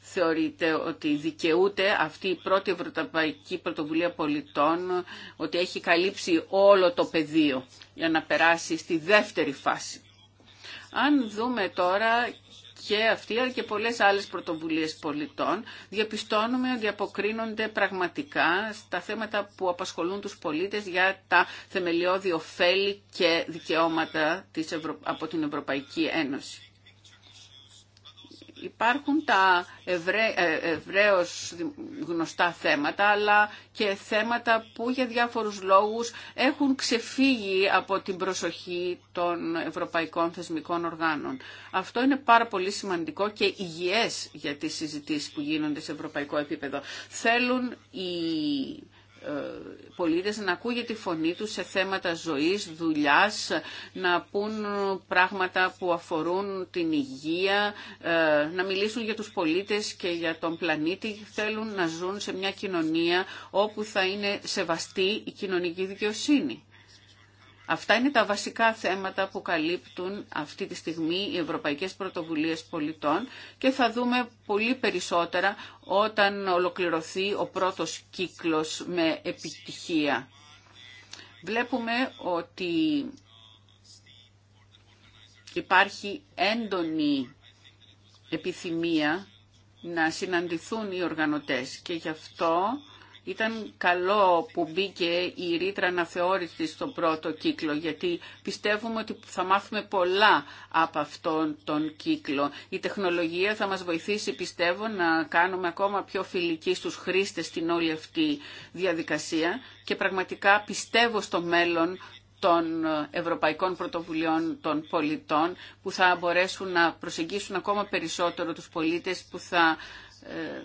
θεωρείται ότι δικαιούται αυτή η πρώτη Ευρωπαϊκή Πρωτοβουλία Πολιτών, ότι έχει καλύψει όλο το πεδίο για να περάσει στη δεύτερη φάση. Αν δούμε τώρα και αυτή αλλά και πολλές άλλες πρωτοβουλίες πολιτών διαπιστώνουμε ότι αποκρίνονται πραγματικά στα θέματα που απασχολούν τους πολίτες για τα θεμελιώδη ωφέλη και δικαιώματα από την Ευρωπαϊκή Ένωση. Υπάρχουν τα ευρέ, ε, γνωστά θέματα, αλλά και θέματα που για διάφορους λόγους έχουν ξεφύγει από την προσοχή των ευρωπαϊκών θεσμικών οργάνων. Αυτό είναι πάρα πολύ σημαντικό και υγιές για τις συζητήσεις που γίνονται σε ευρωπαϊκό επίπεδο. Θέλουν οι πολίτες να ακούγεται τη φωνή τους σε θέματα ζωής, δουλειάς, να πούν πράγματα που αφορούν την υγεία, ε, να μιλήσουν για τους πολίτες και για τον πλανήτη. Θέλουν να ζουν σε μια κοινωνία όπου θα είναι σεβαστή η κοινωνική δικαιοσύνη. Αυτά είναι τα βασικά θέματα που καλύπτουν αυτή τη στιγμή οι Ευρωπαϊκές Πρωτοβουλίες Πολιτών και θα δούμε πολύ περισσότερα όταν ολοκληρωθεί ο πρώτος κύκλος με επιτυχία. Βλέπουμε ότι υπάρχει έντονη επιθυμία να συναντηθούν οι οργανωτές και γι' αυτό ήταν καλό που μπήκε η ρήτρα θεώρησε στο πρώτο κύκλο, γιατί πιστεύουμε ότι θα μάθουμε πολλά από αυτόν τον κύκλο. Η τεχνολογία θα μας βοηθήσει, πιστεύω, να κάνουμε ακόμα πιο φιλική στους χρήστες την όλη αυτή διαδικασία και πραγματικά πιστεύω στο μέλλον των Ευρωπαϊκών Πρωτοβουλειών των Πολιτών που θα μπορέσουν να προσεγγίσουν ακόμα περισσότερο τους πολίτες που θα ε,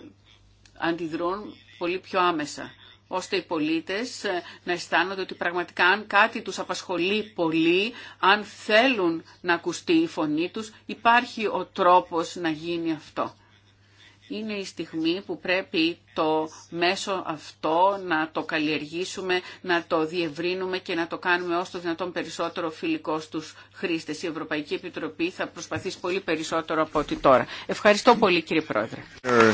αντιδρούν πολύ πιο άμεσα ώστε οι πολίτες ε, να αισθάνονται ότι πραγματικά αν κάτι τους απασχολεί πολύ, αν θέλουν να ακουστεί η φωνή τους, υπάρχει ο τρόπος να γίνει αυτό. Είναι η στιγμή που πρέπει το μέσο αυτό να το καλλιεργήσουμε, να το διευρύνουμε και να το κάνουμε όσο το δυνατόν περισσότερο φιλικό στους χρήστες. Η Ευρωπαϊκή Επιτροπή θα προσπαθήσει πολύ περισσότερο από ό,τι τώρα. Ευχαριστώ πολύ κύριε Πρόεδρε. Ε,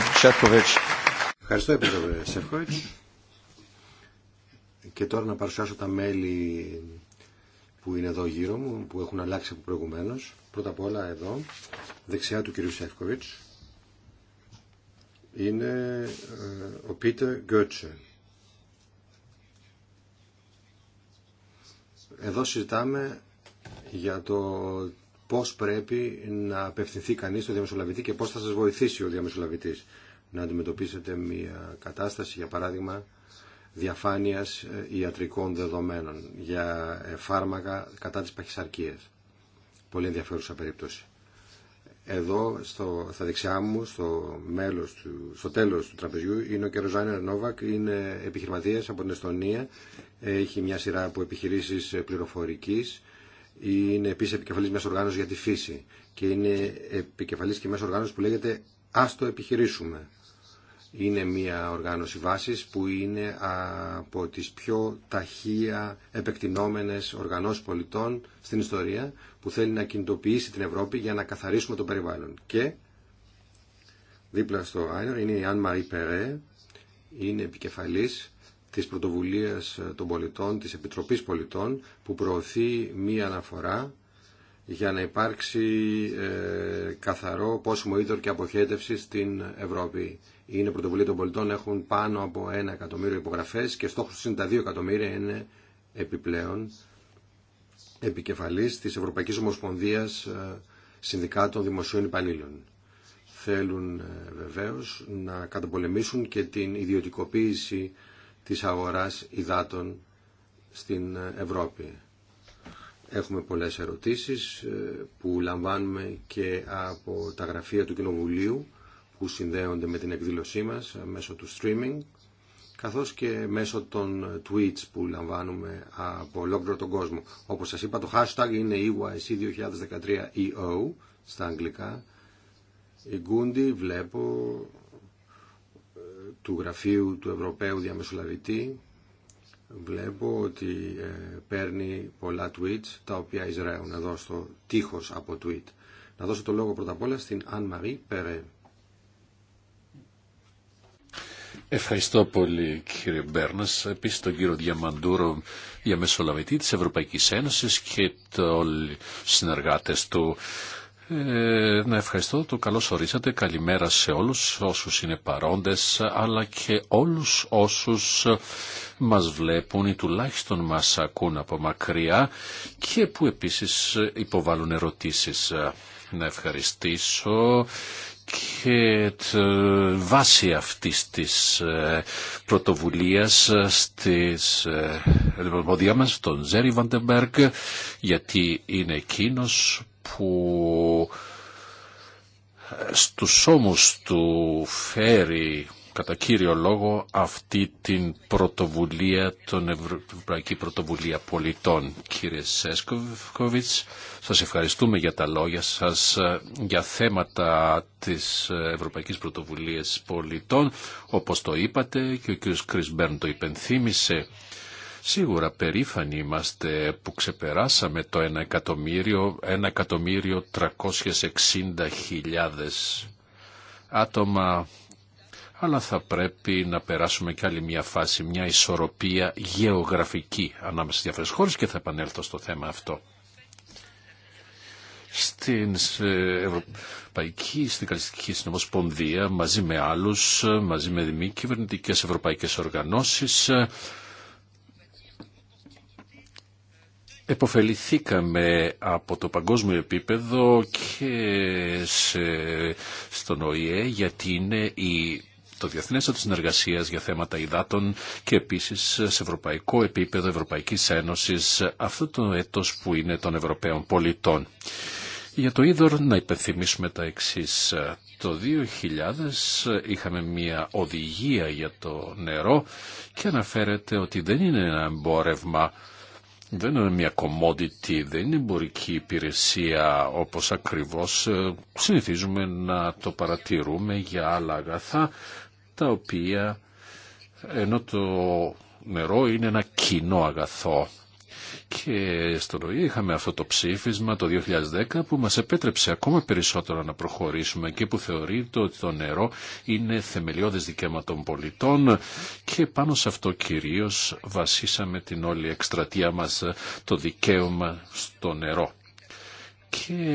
Ευχαριστώ, Επίτροπε Σεφκόιτς. Και τώρα να παρουσιάσω τα μέλη που είναι εδώ γύρω μου, που έχουν αλλάξει από προηγουμένω. Πρώτα απ' όλα εδώ, δεξιά του κυρίου Σεφκόιτ, είναι ε, ο Πίτερ Γκέρτσε. Εδώ συζητάμε για το πώς πρέπει να απευθυνθεί κανείς στο διαμεσολαβητή και πώς θα σας βοηθήσει ο διαμεσολαβητής να αντιμετωπίσετε μια κατάσταση, για παράδειγμα, διαφάνειας ε, ιατρικών δεδομένων για ε, φάρμακα κατά της παχυσαρκίας. Πολύ ενδιαφέρουσα περίπτωση. Εδώ, στο, στα δεξιά μου, στο, μέλος του, στο τέλος του τραπεζιού, είναι ο Κεροζάνερ Νόβακ, είναι επιχειρηματίας από την Εστονία, έχει μια σειρά από επιχειρήσεις ε, πληροφορικής, είναι επίσης επικεφαλής μέσα οργάνωση για τη φύση και είναι επικεφαλής και μέσω οργάνωση που λέγεται «Ας το επιχειρήσουμε» είναι μια οργάνωση βάσης που είναι από τις πιο ταχεία επεκτηνόμενες οργανώσεις πολιτών στην ιστορία που θέλει να κινητοποιήσει την Ευρώπη για να καθαρίσουμε το περιβάλλον. Και δίπλα στο Άινορ είναι η Αν Μαρή Περέ, είναι επικεφαλής της πρωτοβουλίας των πολιτών, της Επιτροπής Πολιτών που προωθεί μία αναφορά για να υπάρξει ε, καθαρό πόσιμο είδωρ και αποχέτευση στην Ευρώπη είναι πρωτοβουλία των πολιτών, έχουν πάνω από ένα εκατομμύριο υπογραφέ και στόχος είναι τα δύο εκατομμύρια είναι επιπλέον επικεφαλής της Ευρωπαϊκής Ομοσπονδία ε, Συνδικάτων Δημοσίων Υπαλλήλων. Θέλουν ε, βεβαίως να καταπολεμήσουν και την ιδιωτικοποίηση της αγοράς υδάτων στην ε, Ευρώπη. Έχουμε πολλές ερωτήσεις που λαμβάνουμε και από τα γραφεία του Κοινοβουλίου που συνδέονται με την εκδήλωσή μας ε, μέσω του streaming καθώς και μέσω των ε, tweets που λαμβάνουμε από ολόκληρο τον κόσμο. Όπως σας είπα το hashtag είναι EYC2013EO στα αγγλικά. Η Γκούντι βλέπω ε, του γραφείου του Ευρωπαίου Διαμεσολαβητή βλέπω ότι παίρνει πολλά tweets τα οποία εισραίουν εδώ στο τείχος από tweet. Να δώσω το λόγο πρώτα απ' όλα στην Αν Μαρή Ευχαριστώ πολύ κύριε Μπέρνα. Επίση, τον κύριο Διαμαντούρο, διαμεσολαβητή της Ευρωπαϊκής Ένωση και όλοι συνεργάτες του. Ε, να ευχαριστώ, το καλώς ορίσατε. Καλημέρα σε όλους όσους είναι παρόντες, αλλά και όλους όσους μας βλέπουν ή τουλάχιστον μας ακούν από μακριά και που επίσης υποβάλλουν ερωτήσεις. Να ευχαριστήσω και ε, βάση αυτής της ε, πρωτοβουλίας ε, στις ελευθερία λοιπόν, μας, τον Ζέρι Βαντεμπέργκ, γιατί είναι εκείνος που στους ώμους του φέρει κατά κύριο λόγο αυτή την πρωτοβουλία, τον Ευρωπαϊκή Πρωτοβουλία Πολιτών. Κύριε Σέσκοβιτς, σας ευχαριστούμε για τα λόγια σας ε, για θέματα της ε, Ευρωπαϊκής Πρωτοβουλίας Πολιτών, όπως το είπατε και ο κ. Κρις Μπέρν το υπενθύμησε. Σίγουρα περήφανοι είμαστε που ξεπεράσαμε το 1 εκατομμύριο, 1 εκατομμύριο 360.000 άτομα, αλλά θα πρέπει να περάσουμε κι άλλη μια φάση, μια ισορροπία γεωγραφική ανάμεσα στις διάφορες χώρες και θα επανέλθω στο θέμα αυτό στην ε, Ευρωπαϊκή Συνδικαλιστική Συνομοσπονδία μαζί με άλλους, μαζί με μη κυβερνητικέ ευρωπαϊκές οργανώσεις. Εποφεληθήκαμε από το παγκόσμιο επίπεδο και σε, στον ΟΗΕ γιατί είναι η το Διεθνές Έτος Συνεργασίας για θέματα υδάτων και επίσης σε ευρωπαϊκό επίπεδο Ευρωπαϊκής Ένωσης αυτό το έτος που είναι των Ευρωπαίων πολιτών. Για το είδωρ να υπενθυμίσουμε τα εξής. Το 2000 είχαμε μια οδηγία για το νερό και αναφέρεται ότι δεν είναι ένα εμπόρευμα, δεν είναι μια commodity, δεν είναι εμπορική υπηρεσία όπως ακριβώς ε, συνηθίζουμε να το παρατηρούμε για άλλα αγαθά τα οποία ενώ το νερό είναι ένα κοινό αγαθό και στο ΛΟΗ είχαμε αυτό το ψήφισμα το 2010 που μας επέτρεψε ακόμα περισσότερο να προχωρήσουμε και που θεωρείται ότι το νερό είναι θεμελιώδες δικαίωμα των πολιτών και πάνω σε αυτό κυρίως βασίσαμε την όλη εκστρατεία μας το δικαίωμα στο νερό. Και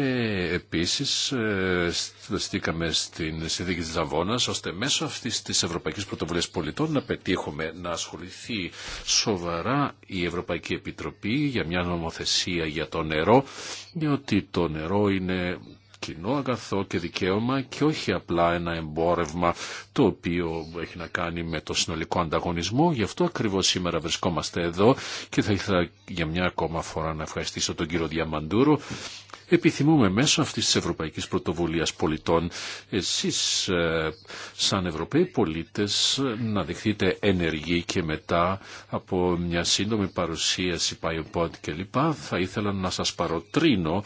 επίσης ε, στήκαμε στην συνθήκη της Λαβώνας ώστε μέσω αυτής της Ευρωπαϊκής Πρωτοβουλίας Πολιτών να πετύχουμε να ασχοληθεί σοβαρά η Ευρωπαϊκή Επιτροπή για μια νομοθεσία για το νερό διότι το νερό είναι κοινό αγαθό και δικαίωμα και όχι απλά ένα εμπόρευμα το οποίο έχει να κάνει με το συνολικό ανταγωνισμό. Γι' αυτό ακριβώς σήμερα βρισκόμαστε εδώ και θα ήθελα για μια ακόμα φορά να ευχαριστήσω τον κύριο Διαμαντούρο επιθυμούμε μέσω αυτής της Ευρωπαϊκής Πρωτοβουλίας Πολιτών εσείς ε, σαν Ευρωπαίοι πολίτες να δεχτείτε ενεργοί και μετά από μια σύντομη παρουσίαση πόντ κλπ. θα ήθελα να σας παροτρύνω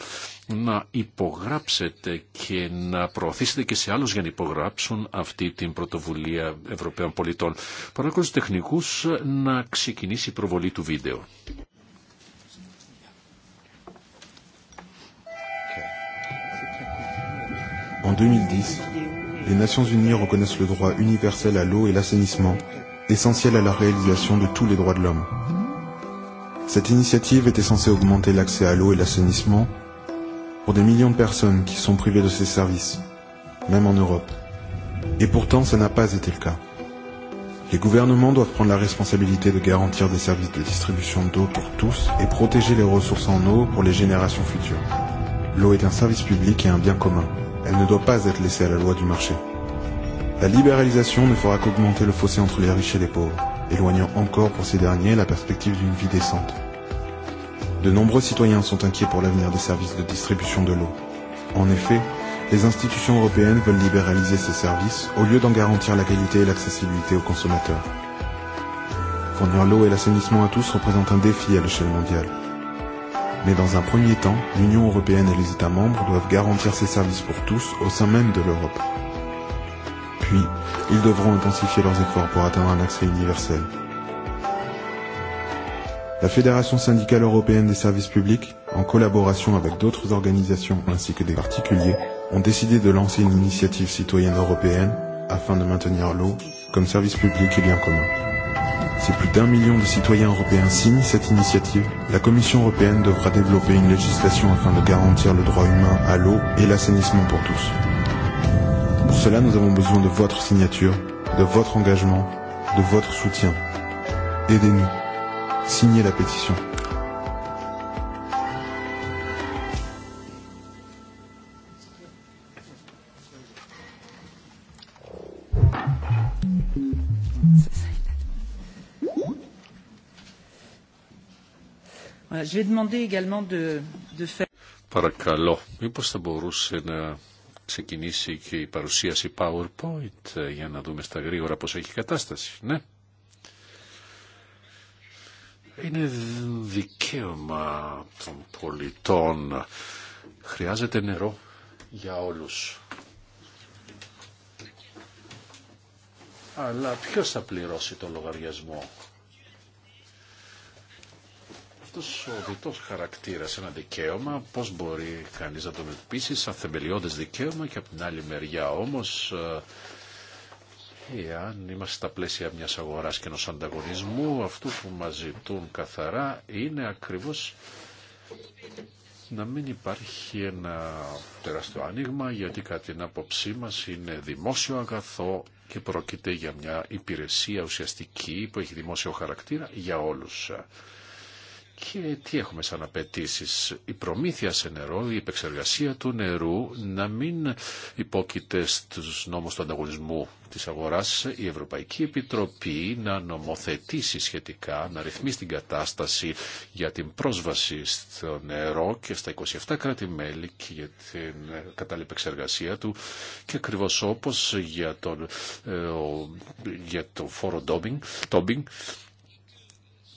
να υπογράψετε και να προωθήσετε και σε άλλους για να υπογράψουν αυτή την πρωτοβουλία Ευρωπαίων πολιτών. Παρακολουθώ τους τεχνικούς να ξεκινήσει η προβολή του βίντεο. En 2010, les Nations Unies reconnaissent le droit universel à l'eau et l'assainissement, essentiel à la réalisation de tous les droits de l'homme. Cette initiative était censée augmenter l'accès à l'eau et l'assainissement pour des millions de personnes qui sont privées de ces services, même en Europe. Et pourtant, ça n'a pas été le cas. Les gouvernements doivent prendre la responsabilité de garantir des services de distribution d'eau pour tous et protéger les ressources en eau pour les générations futures. L'eau est un service public et un bien commun. Elle ne doit pas être laissée à la loi du marché. La libéralisation ne fera qu'augmenter le fossé entre les riches et les pauvres, éloignant encore pour ces derniers la perspective d'une vie décente de nombreux citoyens sont inquiets pour l'avenir des services de distribution de l'eau. En effet, les institutions européennes veulent libéraliser ces services au lieu d'en garantir la qualité et l'accessibilité aux consommateurs. Fournir l'eau et l'assainissement à tous représente un défi à l'échelle mondiale. Mais dans un premier temps, l'Union européenne et les États membres doivent garantir ces services pour tous au sein même de l'Europe. Puis, ils devront intensifier leurs efforts pour atteindre un accès universel. La Fédération syndicale européenne des services publics, en collaboration avec d'autres organisations ainsi que des particuliers, ont décidé de lancer une initiative citoyenne européenne afin de maintenir l'eau comme service public et bien commun. Si plus d'un million de citoyens européens signent cette initiative, la Commission européenne devra développer une législation afin de garantir le droit humain à l'eau et l'assainissement pour tous. Pour cela, nous avons besoin de votre signature, de votre engagement, de votre soutien. Aidez-nous signer la pétition. Παρακαλώ, μήπως θα μπορούσε να ξεκινήσει και η παρουσίαση PowerPoint ε, για να δούμε στα γρήγορα πώς έχει κατάσταση, ναι είναι δικαίωμα των πολιτών. Χρειάζεται νερό για όλους. Αλλά ποιος θα πληρώσει το λογαριασμό. Αυτός ο διτός χαρακτήρας, ένα δικαίωμα, πώς μπορεί κανείς να τον εντυπίσει σαν θεμελιώδες δικαίωμα και από την άλλη μεριά όμως ε, Εάν είμαστε στα πλαίσια μιας αγοράς και ενός ανταγωνισμού, αυτού που μας ζητούν καθαρά είναι ακριβώς να μην υπάρχει ένα τεράστιο άνοιγμα, γιατί κατά την άποψή μας είναι δημόσιο αγαθό και πρόκειται για μια υπηρεσία ουσιαστική που έχει δημόσιο χαρακτήρα για όλους. Και τι έχουμε σαν απαιτήσει. Η προμήθεια σε νερό, η επεξεργασία του νερού να μην υπόκειται στους νόμους του ανταγωνισμού της αγοράς. Η Ευρωπαϊκή Επιτροπή να νομοθετήσει σχετικά, να ρυθμίσει την κατάσταση για την πρόσβαση στο νερό και στα 27 κράτη-μέλη και για την κατάλληλη επεξεργασία του και ακριβώ όπως για, τον, ε, για το φόρο ντόμπινγκ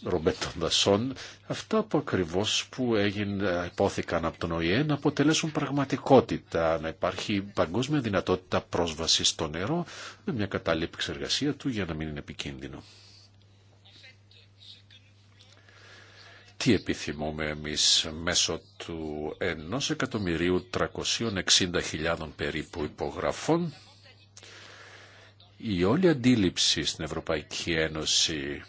ρομπέτων δασών, αυτά που ακριβώς που έγινε, υπόθηκαν από τον ΟΗΕ να αποτελέσουν πραγματικότητα, να υπάρχει παγκόσμια δυνατότητα πρόσβαση στο νερό με μια κατάλληλη επεξεργασία του για να μην είναι επικίνδυνο. Τι επιθυμούμε εμείς μέσω του 1.360.000 περίπου υπογραφών η όλη αντίληψη στην Ευρωπαϊκή Ένωση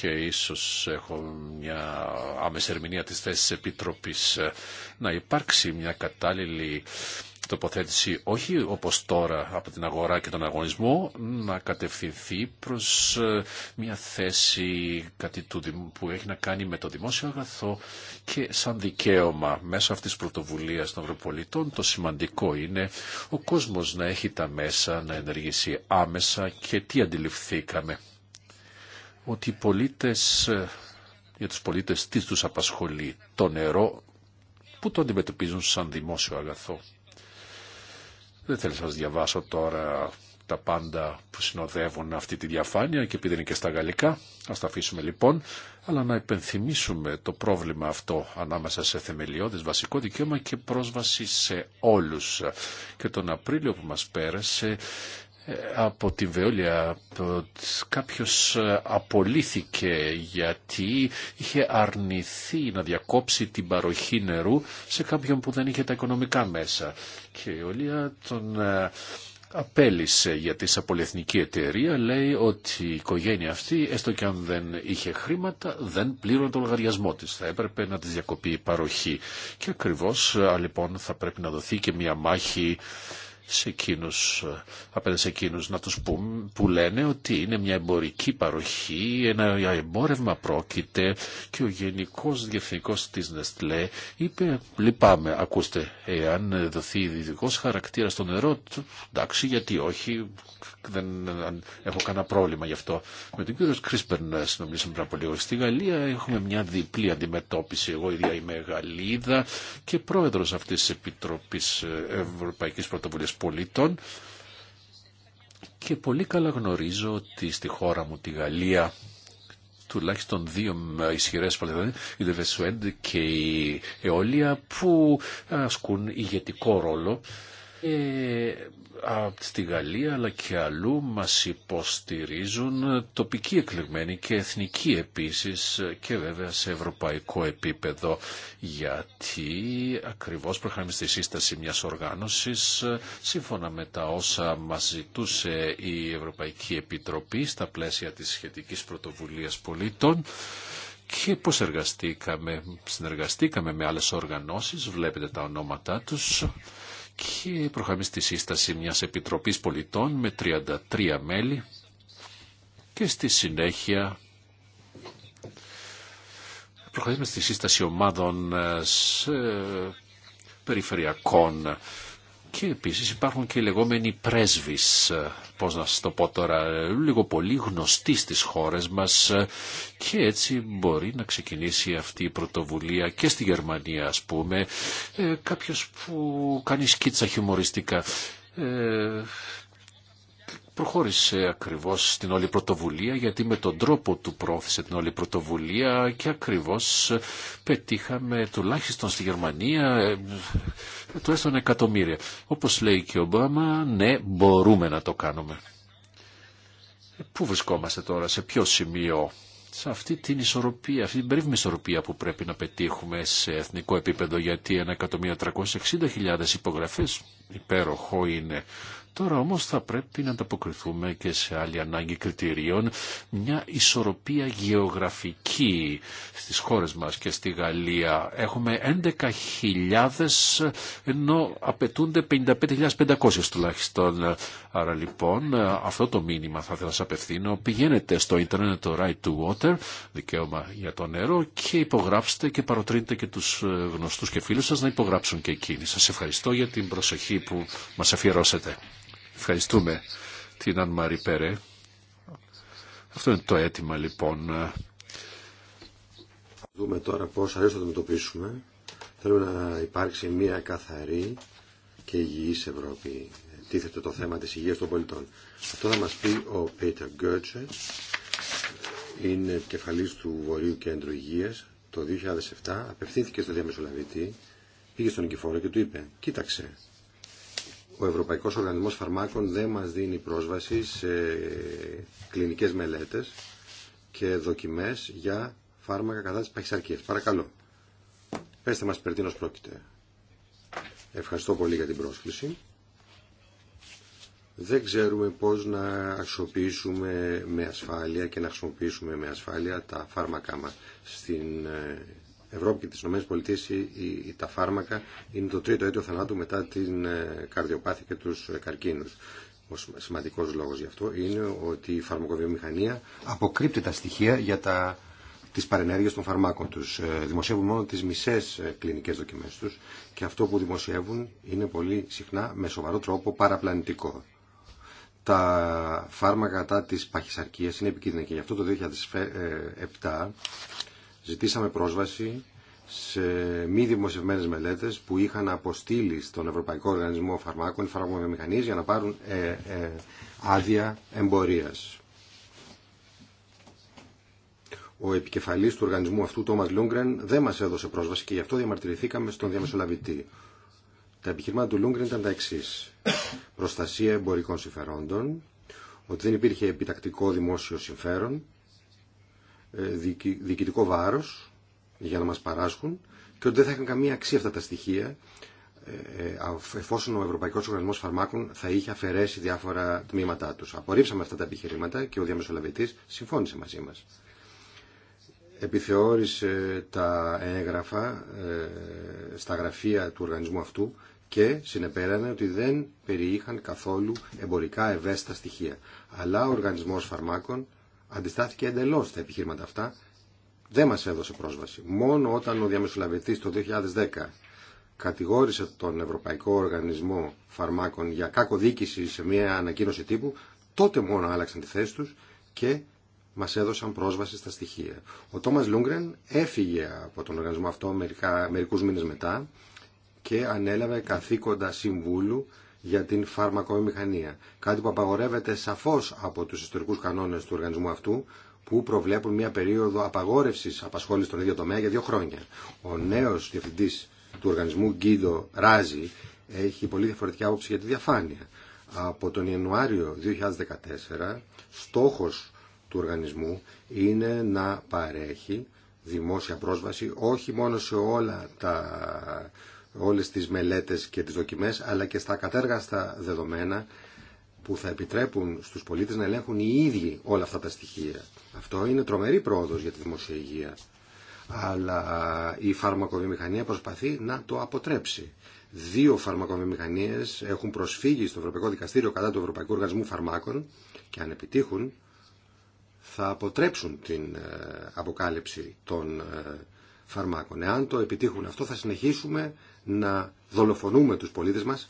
και ίσως έχω μια άμεση ερμηνεία της θέσης Επιτροπής ε, να υπάρξει μια κατάλληλη τοποθέτηση όχι όπως τώρα από την αγορά και τον αγωνισμό να κατευθυνθεί προς ε, μια θέση κάτι που έχει να κάνει με το δημόσιο αγαθό και σαν δικαίωμα μέσω αυτής της πρωτοβουλίας των Ευρωπολιτών το σημαντικό είναι ο κόσμος να έχει τα μέσα να ενεργήσει άμεσα και τι αντιληφθήκαμε ότι οι πολίτες, ε, για τους πολίτες τι τους απασχολεί το νερό που το αντιμετωπίζουν σαν δημόσιο αγαθό. Δεν θέλω να σας διαβάσω τώρα τα πάντα που συνοδεύουν αυτή τη διαφάνεια και επειδή είναι και στα γαλλικά, ας τα αφήσουμε λοιπόν, αλλά να υπενθυμίσουμε το πρόβλημα αυτό ανάμεσα σε θεμελιώδες βασικό δικαίωμα και πρόσβαση σε όλους. Και τον Απρίλιο που μας πέρασε από την Βεόλια κάποιος ε, απολύθηκε γιατί είχε αρνηθεί να διακόψει την παροχή νερού σε κάποιον που δεν είχε τα οικονομικά μέσα. Και η Βεόλια τον ε, απέλησε γιατί σε πολυεθνική εταιρεία, λέει ότι η οικογένεια αυτή, έστω και αν δεν είχε χρήματα, δεν πλήρωνε το λογαριασμό της. Θα έπρεπε να της διακοπεί η παροχή. Και ακριβώς, λοιπόν, θα πρέπει να δοθεί και μια μάχη σε εκείνους, απέναντι σε εκείνους να τους πούμε που λένε ότι είναι μια εμπορική παροχή, ένα εμπόρευμα πρόκειται και ο Γενικός Διευθυντικός της Νεστλέ είπε λυπάμαι, ακούστε, εάν δοθεί ειδικό χαρακτήρα στο νερό, εντάξει γιατί όχι, δεν έχω κανένα πρόβλημα γι' αυτό. Με τον κύριο Κρίσπερν συνομιλήσαμε πριν από λίγο. Στη Γαλλία έχουμε μια διπλή αντιμετώπιση. Εγώ ίδια είμαι Γαλλίδα και πρόεδρος αυτής της Επιτροπής Ευρωπαϊκής Πρωτοβουλίας πολίτων και πολύ καλά γνωρίζω ότι στη χώρα μου, τη Γαλλία, τουλάχιστον δύο ισχυρέ παλαιδόνε, δηλαδή η Δεβεσουέντ και η Εόλια, που ασκούν ηγετικό ρόλο. Ε, στη Γαλλία αλλά και αλλού μας υποστηρίζουν τοπικοί εκλεγμένοι και εθνικοί επίσης και βέβαια σε ευρωπαϊκό επίπεδο γιατί ακριβώς προχάμε στη σύσταση μιας οργάνωσης σύμφωνα με τα όσα μας ζητούσε η Ευρωπαϊκή Επιτροπή στα πλαίσια της σχετικής πρωτοβουλίας πολίτων και πώς εργαστήκαμε, συνεργαστήκαμε με άλλες οργανώσεις, βλέπετε τα ονόματά τους και προχωράμε στη σύσταση μιας Επιτροπής Πολιτών με 33 μέλη και στη συνέχεια προχωράμε στη σύσταση ομάδων ε, περιφερειακών και επίσης υπάρχουν και οι λεγόμενοι πρέσβεις, ε, πώς να σας το πω τώρα, ε, λίγο πολύ γνωστοί στις χώρες μας ε, και έτσι μπορεί να ξεκινήσει αυτή η πρωτοβουλία και στη Γερμανία ας πούμε, ε, κάποιος που κάνει σκίτσα χιουμοριστικά. προχώρησε ακριβώς στην όλη πρωτοβουλία γιατί με τον τρόπο του πρόθεσε την όλη πρωτοβουλία και ακριβώς πετύχαμε τουλάχιστον στη Γερμανία το έστωνε εκατομμύρια. Όπως λέει και ο Ομπάμα, ναι, μπορούμε να το κάνουμε. Πού βρισκόμαστε τώρα, σε ποιο σημείο, σε αυτή την ισορροπία, αυτή την περίφημη ισορροπία που πρέπει να πετύχουμε σε εθνικό επίπεδο, γιατί 1.360.000 υπογραφές, υπέροχο είναι, Τώρα όμως θα πρέπει να ανταποκριθούμε και σε άλλη ανάγκη κριτηρίων μια ισορροπία γεωγραφική στις χώρες μας και στη Γαλλία. Έχουμε 11.000 ενώ απαιτούνται 55.500 τουλάχιστον. Άρα λοιπόν αυτό το μήνυμα θα ήθελα να σας απευθύνω. Πηγαίνετε στο ίντερνετ το Right to Water, δικαίωμα για το νερό και υπογράψτε και παροτρύνετε και τους γνωστούς και φίλους σας να υπογράψουν και εκείνοι. Σας ευχαριστώ για την προσοχή που μας αφιερώσετε. Ευχαριστούμε την Αν Μαρή Πέρε. Αυτό είναι το αίτημα λοιπόν. Δούμε τώρα πώς αρέσει να το αντιμετωπίσουμε. Θέλουμε να υπάρξει μια καθαρή και υγιής Ευρώπη. Τίθεται το θέμα της υγείας των πολιτών. Αυτό θα μας πει ο Πέιτερ Γκέρτσε. Είναι επικεφαλής του Βορείου Κέντρου Υγείας. Το 2007 απευθύνθηκε στο διαμεσολαβητή, πήγε στον Νικηφόρο και του είπε «Κοίταξε, ο Ευρωπαϊκός Οργανισμός Φαρμάκων δεν μας δίνει πρόσβαση σε κλινικές μελέτες και δοκιμές για φάρμακα κατά της παχυσαρκίας. Παρακαλώ. Πέστε μας περί τίνος πρόκειται. Ευχαριστώ πολύ για την πρόσκληση. Δεν ξέρουμε πώς να αξιοποιήσουμε με ασφάλεια και να χρησιμοποιήσουμε με ασφάλεια τα φάρμακά μας στην ε, Ευρώπη και τις ΗΠΑ τα φάρμακα είναι το τρίτο αίτιο θανάτου μετά την ε, καρδιοπάθεια και τους ε, καρκίνους. Ο σημαντικός λόγος γι' αυτό είναι ότι η φαρμακοβιομηχανία αποκρύπτει τα στοιχεία για τα τι παρενέργειε των φαρμάκων του. Ε, δημοσιεύουν μόνο τι μισέ κλινικέ δοκιμέ του και αυτό που δημοσιεύουν είναι πολύ συχνά με σοβαρό τρόπο παραπλανητικό. Τα φάρμακα κατά τη παχυσαρκία είναι επικίνδυνα και γι' αυτό το 2007 ζητήσαμε πρόσβαση σε μη δημοσιευμένε μελέτες που είχαν αποστείλει στον Ευρωπαϊκό Οργανισμό Φαρμάκων Φαρμακοβιομηχανίες για να πάρουν ε, ε, άδεια εμπορίας. Ο επικεφαλής του οργανισμού αυτού, Τόμα Λούγκρεν, δεν μα έδωσε πρόσβαση και γι' αυτό διαμαρτυρηθήκαμε στον διαμεσολαβητή. Τα επιχειρήματα του Λούγκρεν ήταν τα εξή. Προστασία εμπορικών συμφερόντων, ότι δεν υπήρχε επιτακτικό δημόσιο συμφέρον ε, διοικητικό βάρος για να μας παράσχουν και ότι δεν θα είχαν καμία αξία αυτά τα στοιχεία ε, ε, εφόσον ο Ευρωπαϊκό Οργανισμό Φαρμάκων θα είχε αφαιρέσει διάφορα τμήματά του. Απορρίψαμε αυτά τα επιχειρήματα και ο διαμεσολαβητή συμφώνησε μαζί μα. Επιθεώρησε τα έγγραφα στα γραφεία του οργανισμού αυτού και συνεπέρανε ότι δεν περιείχαν καθόλου εμπορικά ευαίσθητα στοιχεία. Αλλά ο Οργανισμός Φαρμάκων αντιστάθηκε εντελώς στα επιχείρηματα αυτά, δεν μας έδωσε πρόσβαση. Μόνο όταν ο διαμεσολαβητής το 2010 κατηγόρησε τον Ευρωπαϊκό Οργανισμό Φαρμάκων για κακοδίκηση σε μια ανακοίνωση τύπου, τότε μόνο άλλαξαν τη θέση του και μας έδωσαν πρόσβαση στα στοιχεία. Ο Τόμας Λούγκρεν έφυγε από τον οργανισμό αυτό μερικού μήνε μετά και ανέλαβε καθήκοντα συμβούλου για την φαρμακομηχανία. Κάτι που απαγορεύεται σαφώς από τους ιστορικούς κανόνες του οργανισμού αυτού που προβλέπουν μια περίοδο απαγόρευσης απασχόλησης στον ίδιο τομέα για δύο χρόνια. Ο νέος διευθυντής του οργανισμού Γκίντο Ράζι έχει πολύ διαφορετική άποψη για τη διαφάνεια. Από τον Ιανουάριο 2014 στόχο του οργανισμού είναι να παρέχει δημόσια πρόσβαση όχι μόνο σε όλα τα όλες τις μελέτες και τις δοκιμές, αλλά και στα κατέργαστα δεδομένα που θα επιτρέπουν στους πολίτες να ελέγχουν οι ίδιοι όλα αυτά τα στοιχεία. Αυτό είναι τρομερή πρόοδος για τη δημοσία υγεία. Αλλά η φαρμακοβιομηχανία προσπαθεί να το αποτρέψει. Δύο φαρμακοβιομηχανίες έχουν προσφύγει στο Ευρωπαϊκό Δικαστήριο κατά του Ευρωπαϊκού Οργανισμού Φαρμάκων και αν επιτύχουν θα αποτρέψουν την ε, αποκάλυψη των ε, φαρμάκων. Εάν το επιτύχουν αυτό θα συνεχίσουμε να δολοφονούμε τους πολίτες μας,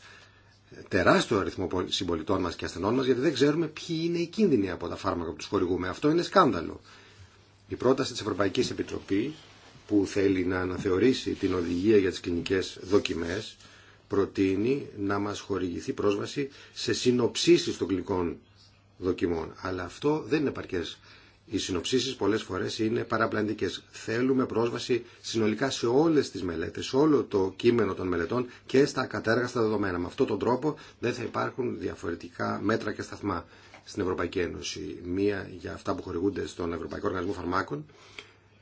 τεράστιο αριθμό συμπολιτών μας και ασθενών μας, γιατί δεν ξέρουμε ποιοι είναι οι κίνδυνοι από τα φάρμακα που τους χορηγούμε. Αυτό είναι σκάνδαλο. Η πρόταση της Ευρωπαϊκής Επιτροπής που θέλει να αναθεωρήσει την οδηγία για τις κλινικές δοκιμές προτείνει να μας χορηγηθεί πρόσβαση σε συνοψίσεις των κλινικών δοκιμών. Αλλά αυτό δεν είναι επαρκές οι συνοψίσει πολλέ φορέ είναι παραπλανητικέ. Θέλουμε πρόσβαση συνολικά σε όλε τι μελέτε, σε όλο το κείμενο των μελετών και στα κατέργαστα δεδομένα. Με αυτόν τον τρόπο δεν θα υπάρχουν διαφορετικά μέτρα και σταθμά στην Ευρωπαϊκή Ένωση. Μία για αυτά που χορηγούνται στον Ευρωπαϊκό Οργανισμό Φαρμάκων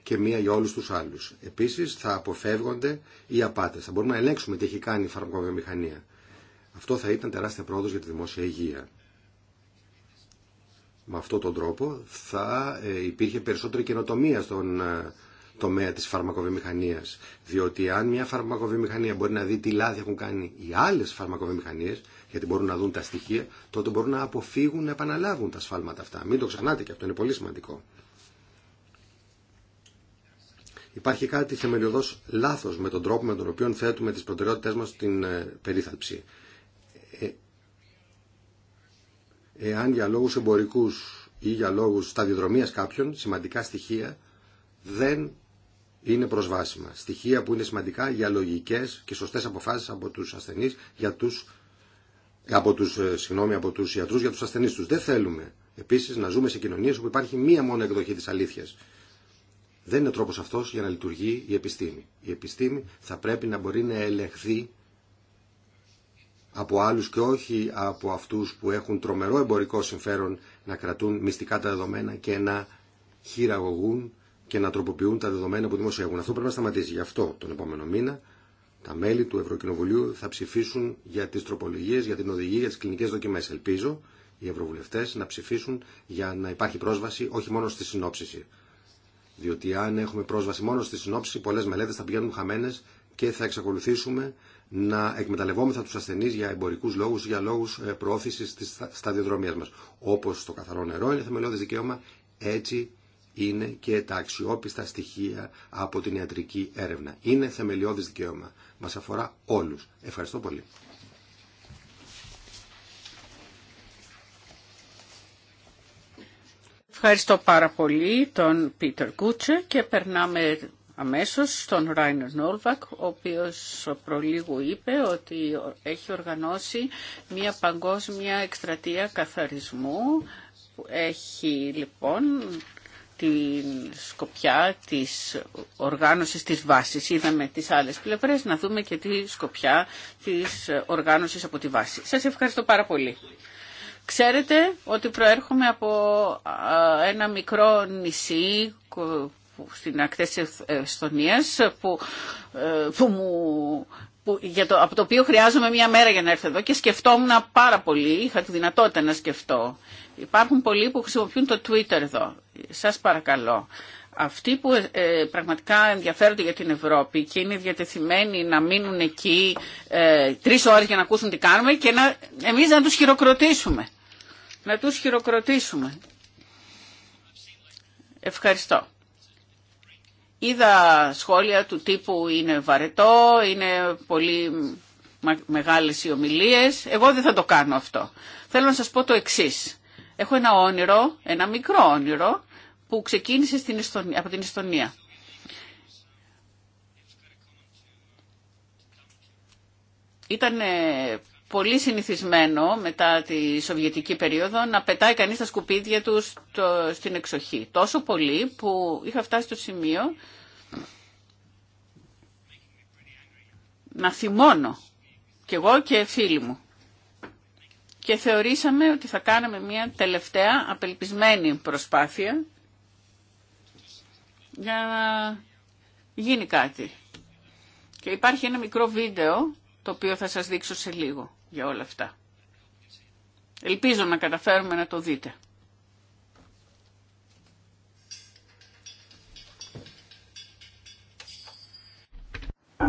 και μία για όλου του άλλου. Επίση θα αποφεύγονται οι απάτε. Θα μπορούμε να ελέγξουμε τι έχει κάνει η φαρμακοβιομηχανία. Αυτό θα ήταν τεράστια πρόοδο για τη δημόσια υγεία. Με αυτόν τον τρόπο θα ε, υπήρχε περισσότερη καινοτομία στον ε, τομέα της φαρμακοβιομηχανίας. Διότι αν μια φαρμακοβιομηχανία μπορεί να δει τι λάθη έχουν κάνει οι άλλες φαρμακοβιομηχανίες, γιατί μπορούν να δουν τα στοιχεία, τότε μπορούν να αποφύγουν να επαναλάβουν τα σφάλματα αυτά. Μην το ξανάτε και αυτό είναι πολύ σημαντικό. Υπάρχει κάτι θεμελιωδώς λάθος με τον τρόπο με τον οποίο θέτουμε τις προτεραιότητές μας στην ε, περίθαλψη. εάν για λόγους εμπορικούς ή για λόγους σταδιοδρομίας κάποιων σημαντικά στοιχεία δεν είναι προσβάσιμα. Στοιχεία που είναι σημαντικά για λογικές και σωστές αποφάσεις από τους ασθενείς, για τους, από, τους, ε, συγγνώμη, από τους ιατρούς, για τους ασθενείς τους. Δεν θέλουμε επίσης να ζούμε σε κοινωνίες όπου υπάρχει μία μόνο εκδοχή της αλήθειας. Δεν είναι τρόπος αυτός για να λειτουργεί η επιστήμη. Η επιστήμη θα πρέπει να μπορεί να ελεγχθεί από άλλους και όχι από αυτούς που έχουν τρομερό εμπορικό συμφέρον να κρατούν μυστικά τα δεδομένα και να χειραγωγούν και να τροποποιούν τα δεδομένα που δημοσιεύουν. Αυτό πρέπει να σταματήσει. Γι' αυτό τον επόμενο μήνα τα μέλη του Ευρωκοινοβουλίου θα ψηφίσουν για τις τροπολογίες, για την οδηγία, για τις κλινικές δοκιμές. Ελπίζω οι ευρωβουλευτές να ψηφίσουν για να υπάρχει πρόσβαση όχι μόνο στη συνόψηση. Διότι αν έχουμε πρόσβαση μόνο στη συνόψη, πολλέ μελέτε θα πηγαίνουν χαμένες και θα εξακολουθήσουμε να εκμεταλλευόμεθα τους ασθενείς για εμπορικούς λόγους, για λόγους ε, προώθησης της σταδιοδρομίας μας. Όπως το καθαρό νερό είναι θεμελιώδες δικαίωμα, έτσι είναι και τα αξιόπιστα στοιχεία από την ιατρική έρευνα. Είναι θεμελιώδη δικαίωμα. Μας αφορά όλους. Ευχαριστώ πολύ. Ευχαριστώ πάρα πολύ τον Πίτερ Κούτσε και περνάμε αμέσως στον Ράινερ Νόλβακ, ο οποίος προλίγου είπε ότι έχει οργανώσει μια παγκόσμια εκστρατεία καθαρισμού που έχει λοιπόν τη σκοπιά της οργάνωσης της βάσης. Είδαμε τις άλλες πλευρές, να δούμε και τη σκοπιά της οργάνωσης από τη βάση. Σας ευχαριστώ πάρα πολύ. Ξέρετε ότι προέρχομαι από ένα μικρό νησί στην ακτές της Εστονίας που, μου για το, από το οποίο χρειάζομαι μια μέρα για να έρθω εδώ και σκεφτόμουν πάρα πολύ, είχα τη δυνατότητα να σκεφτώ. Υπάρχουν πολλοί που χρησιμοποιούν το Twitter εδώ. Σας παρακαλώ. Αυτοί που ε, ε, πραγματικά ενδιαφέρονται για την Ευρώπη και είναι διατεθειμένοι να μείνουν εκεί ε, τρεις ώρες για να ακούσουν τι κάνουμε και να, εμείς να τους χειροκροτήσουμε. Να τους χειροκροτήσουμε. Ευχαριστώ. Είδα σχόλια του τύπου είναι βαρετό, είναι πολύ μεγάλες οι ομιλίες. Εγώ δεν θα το κάνω αυτό. Θέλω να σας πω το εξής. Έχω ένα όνειρο, ένα μικρό όνειρο, που ξεκίνησε στην από την Ιστονία. Ήταν πολύ συνηθισμένο μετά τη Σοβιετική περίοδο να πετάει κανείς τα σκουπίδια του στην εξοχή. Τόσο πολύ που είχα φτάσει στο σημείο να θυμώνω κι εγώ και φίλοι μου. Και θεωρήσαμε ότι θα κάναμε μια τελευταία απελπισμένη προσπάθεια για να γίνει κάτι. Και υπάρχει ένα μικρό βίντεο το οποίο θα σας δείξω σε λίγο για όλα αυτά. Ελπίζω να καταφέρουμε να το δείτε.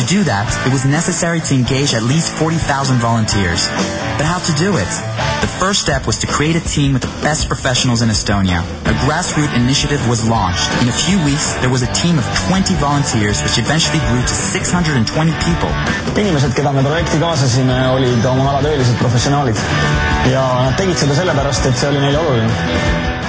To do that, it was necessary to engage at least 40,000 volunteers. But how to do it? The first step was to create a team with the best professionals in Estonia. A grassroots initiative was launched. In a few weeks, there was a team of 20 volunteers, which eventually grew to 620 people. projekti olid oma professionaalid ja nad tegid seda sellepärast, et see oli neile oluline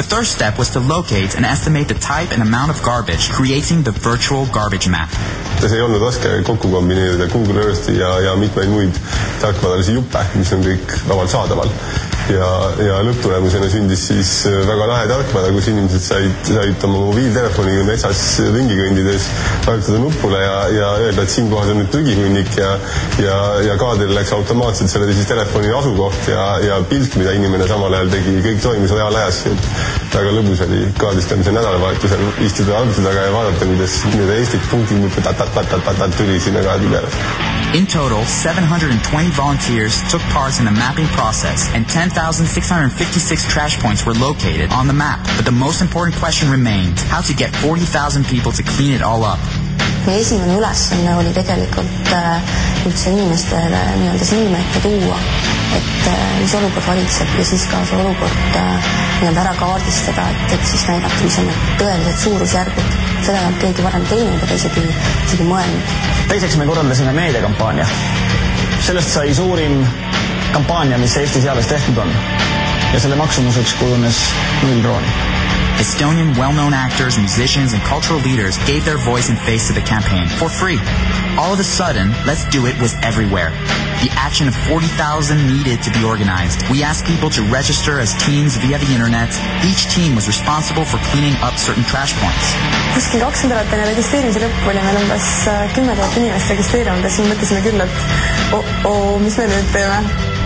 The third step was to locate and estimate the type and amount of garbage, creating the virtual garbage map. see ei olnud raske kokku kombineerida Google Earthi ja, ja mitmeid muid tarkvaralisi juppe, mis on kõik vabalt saadaval ja, ja lõpptulemusena sündis siis väga lahe tarkvara, kus inimesed said, said oma mobiiltelefoniga metsas ringi kõndides vajutada nupule ja, ja öelda, et siinkohas on nüüd prügihunnik ja ja, ja kaadril läks automaatselt selle siis telefoni asukoht ja, ja pilt, mida inimene samal ajal tegi, kõik toimis reaalajas, väga lõbus oli kaardistamise nädalavahetusel istuda arvuti taga ja vaadata, kuidas need Eestit punktid muudkui tatat tuli sinna kaardi peale. In total, 720 volunteers took part in the mapping process and thousand 1,656 trash points were located on the map, but the most important question remained how to get 40,000 people to clean it all up. meie üles on oli tegelikult üldse inimestele nii-öelda silme tuua, et mis olukord valitseb ja siis ka see olukord nii ära kaardistada, et, et siis näidata, mis on need tõelised suurusjärgud. seda ei olnud keegi varem teinud ega isegi, isegi mõelnud. teiseks me korraldasime sellest sai suurim kampanja med Safety Jävla Techniton, ja selle maksumuseks kujunes null Estonian well-known actors, musicians, and cultural leaders gave their voice and face to the campaign for free. All of a sudden, Let's Do It was everywhere. The action of 40,000 needed to be organized. We asked people to register as teams via the internet. Each team was responsible for cleaning up certain trash points. registreerimise ja oh -oh,,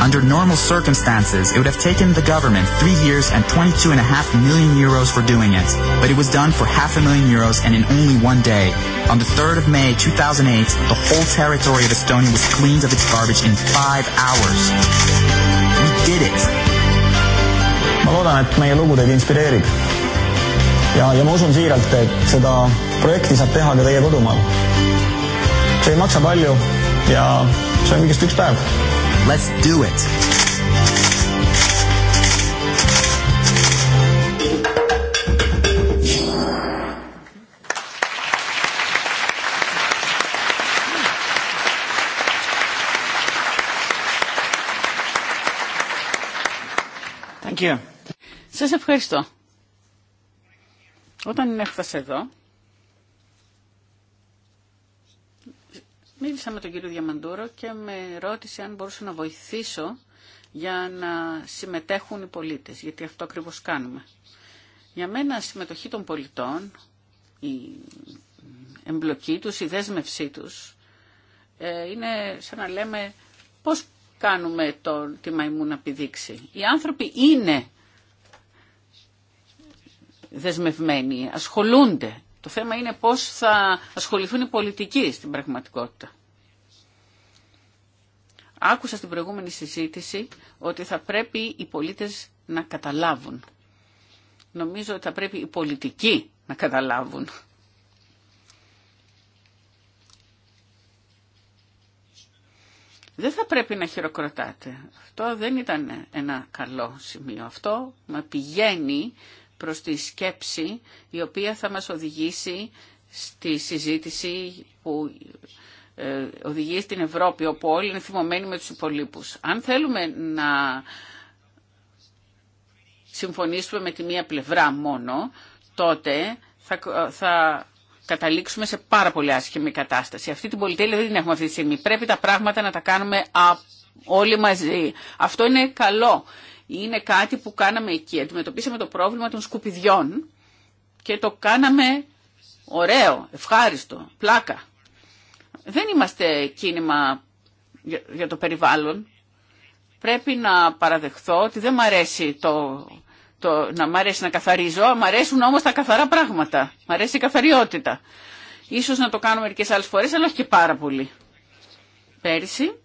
Under normal circumstances, it would have taken the government three years and 22 and a half million euros for doing it, but it was done for half a million euros and in only one day. On the 3rd of May 2008, the whole territory of Estonia was cleaned of its garbage in five hours. We did it. ja, ja ma usun siiralt, et seda projekti saab teha ka teie see maksa palju ja see on üks päev Let's do it. Thank you. Σας ευχαριστώ. Όταν έφτασε εδώ, Μίλησα με τον κύριο Διαμαντούρο και με ρώτησε αν μπορούσα να βοηθήσω για να συμμετέχουν οι πολίτες, γιατί αυτό ακριβώς κάνουμε. Για μένα η συμμετοχή των πολιτών, η εμπλοκή τους, η δέσμευσή τους, ε, είναι σαν να λέμε πώς κάνουμε το, τη μαϊμού να πηδήξει. Οι άνθρωποι είναι δεσμευμένοι, ασχολούνται το θέμα είναι πώς θα ασχοληθούν οι πολιτικοί στην πραγματικότητα. Άκουσα στην προηγούμενη συζήτηση ότι θα πρέπει οι πολίτες να καταλάβουν. Νομίζω ότι θα πρέπει οι πολιτικοί να καταλάβουν. Δεν θα πρέπει να χειροκροτάτε. Αυτό δεν ήταν ένα καλό σημείο. Αυτό με πηγαίνει προς τη σκέψη η οποία θα μας οδηγήσει στη συζήτηση που ε, οδηγεί στην Ευρώπη όπου όλοι είναι θυμωμένοι με τους υπολείπους. Αν θέλουμε να συμφωνήσουμε με τη μία πλευρά μόνο, τότε θα, θα καταλήξουμε σε πάρα πολύ άσχημη κατάσταση. Αυτή την πολυτέλεια δεν την έχουμε αυτή τη στιγμή. Πρέπει τα πράγματα να τα κάνουμε όλοι μαζί. Αυτό είναι καλό είναι κάτι που κάναμε εκεί. Αντιμετωπίσαμε το πρόβλημα των σκουπιδιών και το κάναμε ωραίο, ευχάριστο, πλάκα. Δεν είμαστε κίνημα για το περιβάλλον. Πρέπει να παραδεχθώ ότι δεν μ' αρέσει το, το, να μ' αρέσει να καθαρίζω, μ' αρέσουν όμως τα καθαρά πράγματα. Μ' αρέσει η καθαριότητα. Ίσως να το κάνω μερικές άλλες φορές, αλλά όχι και πάρα πολύ. Πέρυσι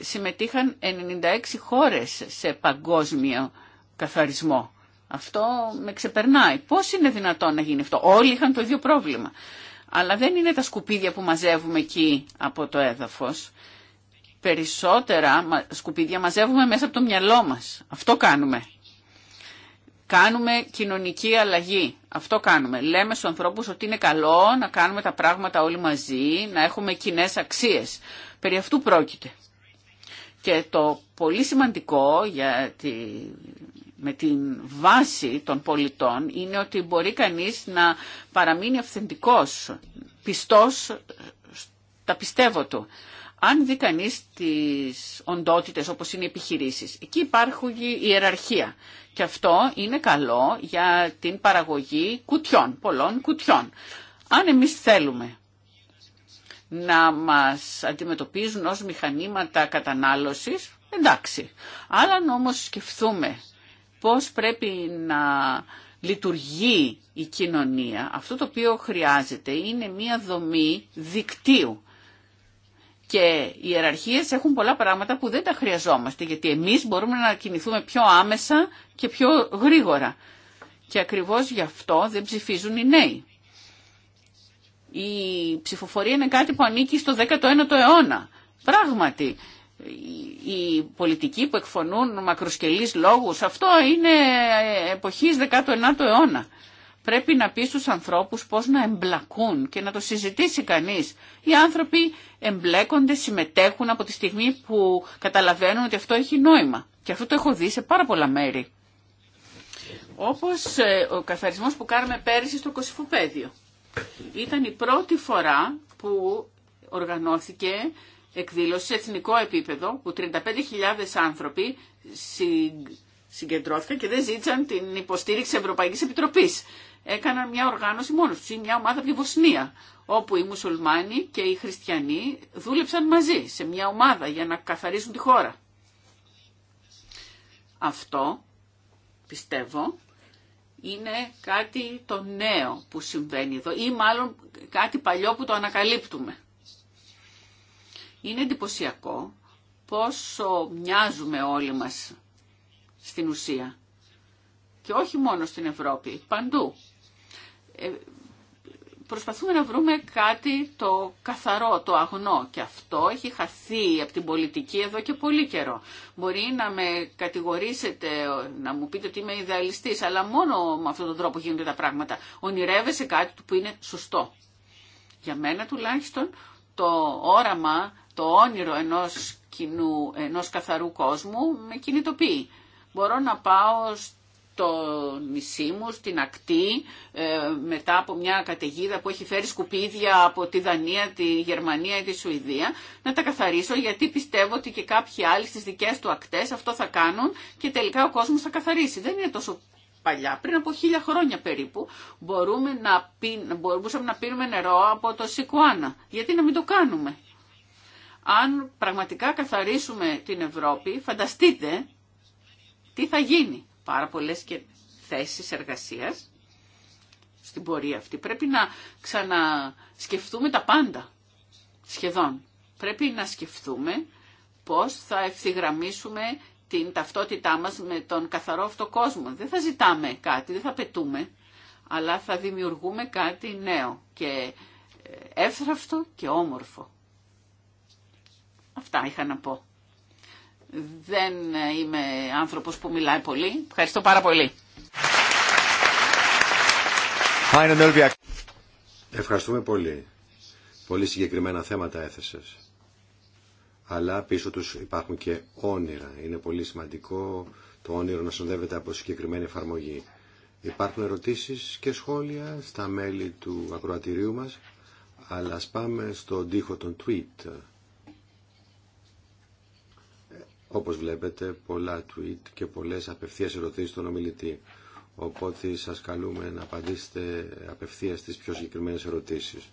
συμμετείχαν 96 χώρες σε παγκόσμιο καθαρισμό. Αυτό με ξεπερνάει. Πώς είναι δυνατόν να γίνει αυτό. Όλοι είχαν το ίδιο πρόβλημα. Αλλά δεν είναι τα σκουπίδια που μαζεύουμε εκεί από το έδαφος. Περισσότερα σκουπίδια μαζεύουμε μέσα από το μυαλό μας. Αυτό κάνουμε. Κάνουμε κοινωνική αλλαγή. Αυτό κάνουμε. Λέμε στους ανθρώπους ότι είναι καλό να κάνουμε τα πράγματα όλοι μαζί, να έχουμε κοινέ αξίες. Περί αυτού πρόκειται. Και το πολύ σημαντικό για τη, με την βάση των πολιτών είναι ότι μπορεί κανείς να παραμείνει αυθεντικός, πιστός τα πιστεύω του. Αν δει κανείς τις οντότητες όπως είναι οι επιχειρήσεις, εκεί υπάρχουν η ιεραρχία. Και αυτό είναι καλό για την παραγωγή κουτιών, πολλών κουτιών. Αν εμείς θέλουμε να μας αντιμετωπίζουν ως μηχανήματα κατανάλωσης, εντάξει. Αλλά αν όμως σκεφτούμε πώς πρέπει να λειτουργεί η κοινωνία, αυτό το οποίο χρειάζεται είναι μία δομή δικτύου. Και οι ιεραρχίες έχουν πολλά πράγματα που δεν τα χρειαζόμαστε, γιατί εμείς μπορούμε να κινηθούμε πιο άμεσα και πιο γρήγορα. Και ακριβώς γι' αυτό δεν ψηφίζουν οι νέοι η ψηφοφορία είναι κάτι που ανήκει στο 19ο αιώνα. Πράγματι, οι πολιτικοί που εκφωνούν μακροσκελείς λόγους, αυτό είναι εποχής 19ο αιώνα. Πρέπει να πει στους ανθρώπους πώς να εμπλακούν και να το συζητήσει κανείς. Οι άνθρωποι εμπλέκονται, συμμετέχουν από τη στιγμή που καταλαβαίνουν ότι αυτό έχει νόημα. Και αυτό το έχω δει σε πάρα πολλά μέρη. Όπως ε, ο καθαρισμός που κάναμε πέρυσι στο Κωσυφοπαίδιο. Ήταν η πρώτη φορά που οργανώθηκε εκδήλωση σε εθνικό επίπεδο που 35.000 άνθρωποι συγκεντρώθηκαν και δεν ζήτησαν την υποστήριξη Ευρωπαϊκής Επιτροπής. Έκαναν μια οργάνωση μόνο τους, μια ομάδα από τη Βοσνία, όπου οι μουσουλμάνοι και οι χριστιανοί δούλεψαν μαζί σε μια ομάδα για να καθαρίσουν τη χώρα. Αυτό, πιστεύω, είναι κάτι το νέο που συμβαίνει εδώ ή μάλλον κάτι παλιό που το ανακαλύπτουμε. Είναι εντυπωσιακό πόσο μοιάζουμε όλοι μας στην ουσία. Και όχι μόνο στην Ευρώπη, παντού. Ε, προσπαθούμε να βρούμε κάτι το καθαρό, το αγνό και αυτό έχει χαθεί από την πολιτική εδώ και πολύ καιρό. Μπορεί να με κατηγορήσετε, να μου πείτε ότι είμαι ιδεαλιστής, αλλά μόνο με αυτόν τον τρόπο γίνονται τα πράγματα. Ονειρεύεσαι κάτι που είναι σωστό. Για μένα τουλάχιστον το όραμα, το όνειρο ενός, κοινού, ενός καθαρού κόσμου με κινητοποιεί. Μπορώ να πάω το νησί μου, στην ακτή, ε, μετά από μια καταιγίδα που έχει φέρει σκουπίδια από τη Δανία, τη Γερμανία ή τη Σουηδία, να τα καθαρίσω γιατί πιστεύω ότι και κάποιοι άλλοι στις δικές του ακτές αυτό θα κάνουν και τελικά ο κόσμος θα καθαρίσει. Δεν είναι τόσο παλιά, πριν από χίλια χρόνια περίπου, μπορούμε να μπορούσαμε να πίνουμε νερό από το Σικουάνα. Γιατί να μην το κάνουμε. Αν πραγματικά καθαρίσουμε την Ευρώπη, φανταστείτε τι θα γίνει πάρα πολλές και θέσεις εργασίας στην πορεία αυτή. Πρέπει να ξανασκεφτούμε τα πάντα, σχεδόν. Πρέπει να σκεφτούμε πώς θα ευθυγραμμίσουμε την ταυτότητά μας με τον καθαρό αυτό κόσμο. Δεν θα ζητάμε κάτι, δεν θα πετούμε, αλλά θα δημιουργούμε κάτι νέο και ε, εύθραυτο και όμορφο. Αυτά είχα να πω. Δεν είμαι άνθρωπος που μιλάει πολύ. Ευχαριστώ πάρα πολύ. Ευχαριστούμε πολύ. Πολύ συγκεκριμένα θέματα έθεσες. Αλλά πίσω τους υπάρχουν και όνειρα. Είναι πολύ σημαντικό το όνειρο να συνδέεται από συγκεκριμένη εφαρμογή. Υπάρχουν ερωτήσεις και σχόλια στα μέλη του ακροατηρίου μας, αλλά ας πάμε στον τοίχο των tweet. Όπως βλέπετε, πολλά tweet και πολλές απευθείας ερωτήσεις στον ομιλητή. Οπότε σας καλούμε να απαντήσετε απευθείας στις πιο συγκεκριμένες ερωτήσεις.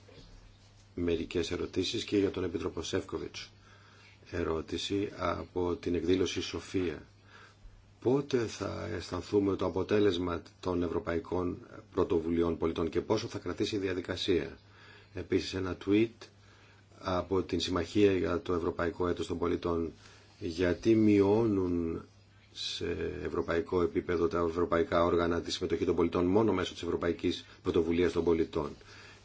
Μερικές ερωτήσεις και για τον Επίτροπο Σεύκοβιτς. Ερώτηση από την εκδήλωση Σοφία. Πότε θα αισθανθούμε το αποτέλεσμα των ευρωπαϊκών πρωτοβουλειών πολιτών και πόσο θα κρατήσει η διαδικασία. Επίσης ένα tweet από την Συμμαχία για το Ευρωπαϊκό Έτος των Πολιτών γιατί μειώνουν σε ευρωπαϊκό επίπεδο τα ευρωπαϊκά όργανα τη συμμετοχή των πολιτών μόνο μέσω τη Ευρωπαϊκής Πρωτοβουλία των Πολιτών.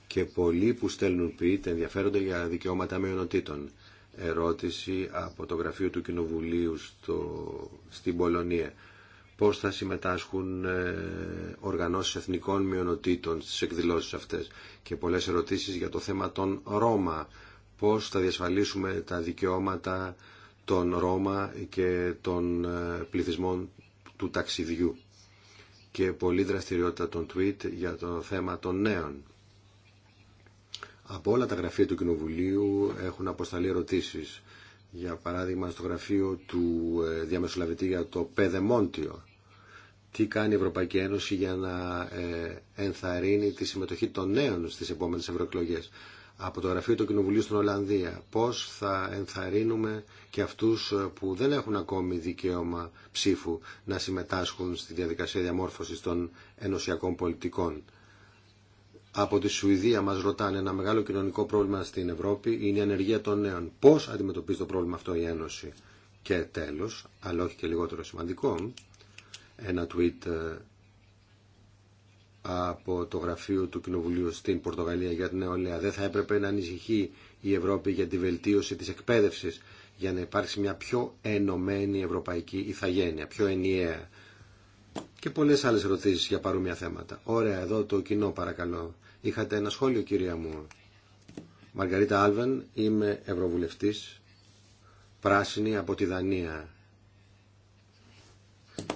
Και πολλοί που στέλνουν ποιήτε ενδιαφέρονται για δικαιώματα μειονοτήτων. Ερώτηση από το γραφείο του Κοινοβουλίου στο, στην Πολωνία. Πώς θα συμμετάσχουν ε, οργανώσεις εθνικών μειονοτήτων στι εκδηλώσει αυτέ Και πολλέ ερωτήσει για το θέμα των Ρώμα. Πώ θα διασφαλίσουμε τα δικαιώματα των Ρώμα και των ε, πληθυσμών του ταξιδιού και πολλή δραστηριότητα των tweet για το θέμα των νέων. Από όλα τα γραφεία του Κοινοβουλίου έχουν αποσταλεί ερωτήσεις. Για παράδειγμα στο γραφείο του ε, διαμεσολαβητή για το Πεδεμόντιο. Τι κάνει η Ευρωπαϊκή Ένωση για να ε, ενθαρρύνει τη συμμετοχή των νέων στις επόμενες ευρωεκλογές από το γραφείο του Κοινοβουλίου στην Ολλανδία. Πώς θα ενθαρρύνουμε και αυτούς ε, που δεν έχουν ακόμη δικαίωμα ψήφου να συμμετάσχουν στη διαδικασία διαμόρφωσης των ενωσιακών πολιτικών. Από τη Σουηδία μας ρωτάνε ένα μεγάλο κοινωνικό πρόβλημα στην Ευρώπη είναι η ανεργία των νέων. Πώς αντιμετωπίζει το πρόβλημα αυτό η Ένωση. Και τέλος, αλλά όχι και λιγότερο σημαντικό, ένα tweet ε, από το γραφείο του Κοινοβουλίου στην Πορτογαλία για την νεολαία. Δεν θα έπρεπε να ανησυχεί η Ευρώπη για τη βελτίωση της εκπαίδευσης για να υπάρξει μια πιο ενωμένη ευρωπαϊκή ηθαγένεια, πιο ενιαία. Και πολλέ άλλε ερωτήσει για παρόμοια θέματα. Ωραία, εδώ το κοινό παρακαλώ. Είχατε ένα σχόλιο κυρία μου. Μαργαρίτα Άλβεν, είμαι ευρωβουλευτή πράσινη από τη Δανία.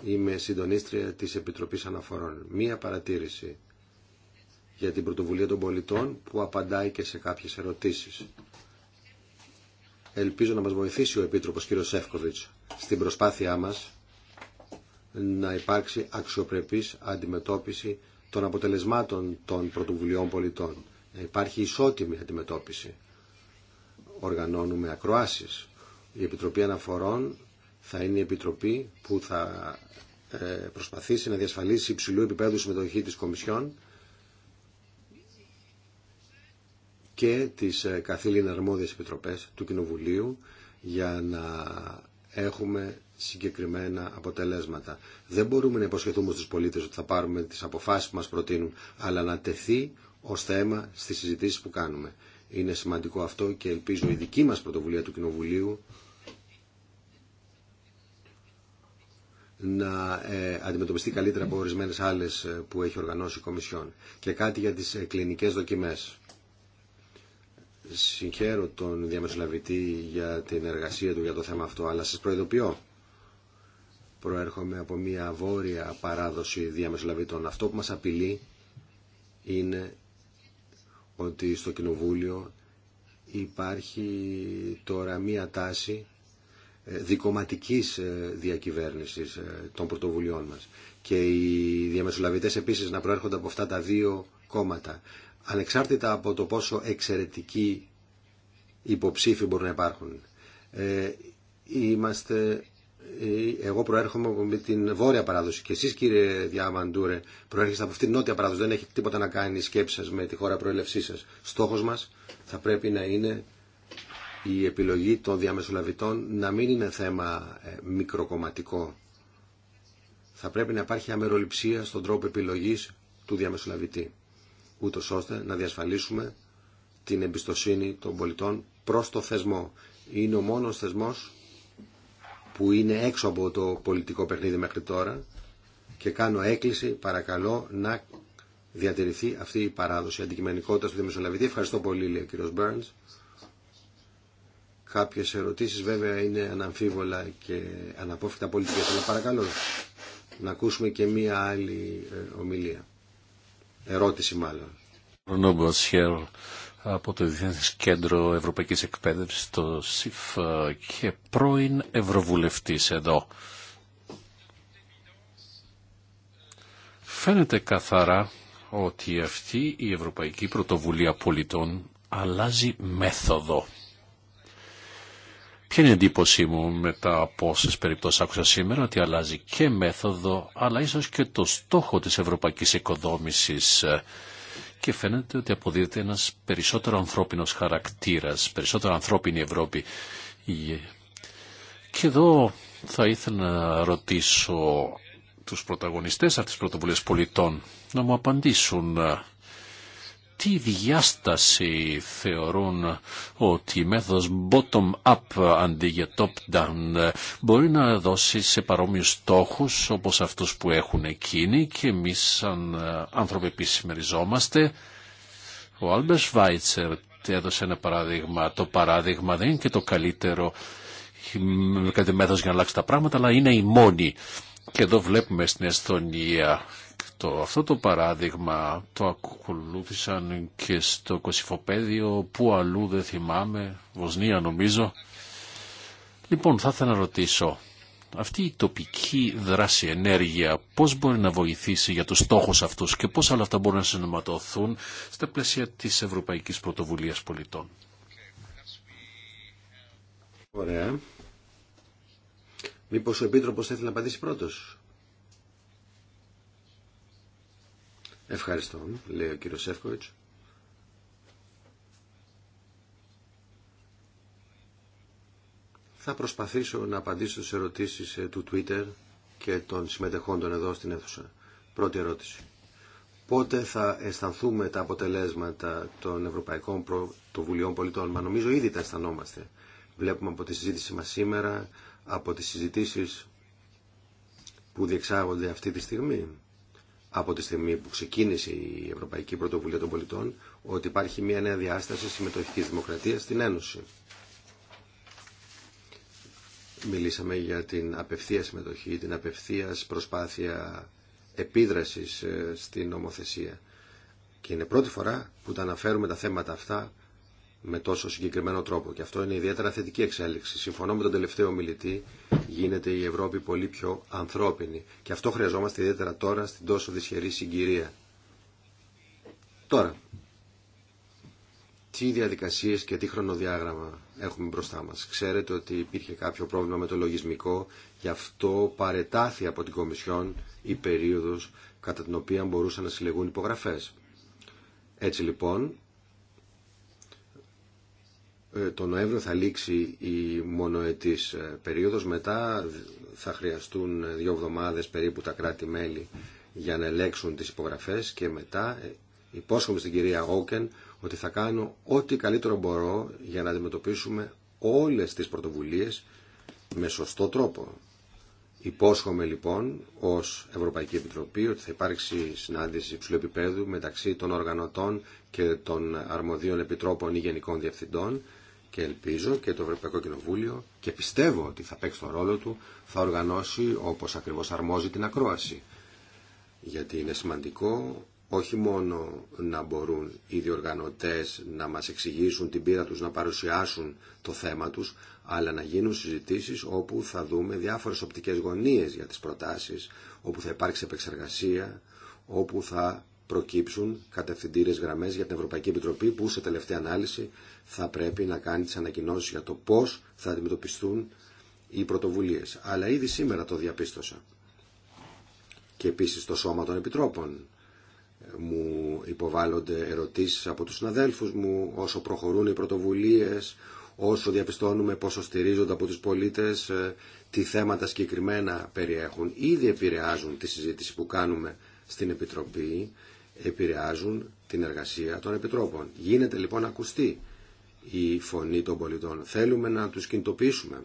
Είμαι συντονίστρια της Επιτροπής Αναφορών. Μία παρατήρηση για την πρωτοβουλία των πολιτών που απαντάει και σε κάποιες ερωτήσεις. Ελπίζω να μας βοηθήσει ο Επίτροπος κ. Σεύκοβιτς στην προσπάθειά μας να υπάρξει αξιοπρεπής αντιμετώπιση των αποτελεσμάτων των πρωτοβουλειών πολιτών. Να υπάρχει ισότιμη αντιμετώπιση. Οργανώνουμε ακροάσεις. Η Επιτροπή Αναφορών θα είναι η Επιτροπή που θα ε, προσπαθήσει να διασφαλίσει υψηλού επίπεδου συμμετοχή της Κομισιόν και τις ε, καθήλυνα αρμόδιες επιτροπές του Κοινοβουλίου για να έχουμε συγκεκριμένα αποτελέσματα. Δεν μπορούμε να υποσχεθούμε στους πολίτες ότι θα πάρουμε τις αποφάσεις που μας προτείνουν, αλλά να τεθεί ως θέμα στις συζητήσεις που κάνουμε. Είναι σημαντικό αυτό και ελπίζω η δική μας πρωτοβουλία του Κοινοβουλίου να ε, αντιμετωπιστεί καλύτερα από ορισμένες άλλες ε, που έχει οργανώσει η Κομισιόν. Και κάτι για τις ε, κλινικές δοκιμές. Συγχαίρω τον διαμεσολαβητή για την εργασία του για το θέμα αυτό, αλλά σας προειδοποιώ. Προέρχομαι από μια βόρεια παράδοση διαμεσολαβητών. Αυτό που μας απειλεί είναι ότι στο Κοινοβούλιο υπάρχει τώρα μια τάση ε, δικοματικής ε, διακυβέρνησης ε, των πρωτοβουλειών μας. Και οι διαμεσολαβητές επίσης να προέρχονται από αυτά τα δύο κόμματα. Ανεξάρτητα από το πόσο εξαιρετικοί υποψήφοι μπορούν να υπάρχουν. είμαστε, εγώ προέρχομαι από την βόρεια παράδοση και εσείς κύριε Διαμαντούρε προέρχεστε από αυτήν την νότια παράδοση. Δεν έχει τίποτα να κάνει η σκέψη σας με τη χώρα προέλευσή σας. Στόχος μας θα πρέπει να είναι η επιλογή των διαμεσολαβητών να μην είναι θέμα ε, μικροκομματικό. Θα πρέπει να υπάρχει αμεροληψία στον τρόπο επιλογής του διαμεσολαβητή, ούτω ώστε να διασφαλίσουμε την εμπιστοσύνη των πολιτών προς το θεσμό. Είναι ο μόνος θεσμός που είναι έξω από το πολιτικό παιχνίδι μέχρι τώρα και κάνω έκκληση, παρακαλώ, να διατηρηθεί αυτή η παράδοση αντικειμενικότητα του διαμεσολαβητή. Ευχαριστώ πολύ, λέει ο κ. Μπέρνς. Κάποιες ερωτήσεις βέβαια είναι αναμφίβολα και αναπόφευκτα πολιτικές. Αλλά παρακαλώ να ακούσουμε και μία άλλη ε, ομιλία. Ερώτηση μάλλον. Ρονόμπλασχερ από το Διεθνές Κέντρο Ευρωπαϊκής Εκπαίδευσης, το ΣΥΦ και πρώην Ευρωβουλευτής εδώ. Φαίνεται καθαρά ότι αυτή η Ευρωπαϊκή Πρωτοβουλία Πολιτών αλλάζει μέθοδο. Και είναι εντύπωσή μου μετά από όσε περιπτώσει άκουσα σήμερα ότι αλλάζει και μέθοδο αλλά ίσω και το στόχο τη ευρωπαϊκή οικοδόμηση ε, και φαίνεται ότι αποδίδεται ένα περισσότερο ανθρώπινο χαρακτήρα, περισσότερο ανθρώπινη Ευρώπη. Ε, και εδώ θα ήθελα να ρωτήσω τους πρωταγωνιστές αυτής της πρωτοβουλίας πολιτών να μου απαντήσουν ε, τι διάσταση θεωρούν ότι η μέθοδος bottom-up αντί για top-down μπορεί να δώσει σε παρόμοιους στόχους όπως αυτούς που έχουν εκείνοι και εμείς σαν άνθρωποι επισημεριζόμαστε. Ο Άλμπερ Σβάιτσερ έδωσε ένα παράδειγμα. Το παράδειγμα δεν είναι και το καλύτερο μέθοδος για να αλλάξει τα πράγματα αλλά είναι η μόνη. Και εδώ βλέπουμε στην Εσθονία αυτό. Αυτό το παράδειγμα το ακολούθησαν και στο Κωσυφοπαίδιο, που αλλού δεν θυμάμαι, Βοσνία νομίζω. Λοιπόν, θα ήθελα να ρωτήσω, αυτή η τοπική δράση ενέργεια πώς μπορεί να βοηθήσει για τους στόχους αυτούς και πώς όλα αυτά μπορούν να συνοματωθούν στα πλαίσια της Ευρωπαϊκής Πρωτοβουλίας Πολιτών. Ωραία. Μήπως ο Επίτροπος θέλει να απαντήσει πρώτος. Ευχαριστώ, λέει ο κύριος Σεύκοβιτς. Θα προσπαθήσω να απαντήσω στις ερωτήσεις ε, του Twitter και των συμμετεχόντων εδώ στην αίθουσα. Πρώτη ερώτηση. Πότε θα αισθανθούμε τα αποτελέσματα των Ευρωπαϊκών Πρωτοβουλειών Πολιτών. Μα νομίζω ήδη τα αισθανόμαστε. Βλέπουμε από τη συζήτηση μας σήμερα, από τις συζητήσεις που διεξάγονται αυτή τη στιγμή από τη στιγμή που ξεκίνησε η Ευρωπαϊκή Πρωτοβουλία των Πολιτών ότι υπάρχει μια νέα διάσταση συμμετοχικής δημοκρατία στην Ένωση. Μιλήσαμε για την απευθεία συμμετοχή, την απευθεία προσπάθεια επίδρασης ε, στην νομοθεσία. Και είναι πρώτη φορά που τα αναφέρουμε τα θέματα αυτά με τόσο συγκεκριμένο τρόπο. Και αυτό είναι ιδιαίτερα θετική εξέλιξη. Συμφωνώ με τον τελευταίο μιλητή, γίνεται η Ευρώπη πολύ πιο ανθρώπινη. Και αυτό χρειαζόμαστε ιδιαίτερα τώρα στην τόσο δυσχερή συγκυρία. Τώρα, τι διαδικασίες και τι χρονοδιάγραμμα έχουμε μπροστά μας. Ξέρετε ότι υπήρχε κάποιο πρόβλημα με το λογισμικό, γι' αυτό παρετάθη από την Κομισιόν η περίοδος κατά την οποία μπορούσαν να συλλεγούν υπογραφές. Έτσι λοιπόν, ε, το Νοέμβριο θα λήξει η μονοετής ε, περίοδος. Μετά θα χρειαστούν ε, δύο εβδομάδες περίπου τα κράτη-μέλη για να ελέξουν τις υπογραφές και μετά υπόσχομαι στην κυρία Όκεν ότι θα κάνω ό,τι καλύτερο μπορώ για να αντιμετωπίσουμε όλες τις πρωτοβουλίες με σωστό τρόπο. Υπόσχομαι λοιπόν ως Ευρωπαϊκή Επιτροπή ότι θα υπάρξει συνάντηση υψηλού επίπεδου μεταξύ των οργανωτών και των αρμοδίων επιτρόπων ή γενικών διευθυντών και ελπίζω και το Ευρωπαϊκό Κοινοβούλιο και πιστεύω ότι θα παίξει τον ρόλο του, θα οργανώσει όπως ακριβώς αρμόζει την ακρόαση. Γιατί είναι σημαντικό όχι μόνο να μπορούν οι διοργανωτές να μας εξηγήσουν την πείρα τους, να παρουσιάσουν το θέμα τους, αλλά να γίνουν συζητήσεις όπου θα δούμε διάφορες οπτικές γωνίες για τις προτάσεις, όπου θα υπάρξει επεξεργασία, όπου θα προκύψουν κατευθυντήρε γραμμέ για την Ευρωπαϊκή Επιτροπή που σε τελευταία ανάλυση θα πρέπει να κάνει τι ανακοινώσει για το πώ θα αντιμετωπιστούν οι πρωτοβουλίε. Αλλά ήδη σήμερα το διαπίστωσα. Και επίση το Σώμα των Επιτρόπων μου υποβάλλονται ερωτήσεις από τους συναδέλφους μου όσο προχωρούν οι πρωτοβουλίες, όσο διαπιστώνουμε πόσο στηρίζονται από τους πολίτες, ε, τι θέματα συγκεκριμένα περιέχουν. Ήδη επηρεάζουν τη συζήτηση που κάνουμε στην Επιτροπή επηρεάζουν την εργασία των επιτρόπων. Γίνεται λοιπόν ακουστή η φωνή των πολιτών. Θέλουμε να τους κινητοποιήσουμε.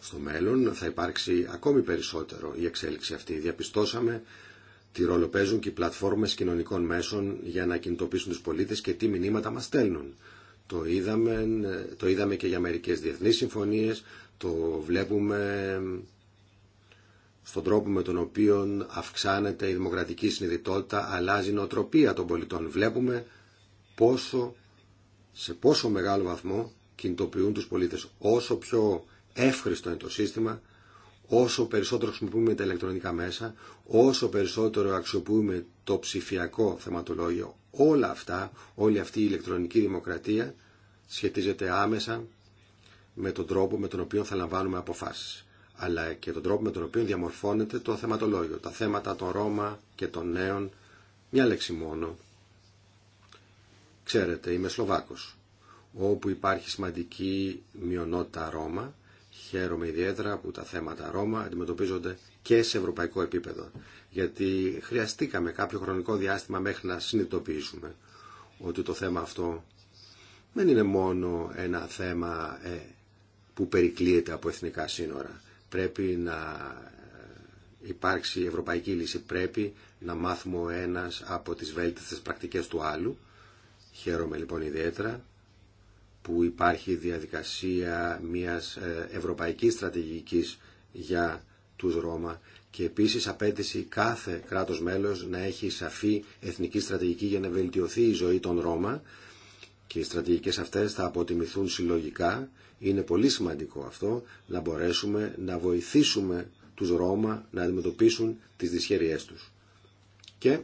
Στο μέλλον θα υπάρξει ακόμη περισσότερο η εξέλιξη αυτή. Διαπιστώσαμε τι ρόλο παίζουν και οι πλατφόρμες κοινωνικών μέσων για να κινητοποιήσουν τους πολίτες και τι μηνύματα μας στέλνουν. Το είδαμε, ε, το είδαμε και για μερικές διεθνείς συμφωνίες, το βλέπουμε στον τρόπο με τον οποίο αυξάνεται η δημοκρατική συνειδητότητα, αλλάζει η νοοτροπία των πολιτών. Βλέπουμε πόσο, σε πόσο μεγάλο βαθμό κινητοποιούν τους πολίτες. Όσο πιο εύχριστο είναι το σύστημα, όσο περισσότερο χρησιμοποιούμε τα ηλεκτρονικά μέσα, όσο περισσότερο αξιοποιούμε το ψηφιακό θεματολόγιο, όλα αυτά, όλη αυτή η ηλεκτρονική δημοκρατία σχετίζεται άμεσα με τον τρόπο με τον οποίο θα λαμβάνουμε αποφάσεις αλλά και τον τρόπο με τον οποίο διαμορφώνεται το θεματολόγιο. Τα θέματα των Ρώμα και των νέων, μια λέξη μόνο. Ξέρετε, είμαι Σλοβάκος. Όπου υπάρχει σημαντική μειονότητα Ρώμα, χαίρομαι ιδιαίτερα που τα θέματα Ρώμα αντιμετωπίζονται και σε ευρωπαϊκό επίπεδο. Γιατί χρειαστήκαμε κάποιο χρονικό διάστημα μέχρι να συνειδητοποιήσουμε ότι το θέμα αυτό δεν είναι μόνο ένα θέμα ε, που περικλείεται από εθνικά σύνορα. Πρέπει να ε, υπάρξει ευρωπαϊκή λύση. Πρέπει να μάθουμε ο ένας από τις βέλτιστες πρακτικές του άλλου. Χαίρομαι λοιπόν ιδιαίτερα που υπάρχει διαδικασία μιας ε, ευρωπαϊκής στρατηγικής για τους Ρώμα και επίσης απέτηση κάθε κράτος μέλος να έχει σαφή εθνική στρατηγική για να βελτιωθεί η ζωή των Ρώμα και οι στρατηγικές αυτές θα αποτιμηθούν συλλογικά είναι πολύ σημαντικό αυτό να μπορέσουμε να βοηθήσουμε τους Ρώμα να αντιμετωπίσουν τις δυσχέριές τους. Και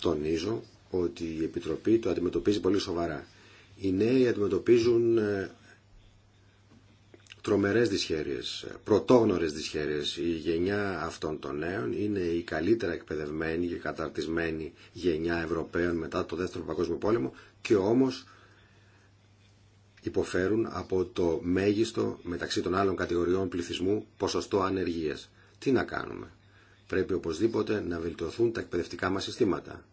τονίζω ότι η Επιτροπή το αντιμετωπίζει πολύ σοβαρά. Οι νέοι αντιμετωπίζουν ε, τρομερές δυσχέρειες, πρωτόγνωρες δυσχέρειες. Η γενιά αυτών των νέων είναι η καλύτερα εκπαιδευμένη και καταρτισμένη γενιά Ευρωπαίων μετά το Δεύτερο Παγκόσμιο Πόλεμο και όμως υποφέρουν από το μέγιστο μεταξύ των άλλων κατηγοριών πληθυσμού ποσοστό ανεργίας. Τι να κάνουμε. Πρέπει οπωσδήποτε να βελτιωθούν τα εκπαιδευτικά μας συστήματα.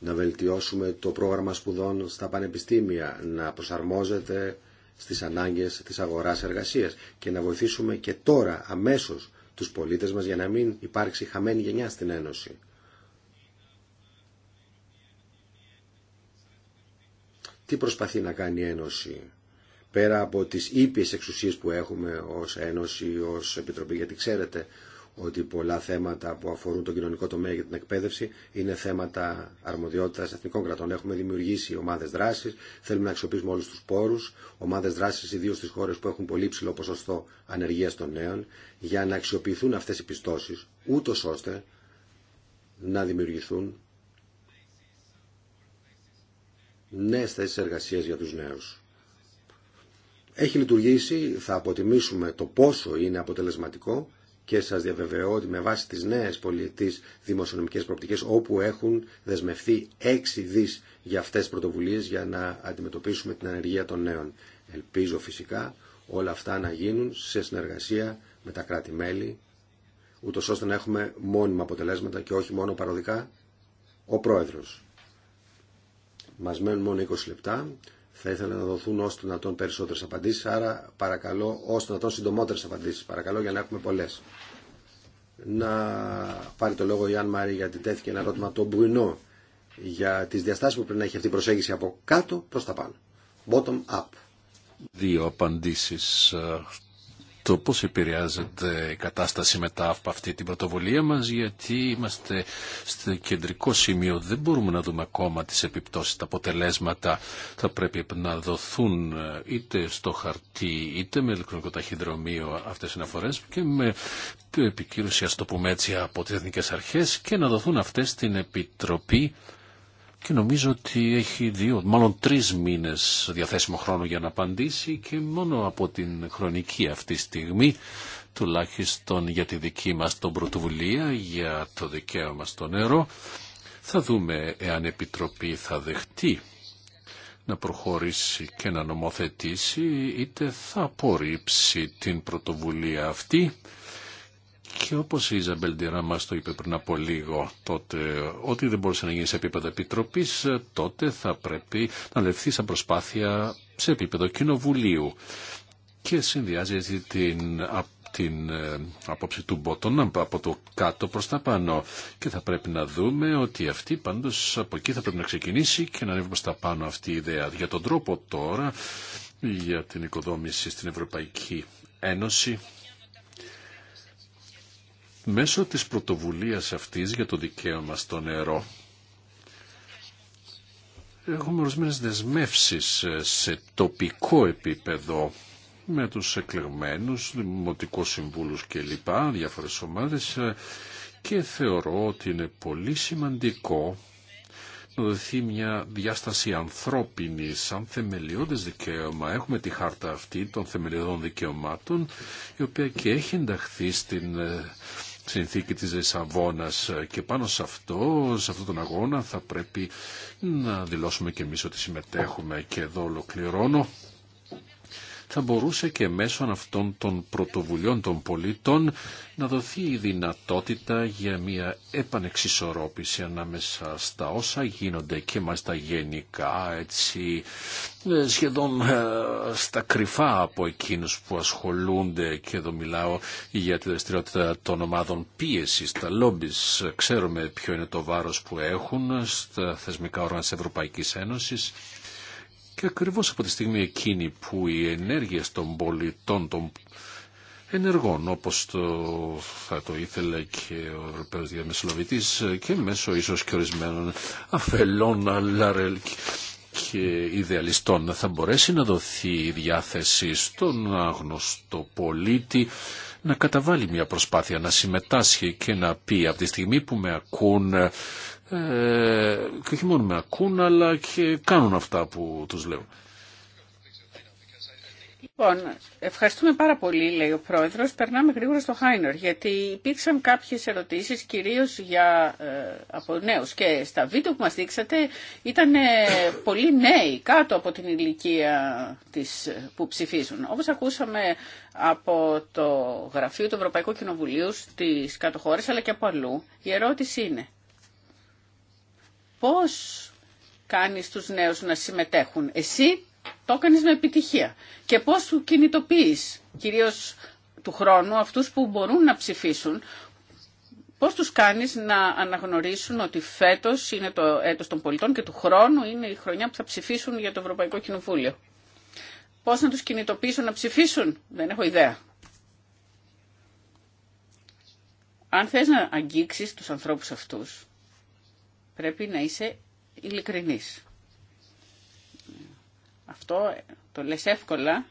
Να βελτιώσουμε το πρόγραμμα σπουδών στα πανεπιστήμια, να προσαρμόζεται στις ανάγκες της αγοράς εργασίας και να βοηθήσουμε και τώρα αμέσως τους πολίτες μας για να μην υπάρξει χαμένη γενιά στην Ένωση. Τι προσπαθεί να κάνει η Ένωση πέρα από τις ήπιες εξουσίες που έχουμε ως Ένωση, ως Επιτροπή, γιατί ξέρετε ότι πολλά θέματα που αφορούν τον κοινωνικό τομέα για την εκπαίδευση είναι θέματα αρμοδιότητας εθνικών κρατών. Έχουμε δημιουργήσει ομάδες δράσης, θέλουμε να αξιοποιήσουμε όλους τους πόρους, ομάδες δράσης ιδίως στις χώρες που έχουν πολύ ψηλό ποσοστό ανεργίας των νέων, για να αξιοποιηθούν αυτές οι πιστώσεις, ούτω ώστε να δημιουργηθούν νέες θέσεις εργασίας για τους νέους. Έχει λειτουργήσει, θα αποτιμήσουμε το πόσο είναι αποτελεσματικό και σας διαβεβαιώ ότι με βάση τις νέες πολιτικές δημοσιονομικές προοπτικές όπου έχουν δεσμευθεί έξι δις για αυτές τις πρωτοβουλίες για να αντιμετωπίσουμε την ανεργία των νέων. Ελπίζω φυσικά όλα αυτά να γίνουν σε συνεργασία με τα κράτη-μέλη ούτως ώστε να έχουμε μόνιμα αποτελέσματα και όχι μόνο παροδικά. Ο Πρόεδρος. Μας μένουν μόνο 20 λεπτά. Θα ήθελα να δοθούν ώστε να τον περισσότερες απαντήσεις, άρα παρακαλώ ώστε να τον συντομότερες απαντήσεις, παρακαλώ για να έχουμε πολλές. Να πάρει το λόγο η Αν Μάρη γιατί τέθηκε ένα ερώτημα το μπουινό για τις διαστάσεις που πρέπει να έχει αυτή η προσέγγιση από κάτω προς τα πάνω. Bottom up. Δύο απαντήσεις ε, το πώς επηρεάζεται η κατάσταση μετά από αυτή την πρωτοβουλία μας γιατί είμαστε στο κεντρικό σημείο. Δεν μπορούμε να δούμε ακόμα τις επιπτώσεις, τα αποτελέσματα θα πρέπει να δοθούν ε, είτε στο χαρτί είτε με ηλεκτρονικό ταχυδρομείο αυτές οι αναφορές και με επικύρωση ας το πούμε έτσι από τις εθνικές αρχές και να δοθούν αυτές στην Επιτροπή και νομίζω ότι έχει δύο, μάλλον τρεις μήνες διαθέσιμο χρόνο για να απαντήσει και μόνο από την χρονική αυτή στιγμή, τουλάχιστον για τη δική μας τον πρωτοβουλία, για το δικαίωμα στο νερό, θα δούμε εάν η Επιτροπή θα δεχτεί να προχωρήσει και να νομοθετήσει, είτε θα απορρίψει την πρωτοβουλία αυτή και όπως η Ιζαμπέλ Ντιρά μας το είπε πριν από λίγο τότε, ό,τι δεν μπορούσε να γίνει σε επίπεδο επιτροπής, τότε θα πρέπει να λεφθεί σαν προσπάθεια σε επίπεδο κοινοβουλίου. Και συνδυάζει έτσι την την ε, απόψη του Μπότονα από το κάτω προς τα πάνω και θα πρέπει να δούμε ότι αυτή πάντως από εκεί θα πρέπει να ξεκινήσει και να ανέβει προς τα πάνω αυτή η ιδέα. Για τον τρόπο τώρα για την οικοδόμηση στην Ευρωπαϊκή Ένωση μέσω της πρωτοβουλίας αυτής για το δικαίωμα στο νερό. Έχουμε ορισμένες δεσμεύσεις σε τοπικό επίπεδο με τους εκλεγμένους, δημοτικούς συμβούλους κλπ, διάφορες ομάδες και θεωρώ ότι είναι πολύ σημαντικό να δοθεί μια διάσταση ανθρώπινη, σαν θεμελιώδες δικαίωμα. Έχουμε τη χάρτα αυτή των θεμελιωδών δικαιωμάτων, η οποία και έχει ενταχθεί στην ε, συνθήκη της Λισαβόνας και πάνω σε αυτό, σε αυτόν τον αγώνα θα πρέπει να δηλώσουμε και εμείς ότι συμμετέχουμε και εδώ ολοκληρώνω θα μπορούσε και μέσω αυτών των πρωτοβουλειών των πολιτών να δοθεί η δυνατότητα για μια επανεξισορρόπηση ανάμεσα στα όσα γίνονται και μας τα γενικά έτσι ε, σχεδόν ε, στα κρυφά από εκείνους που ασχολούνται και εδώ μιλάω για τη δραστηριότητα των ομάδων πίεσης, τα λόμπις ξέρουμε ποιο είναι το βάρος που έχουν στα θεσμικά όργανα της Ευρωπαϊκής Ένωσης και ακριβώς από τη στιγμή εκείνη που οι ενέργειε των πολιτών, των ενεργών, όπως το, θα το ήθελε και ο Ευρωπαίος Διαμεσολαβητής και μέσω ίσως και ορισμένων αφελών αλλά και ιδεαλιστών θα μπορέσει να δοθεί η διάθεση στον άγνωστο πολίτη να καταβάλει μια προσπάθεια να συμμετάσχει και να πει από τη στιγμή που με ακούν ε, και όχι μόνο με ακούν αλλά και κάνουν αυτά που τους λέω. Λοιπόν, ευχαριστούμε πάρα πολύ, λέει ο Πρόεδρος. Περνάμε γρήγορα στο Χάινορ, γιατί υπήρξαν κάποιες ερωτήσεις, κυρίως για, ε, από νέους. Και στα βίντεο που μας δείξατε ήταν πολύ νέοι, κάτω από την ηλικία της, που ψηφίζουν. Όπως ακούσαμε από το Γραφείο του Ευρωπαϊκού Κοινοβουλίου στις κάτω αλλά και από αλλού, η ερώτηση είναι πώς κάνεις τους νέους να συμμετέχουν. Εσύ το έκανε με επιτυχία. Και πώς του κινητοποιείς, κυρίως του χρόνου, αυτούς που μπορούν να ψηφίσουν, πώς τους κάνεις να αναγνωρίσουν ότι φέτος είναι το έτος των πολιτών και του χρόνου είναι η χρονιά που θα ψηφίσουν για το Ευρωπαϊκό Κοινοβούλιο. Πώς να τους κινητοποιήσω να ψηφίσουν, δεν έχω ιδέα. Αν θες να αγγίξεις τους ανθρώπους αυτούς, Πρέπει να είσαι ειλικρινής. Αυτό το λες εύκολα,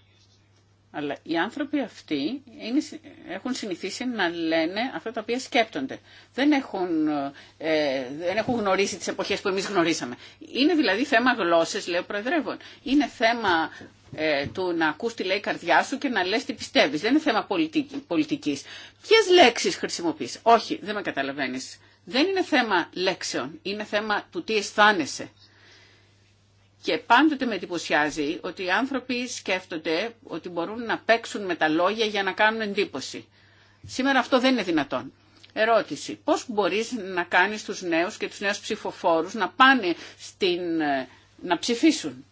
αλλά οι άνθρωποι αυτοί είναι, έχουν συνηθίσει να λένε αυτά τα οποία σκέπτονται. Δεν έχουν, ε, δεν έχουν γνωρίσει τις εποχές που εμείς γνωρίσαμε. Είναι δηλαδή θέμα γλώσσες, λέει ο Προεδρεύων. Είναι θέμα ε, του να ακούς τι λέει η καρδιά σου και να λες τι πιστεύεις. Δεν είναι θέμα πολιτική, πολιτικής. Ποιες λέξεις χρησιμοποιείς. Όχι, δεν με καταλαβαίνεις δεν είναι θέμα λέξεων, είναι θέμα του τι αισθάνεσαι. Και πάντοτε με εντυπωσιάζει ότι οι άνθρωποι σκέφτονται ότι μπορούν να παίξουν με τα λόγια για να κάνουν εντύπωση. Σήμερα αυτό δεν είναι δυνατόν. Ερώτηση. Πώς μπορείς να κάνεις τους νέους και τους νέους ψηφοφόρους να πάνε στην, ε, να ψηφίσουν.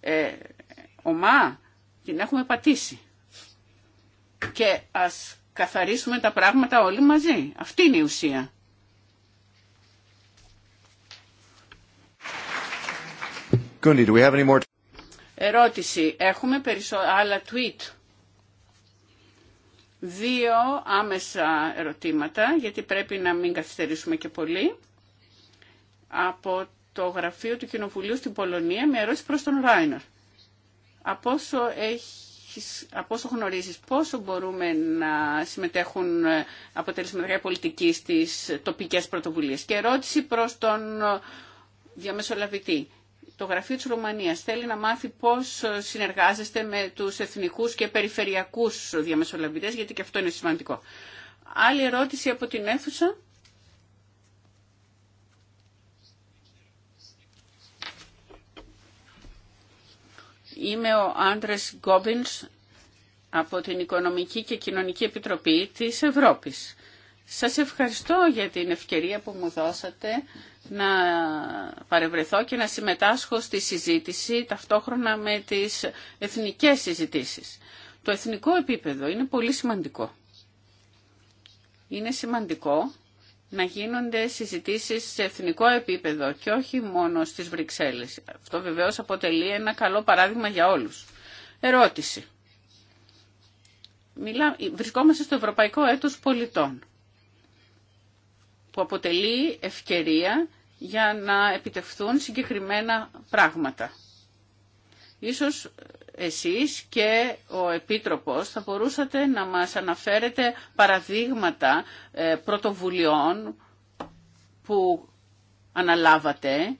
Ε, ομά, την έχουμε πατήσει. Και ας καθαρίσουμε τα πράγματα όλοι μαζί. Αυτή είναι η ουσία. do we have any more... Ερώτηση. Έχουμε περισσότερα. άλλα tweet. Δύο άμεσα ερωτήματα, γιατί πρέπει να μην καθυστερήσουμε και πολύ. Από το γραφείο του Κοινοβουλίου στην Πολωνία, μια ερώτηση προς τον Ράινερ. Από όσο έχει από όσο γνωρίζεις, πόσο μπορούμε να συμμετέχουν ε, αποτελεσματικά πολιτικοί στις τοπικές πρωτοβουλίες. Και ερώτηση προς τον ε, διαμεσολαβητή. Το Γραφείο της Ρουμανίας θέλει να μάθει πώς ε, συνεργάζεστε με τους εθνικούς και περιφερειακούς διαμεσολαβητές, γιατί και αυτό είναι σημαντικό. Άλλη ερώτηση από την αίθουσα. Είμαι ο Άντρες Γκόμπινς από την Οικονομική και Κοινωνική Επιτροπή της Ευρώπης. Σας ευχαριστώ για την ευκαιρία που μου δώσατε να παρευρεθώ και να συμμετάσχω στη συζήτηση ταυτόχρονα με τις εθνικές συζητήσεις. Το εθνικό επίπεδο είναι πολύ σημαντικό. Είναι σημαντικό να γίνονται συζητήσεις σε εθνικό επίπεδο και όχι μόνο στις Βρυξέλλες. Αυτό βεβαίως αποτελεί ένα καλό παράδειγμα για όλους. Ερώτηση. Μιλά... Βρισκόμαστε στο Ευρωπαϊκό Έτος Πολιτών, που αποτελεί ευκαιρία για να επιτευχθούν συγκεκριμένα πράγματα. Ίσως εσείς και ο Επίτροπος θα μπορούσατε να μας αναφέρετε παραδείγματα ε, πρωτοβουλειών που αναλάβατε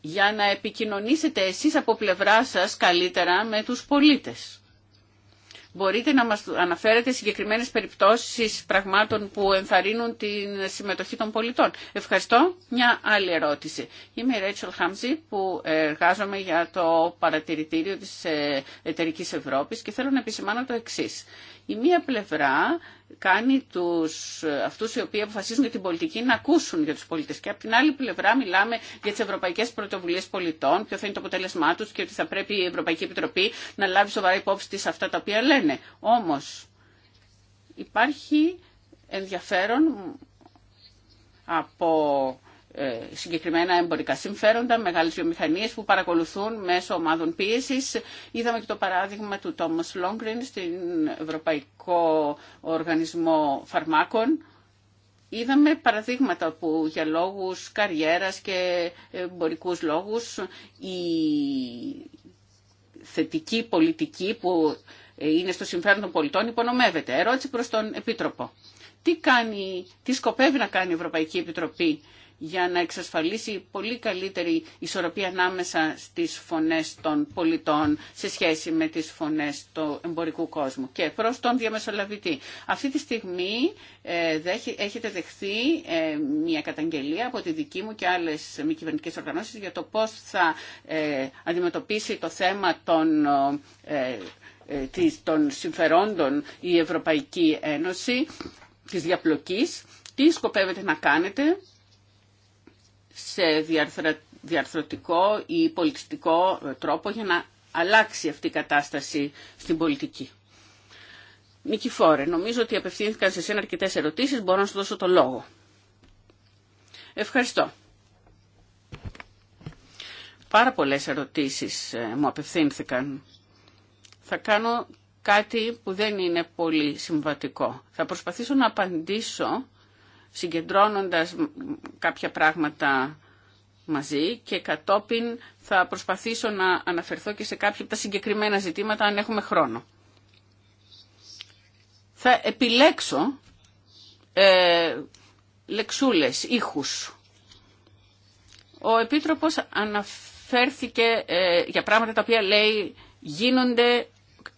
για να επικοινωνήσετε εσείς από πλευρά σας καλύτερα με τους πολίτες. Μπορείτε να μας αναφέρετε συγκεκριμένες περιπτώσεις πραγμάτων που ενθαρρύνουν τη συμμετοχή των πολιτών. Ευχαριστώ. Μια άλλη ερώτηση. Είμαι η Ρέτσολ Χάμζη που εργάζομαι για το παρατηρητήριο της ε, Εταιρικής Ευρώπης και θέλω να επισημάνω το εξής. Η μία πλευρά κάνει τους, αυτούς οι οποίοι αποφασίζουν για την πολιτική να ακούσουν για τους πολίτες και από την άλλη πλευρά μιλάμε για τις ευρωπαϊκές πρωτοβουλίες πολιτών, ποιο θα είναι το αποτέλεσμά τους και ότι θα πρέπει η Ευρωπαϊκή Επιτροπή να λάβει σοβαρά υπόψη της αυτά τα οποία λένε. Όμως υπάρχει ενδιαφέρον από ε, συγκεκριμένα εμπορικά συμφέροντα, μεγάλες βιομηχανίες που παρακολουθούν μέσω ομάδων πίεσης. Είδαμε και το παράδειγμα του Thomas Λόγκριν στην Ευρωπαϊκό Οργανισμό Φαρμάκων. Είδαμε παραδείγματα που για λόγους καριέρας και εμπορικούς λόγους η θετική πολιτική που είναι στο συμφέρον των πολιτών υπονομεύεται. Ερώτηση προς τον Επίτροπο. Τι, κάνει, τι σκοπεύει να κάνει η Ευρωπαϊκή Επιτροπή για να εξασφαλίσει πολύ καλύτερη ισορροπία ανάμεσα στις φωνές των πολιτών σε σχέση με τις φωνές του εμπορικού κόσμου και προς τον διαμεσολαβητή. Αυτή τη στιγμή ε, έχετε δεχθεί ε, μια καταγγελία από τη δική μου και άλλες μη κυβερνητικέ οργανώσεις για το πώς θα ε, αντιμετωπίσει το θέμα των των συμφερόντων η Ευρωπαϊκή Ένωση, της διαπλοκής, τι σκοπεύετε να κάνετε σε διαρθρωτικό ή πολιτιστικό τρόπο για να αλλάξει αυτή η κατάσταση στην πολιτική. Φόρε, νομίζω ότι απευθύνθηκαν σε σένα αρκετές ερωτήσεις, μπορώ να σου δώσω το λόγο. Ευχαριστώ. Πάρα πολλές ερωτήσεις ε, μου απευθύνθηκαν. Θα κάνω κάτι που δεν είναι πολύ συμβατικό. Θα προσπαθήσω να απαντήσω συγκεντρώνοντας κάποια πράγματα μαζί και κατόπιν θα προσπαθήσω να αναφερθώ και σε κάποια από τα συγκεκριμένα ζητήματα αν έχουμε χρόνο. Θα επιλέξω ε, λεξούλες, ήχους. Ο Επίτροπος αναφέρθηκε ε, για πράγματα τα οποία λέει γίνονται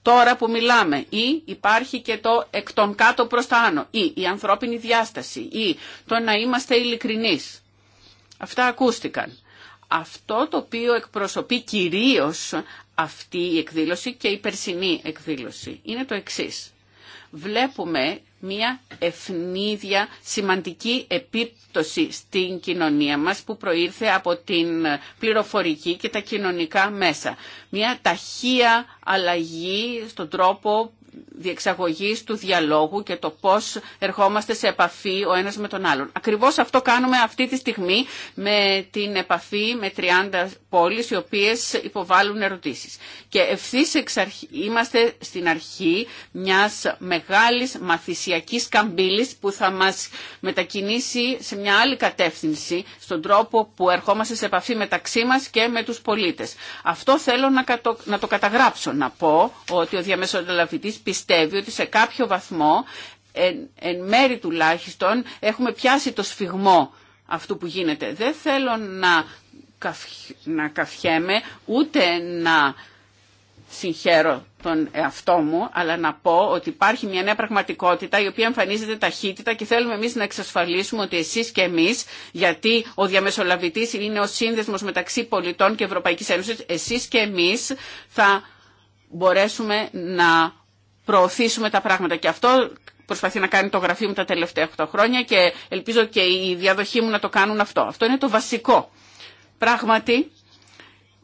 τώρα που μιλάμε ή υπάρχει και το εκ των κάτω προς τα άνω ή η ανθρώπινη διάσταση ή το να είμαστε ειλικρινείς. Αυτά ακούστηκαν. Αυτό το οποίο εκπροσωπεί κυρίως αυτή η εκδήλωση και η περσινή εκδήλωση είναι το εξής βλέπουμε μια ευνίδια σημαντική επίπτωση στην κοινωνία μας που προήρθε από την πληροφορική και τα κοινωνικά μέσα. Μια ταχεία αλλαγή στον τρόπο διεξαγωγής του διαλόγου και το πώς ερχόμαστε σε επαφή ο ένας με τον άλλον. Ακριβώς αυτό κάνουμε αυτή τη στιγμή με την επαφή με 30 πόλεις οι οποίες υποβάλλουν ερωτήσεις. Και ευθύς είμαστε στην αρχή μιας μεγάλης μαθησιακής καμπύλης που θα μας μετακινήσει σε μια άλλη κατεύθυνση στον τρόπο που ερχόμαστε σε επαφή μεταξύ μας και με τους πολίτες. Αυτό θέλω να το καταγράψω, να πω ότι ο διαμεσολαβητής πιστεύει ότι σε κάποιο βαθμό, εν, εν μέρη τουλάχιστον, έχουμε πιάσει το σφιγμό αυτού που γίνεται. Δεν θέλω να, καφ, να ούτε να συγχαίρω τον εαυτό μου, αλλά να πω ότι υπάρχει μια νέα πραγματικότητα η οποία εμφανίζεται ταχύτητα και θέλουμε εμείς να εξασφαλίσουμε ότι εσείς και εμείς, γιατί ο διαμεσολαβητής είναι ο σύνδεσμος μεταξύ πολιτών και Ευρωπαϊκής Ένωσης, εσείς και εμείς θα μπορέσουμε να προωθήσουμε τα πράγματα. Και αυτό προσπαθεί να κάνει το γραφείο μου τα τελευταία 8 χρόνια και ελπίζω και η διαδοχή μου να το κάνουν αυτό. Αυτό είναι το βασικό. Πράγματι,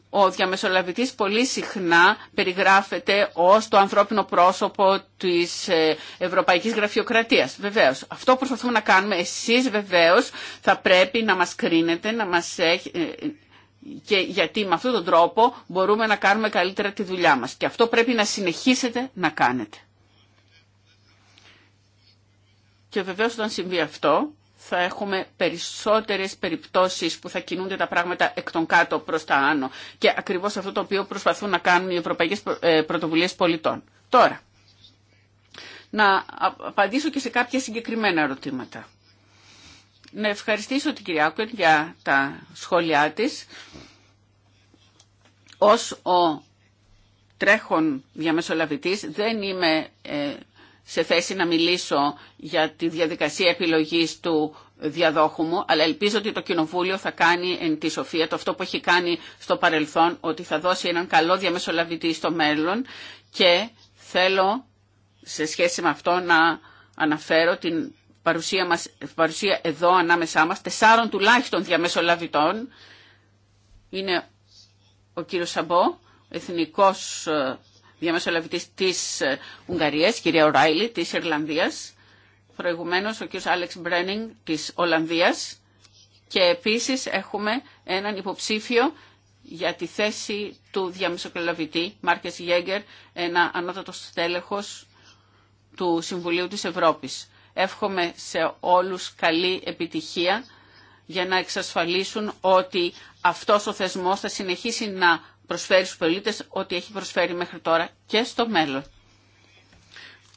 ο διαμεσολαβητής πολύ συχνά περιγράφεται ως το ανθρώπινο πρόσωπο της ε, Ευρωπαϊκής Γραφειοκρατίας. Βεβαίως. Αυτό προσπαθούμε να κάνουμε. Εσείς βεβαίως θα πρέπει να μας κρίνετε, να μας ε, και γιατί με αυτόν τον τρόπο μπορούμε να κάνουμε καλύτερα τη δουλειά μας. Και αυτό πρέπει να συνεχίσετε να κάνετε. Και βεβαίως όταν συμβεί αυτό θα έχουμε περισσότερες περιπτώσεις που θα κινούνται τα πράγματα εκ των κάτω προς τα άνω. Και ακριβώς αυτό το οποίο προσπαθούν να κάνουν οι Ευρωπαϊκές ε, Πρωτοβουλίες Πολιτών. Τώρα, να απαντήσω και σε κάποια συγκεκριμένα ερωτήματα να ευχαριστήσω την κυρία Κουέν για τα σχόλιά της. Ως ο τρέχον διαμεσολαβητής δεν είμαι ε, σε θέση να μιλήσω για τη διαδικασία επιλογής του διαδόχου μου, αλλά ελπίζω ότι το Κοινοβούλιο θα κάνει εν τη σοφία το αυτό που έχει κάνει στο παρελθόν, ότι θα δώσει έναν καλό διαμεσολαβητή στο μέλλον και θέλω σε σχέση με αυτό να αναφέρω την παρουσία, μας, παρουσία εδώ ανάμεσά μας, τεσσάρων τουλάχιστον διαμεσολαβητών, είναι ο κύριος Σαμπό, εθνικός ε, διαμεσολαβητής της ε, Ουγγαρίας, κυρία Οράιλι της Ιρλανδίας, προηγουμένως ο κύριος Άλεξ Μπρένινγκ της Ολλανδίας και επίσης έχουμε έναν υποψήφιο για τη θέση του διαμεσολαβητή, Μάρκες Γέγκερ, ένα ανώτατο στέλεχος του Συμβουλίου της Ευρώπης. Εύχομαι σε όλους καλή επιτυχία για να εξασφαλίσουν ότι αυτός ο θεσμός θα συνεχίσει να προσφέρει στους πολίτες ό,τι έχει προσφέρει μέχρι τώρα και στο μέλλον.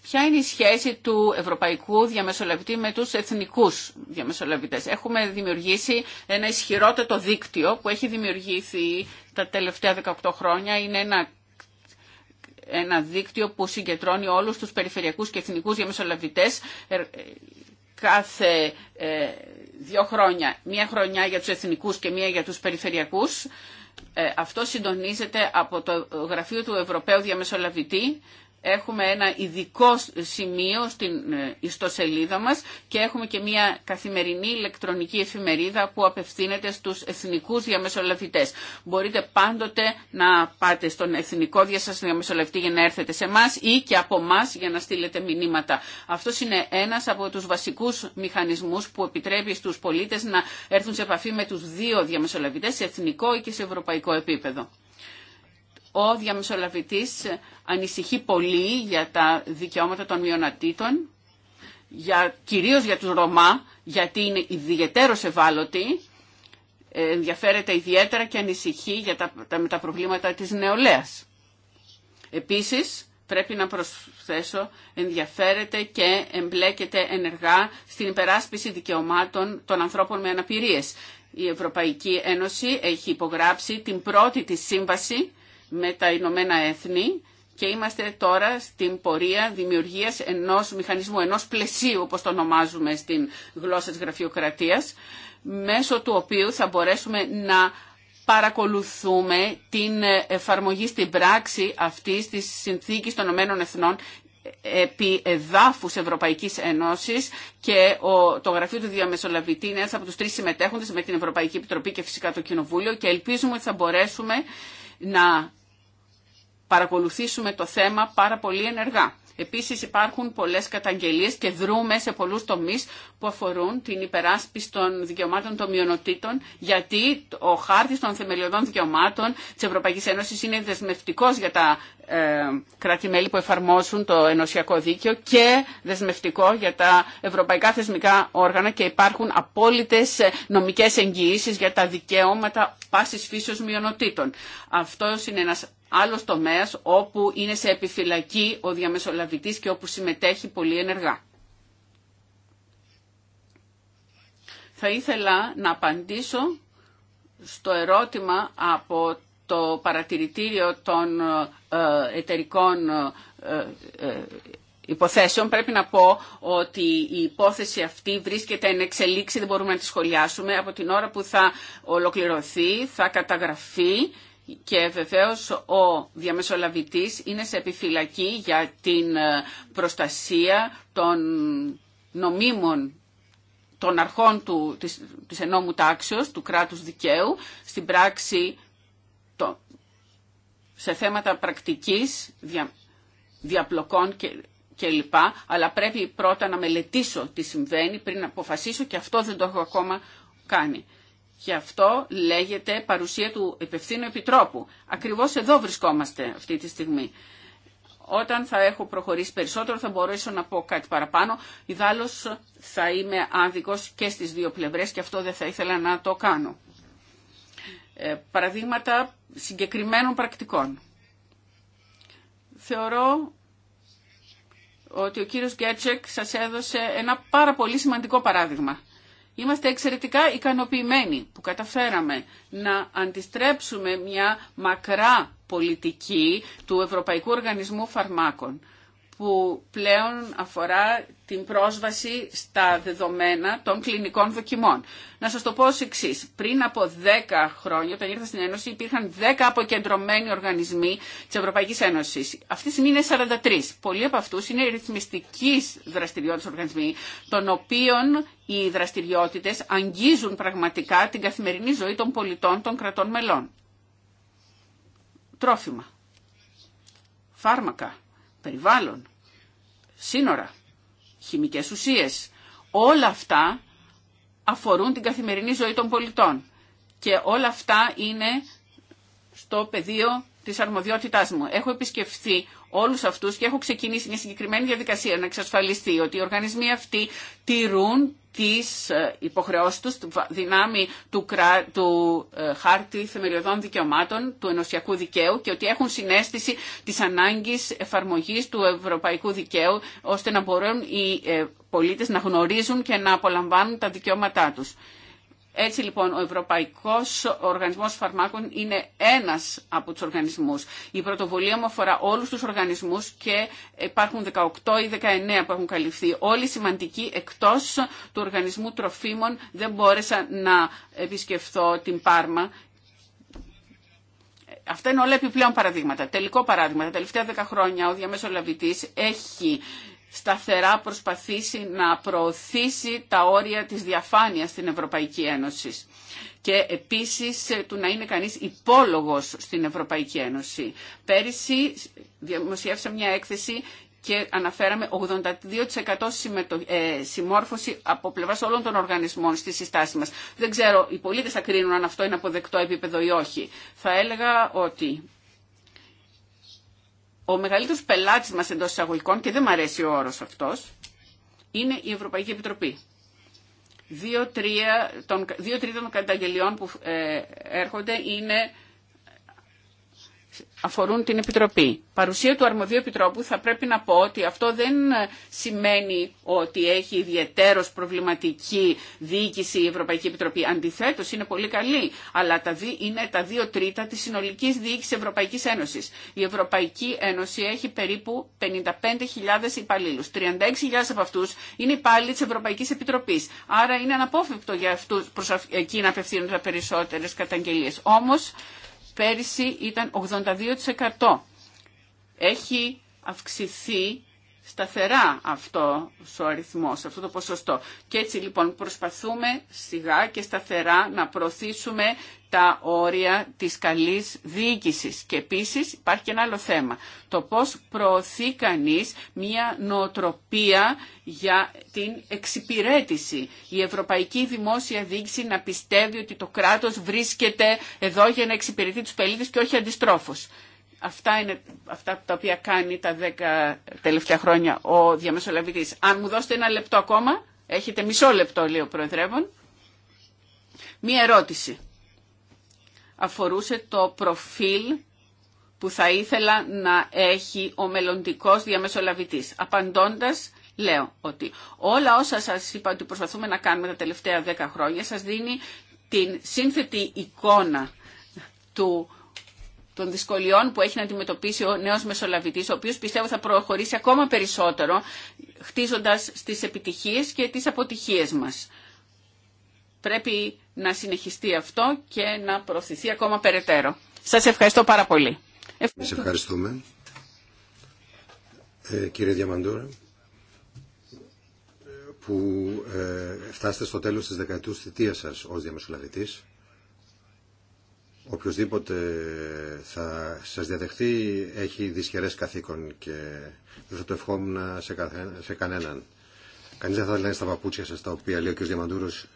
Ποια είναι η σχέση του ευρωπαϊκού διαμεσολαβητή με τους εθνικούς διαμεσολαβητές. Έχουμε δημιουργήσει ένα ισχυρότερο δίκτυο που έχει δημιουργηθεί τα τελευταία 18 χρόνια. Είναι ένα ένα δίκτυο που συγκεντρώνει όλους τους περιφερειακούς και εθνικούς διαμεσολαβητές ε, ε, κάθε ε, δύο χρόνια, μία χρονιά για τους εθνικούς και μία για τους περιφερειακούς. αυτό συντονίζεται από το Γραφείο του Ευρωπαίου Διαμεσολαβητή έχουμε ένα ειδικό σημείο στην ε, ιστοσελίδα μας και έχουμε και μια καθημερινή ηλεκτρονική εφημερίδα που απευθύνεται στους εθνικούς διαμεσολαβητές. Μπορείτε πάντοτε να πάτε στον εθνικό διαμεσολαβητή για να έρθετε σε εμά ή και από εμά για να στείλετε μηνύματα. Αυτό είναι ένας από τους βασικούς μηχανισμούς που επιτρέπει στους πολίτες να έρθουν σε επαφή με τους δύο διαμεσολαβητές σε εθνικό ή και σε ευρωπαϊκό επίπεδο. Ο διαμεσολαβητής ανησυχεί πολύ για τα δικαιώματα των μειονατήτων, για, κυρίως για τους Ρωμά, γιατί είναι ιδιαιτέρως ευάλωτοι, ε, ενδιαφέρεται ιδιαίτερα και ανησυχεί για τα, τα, με τα προβλήματα της νεολαίας. Επίσης, πρέπει να προσθέσω, ενδιαφέρεται και εμπλέκεται ενεργά στην υπεράσπιση δικαιωμάτων των ανθρώπων με αναπηρίες. Η Ευρωπαϊκή Ένωση έχει υπογράψει την πρώτη της σύμβαση με τα Ηνωμένα Έθνη και είμαστε τώρα στην πορεία δημιουργίας ενός μηχανισμού, ενός πλαισίου όπως το ονομάζουμε στην γλώσσα της γραφειοκρατίας, μέσω του οποίου θα μπορέσουμε να παρακολουθούμε την εφαρμογή στην πράξη αυτής της συνθήκης των Ηνωμένων Εθνών επί εδάφους Ευρωπαϊκής Ένωσης και το γραφείο του Διαμεσολαβητή είναι ένας από τους τρεις συμμετέχοντες με την Ευρωπαϊκή Επιτροπή και φυσικά το Κοινοβούλιο και ελπίζουμε ότι θα μπορέσουμε να παρακολουθήσουμε το θέμα πάρα πολύ ενεργά. Επίσης υπάρχουν πολλές καταγγελίες και δρούμε σε πολλούς τομείς που αφορούν την υπεράσπιση των δικαιωμάτων των μειονοτήτων, γιατί ο χάρτης των θεμελιωδών δικαιωμάτων της Ευρωπαϊκής Ένωσης είναι δεσμευτικός για τα ε, κράτη-μέλη που εφαρμόσουν το ενωσιακό δίκαιο και δεσμευτικό για τα ευρωπαϊκά θεσμικά όργανα και υπάρχουν απόλυτες ε, νομικές εγγυήσεις για τα δικαιώματα πάσης φύσεως μειονοτήτων. Αυτός είναι ένας άλλος τομέας όπου είναι σε επιφυλακή ο διαμεσολαβητής και όπου συμμετέχει πολύ ενεργά. Θα ήθελα να απαντήσω στο ερώτημα από το παρατηρητήριο των ε, εταιρικών ε, ε, υποθέσεων. Πρέπει να πω ότι η υπόθεση αυτή βρίσκεται εν εξελίξη, δεν μπορούμε να τη σχολιάσουμε. Από την ώρα που θα ολοκληρωθεί, θα καταγραφεί και βεβαίως ο διαμεσολαβητής είναι σε επιφυλακή για την ε, προστασία των νομίμων των αρχών του, της, ενόμου τάξεως, του κράτους δικαίου, στην πράξη το, σε θέματα πρακτικής, δια, διαπλοκών και, και αλλά πρέπει πρώτα να μελετήσω τι συμβαίνει πριν να αποφασίσω και αυτό δεν το έχω ακόμα κάνει. Γι' αυτό λέγεται παρουσία του υπευθύνου επιτρόπου. Ακριβώς εδώ βρισκόμαστε αυτή τη στιγμή. Όταν θα έχω προχωρήσει περισσότερο θα μπορέσω να πω κάτι παραπάνω. Ιδάλλως θα είμαι άδικος και στις δύο πλευρές και αυτό δεν θα ήθελα να το κάνω. Ε, παραδείγματα συγκεκριμένων πρακτικών. Θεωρώ ότι ο κύριος Γκέτσεκ σας έδωσε ένα πάρα πολύ σημαντικό παράδειγμα. Είμαστε εξαιρετικά ικανοποιημένοι που καταφέραμε να αντιστρέψουμε μια μακρά πολιτική του Ευρωπαϊκού Οργανισμού Φαρμάκων που πλέον αφορά την πρόσβαση στα δεδομένα των κλινικών δοκιμών. Να σας το πω ως εξή. Πριν από 10 χρόνια, όταν ήρθα στην Ένωση, υπήρχαν 10 αποκεντρωμένοι οργανισμοί της Ευρωπαϊκής Ένωσης. Αυτή στιγμή είναι 43. Πολλοί από αυτούς είναι ρυθμιστικοί δραστηριότητες οργανισμοί, των οποίων οι δραστηριότητες αγγίζουν πραγματικά την καθημερινή ζωή των πολιτών των κρατών μελών. Τρόφιμα. Φάρμακα περιβάλλον, σύνορα, χημικές ουσίες. Όλα αυτά αφορούν την καθημερινή ζωή των πολιτών και όλα αυτά είναι στο πεδίο τη αρμοδιότητάς μου. Έχω επισκεφθεί όλους αυτούς και έχω ξεκινήσει μια συγκεκριμένη διαδικασία να εξασφαλιστεί ότι οι οργανισμοί αυτοί τηρούν τις ε, υποχρεώσεις του, δυνάμει του, του ε, χάρτη θεμελιωδών δικαιωμάτων, του ενωσιακού δικαίου και ότι έχουν συνέστηση της ανάγκης εφαρμογής του ευρωπαϊκού δικαίου ώστε να μπορούν οι ε, πολίτες να γνωρίζουν και να απολαμβάνουν τα δικαιώματά του. Έτσι λοιπόν ο Ευρωπαϊκός Οργανισμός Φαρμάκων είναι ένας από τους οργανισμούς. Η πρωτοβουλία μου αφορά όλους τους οργανισμούς και υπάρχουν 18 ή 19 που έχουν καλυφθεί. Όλοι σημαντικοί εκτός του Οργανισμού Τροφίμων δεν μπόρεσα να επισκεφθώ την Πάρμα Αυτά είναι όλα επιπλέον παραδείγματα. Τελικό παράδειγμα, τα τελευταία 10 χρόνια ο διαμεσολαβητής έχει σταθερά προσπαθήσει να προωθήσει τα όρια της διαφάνειας στην Ευρωπαϊκή Ένωση και επίσης ε, του να είναι κανείς υπόλογος στην Ευρωπαϊκή Ένωση. Πέρυσι δημοσιεύσαμε μια έκθεση και αναφέραμε 82% ε, συμμόρφωση από πλευρά όλων των οργανισμών στη συστάση μας. Δεν ξέρω, οι πολίτες θα κρίνουν αν αυτό είναι αποδεκτό επίπεδο ή όχι. Θα έλεγα ότι ο μεγαλύτερος πελάτης μας εντός εισαγωγικών, και δεν μου αρέσει ο όρος αυτός, είναι η Ευρωπαϊκή Επιτροπή. Δύο, τρίτα των καταγγελιών που ε, έρχονται είναι αφορούν την Επιτροπή. Παρουσία του αρμοδίου Επιτρόπου θα πρέπει να πω ότι αυτό δεν σημαίνει ότι έχει καλή, αλλά είναι τα προβληματική διοίκηση η Ευρωπαϊκή Επιτροπή. υπαλλήλου. 36.000 από είναι πολύ καλή, αλλά είναι τα δύο τρίτα τη συνολικη διοικηση ευρωπαικη ενωση Η Ευρωπαϊκή Ένωση έχει περίπου 55.000 υπαλληλου 36.000 από αυτου είναι υπάλληλοι τη ευρωπαικη Επιτροπής. Άρα είναι αναπόφευκτο για αυτούς προ εκεί να απευθύνονται τα περισσοτερε καταγγελιε ομω πέρυσι ήταν 82%. Έχει αυξηθεί σταθερά αυτό ο αριθμό, αυτό το ποσοστό. Και έτσι λοιπόν προσπαθούμε σιγά και σταθερά να προωθήσουμε τα όρια της καλής διοίκησης. Και επίσης υπάρχει και ένα άλλο θέμα, το πώς προωθεί κανείς μια νοοτροπία για την εξυπηρέτηση. Η Ευρωπαϊκή Δημόσια Διοίκηση να πιστεύει ότι το κράτος βρίσκεται εδώ για να εξυπηρετεί τους πελίτες και όχι αντιστρόφως. Αυτά είναι αυτά τα οποία κάνει τα δέκα τελευταία χρόνια ο διαμεσολαβητής. Αν μου δώσετε ένα λεπτό ακόμα, έχετε μισό λεπτό λέει ο Προεδρεύων. Μία ερώτηση αφορούσε το προφίλ που θα ήθελα να έχει ο μελλοντικό διαμεσολαβητής. Απαντώντας λέω ότι όλα όσα σας είπα ότι προσπαθούμε να κάνουμε τα τελευταία δέκα χρόνια σας δίνει την σύνθετη εικόνα του των δυσκολιών που έχει να αντιμετωπίσει ο νέος μεσολαβητής, ο οποίος πιστεύω θα προχωρήσει ακόμα περισσότερο, χτίζοντας στις επιτυχίες και τις αποτυχίες μας. Πρέπει να συνεχιστεί αυτό και να προωθηθεί ακόμα περαιτέρω. Σας ευχαριστώ πάρα πολύ. Σας ευχαριστούμε. Ε, κύριε Διαμαντούρα, που ε, φτάσετε στο τέλος της δεκαετούς θητείας σας ως διαμεσολαβητής οποιοδήποτε θα σας διαδεχτεί έχει δυσχερές καθήκον και δεν θα το ευχόμουν σε, σε κανέναν. Κανείς δεν θα λένε στα παπούτσια σας τα οποία λέει ο κ. Διαμαντούρος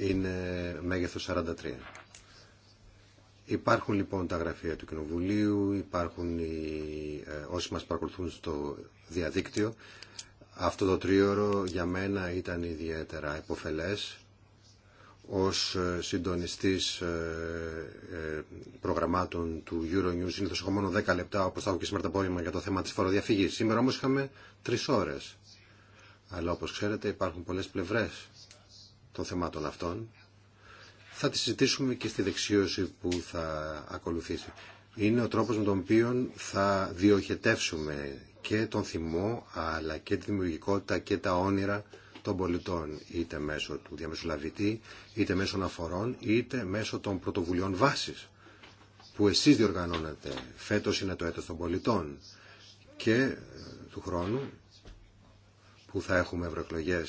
είναι μέγεθος 43. Υπάρχουν λοιπόν τα γραφεία του Κοινοβουλίου, υπάρχουν οι, ε, όσοι μας παρακολουθούν στο διαδίκτυο. Αυτό το τρίωρο για μένα ήταν ιδιαίτερα υποφελές ως ε, συντονιστής ε, ε, προγραμμάτων του Euronews. Συνήθω έχω μόνο 10 λεπτά, όπως θα έχω και σήμερα το απόγευμα, για το θέμα της φοροδιαφυγής. Σήμερα όμως είχαμε 3 ώρες. Αλλά όπως ξέρετε υπάρχουν πολλές πλευρές των θεμάτων αυτών. Θα τις συζητήσουμε και στη δεξίωση που θα ακολουθήσει. Είναι ο τρόπος με τον οποίο θα διοχετεύσουμε και τον θυμό, αλλά και τη δημιουργικότητα και τα όνειρα των πολιτών είτε μέσω του διαμεσολαβητή, είτε μέσω αναφορών, είτε μέσω των πρωτοβουλειών βάσης που εσείς διοργανώνετε. Φέτος είναι το έτος των πολιτών και ε, του χρόνου που θα έχουμε ευρωεκλογέ.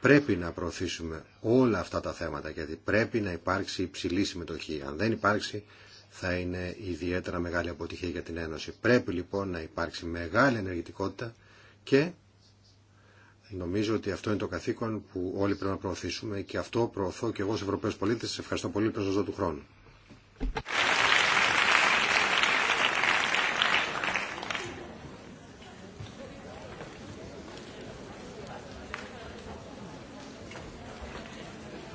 Πρέπει να προωθήσουμε όλα αυτά τα θέματα γιατί πρέπει να υπάρξει υψηλή συμμετοχή. Αν δεν υπάρξει θα είναι ιδιαίτερα μεγάλη αποτυχία για την Ένωση. Πρέπει λοιπόν να υπάρξει μεγάλη ενεργητικότητα και Νομίζω ότι αυτό είναι το καθήκον που όλοι πρέπει να προωθήσουμε και αυτό προωθώ και εγώ σε Ευρωπαίους πολίτες. Σε ευχαριστώ πολύ. Πρέπει να του χρόνου.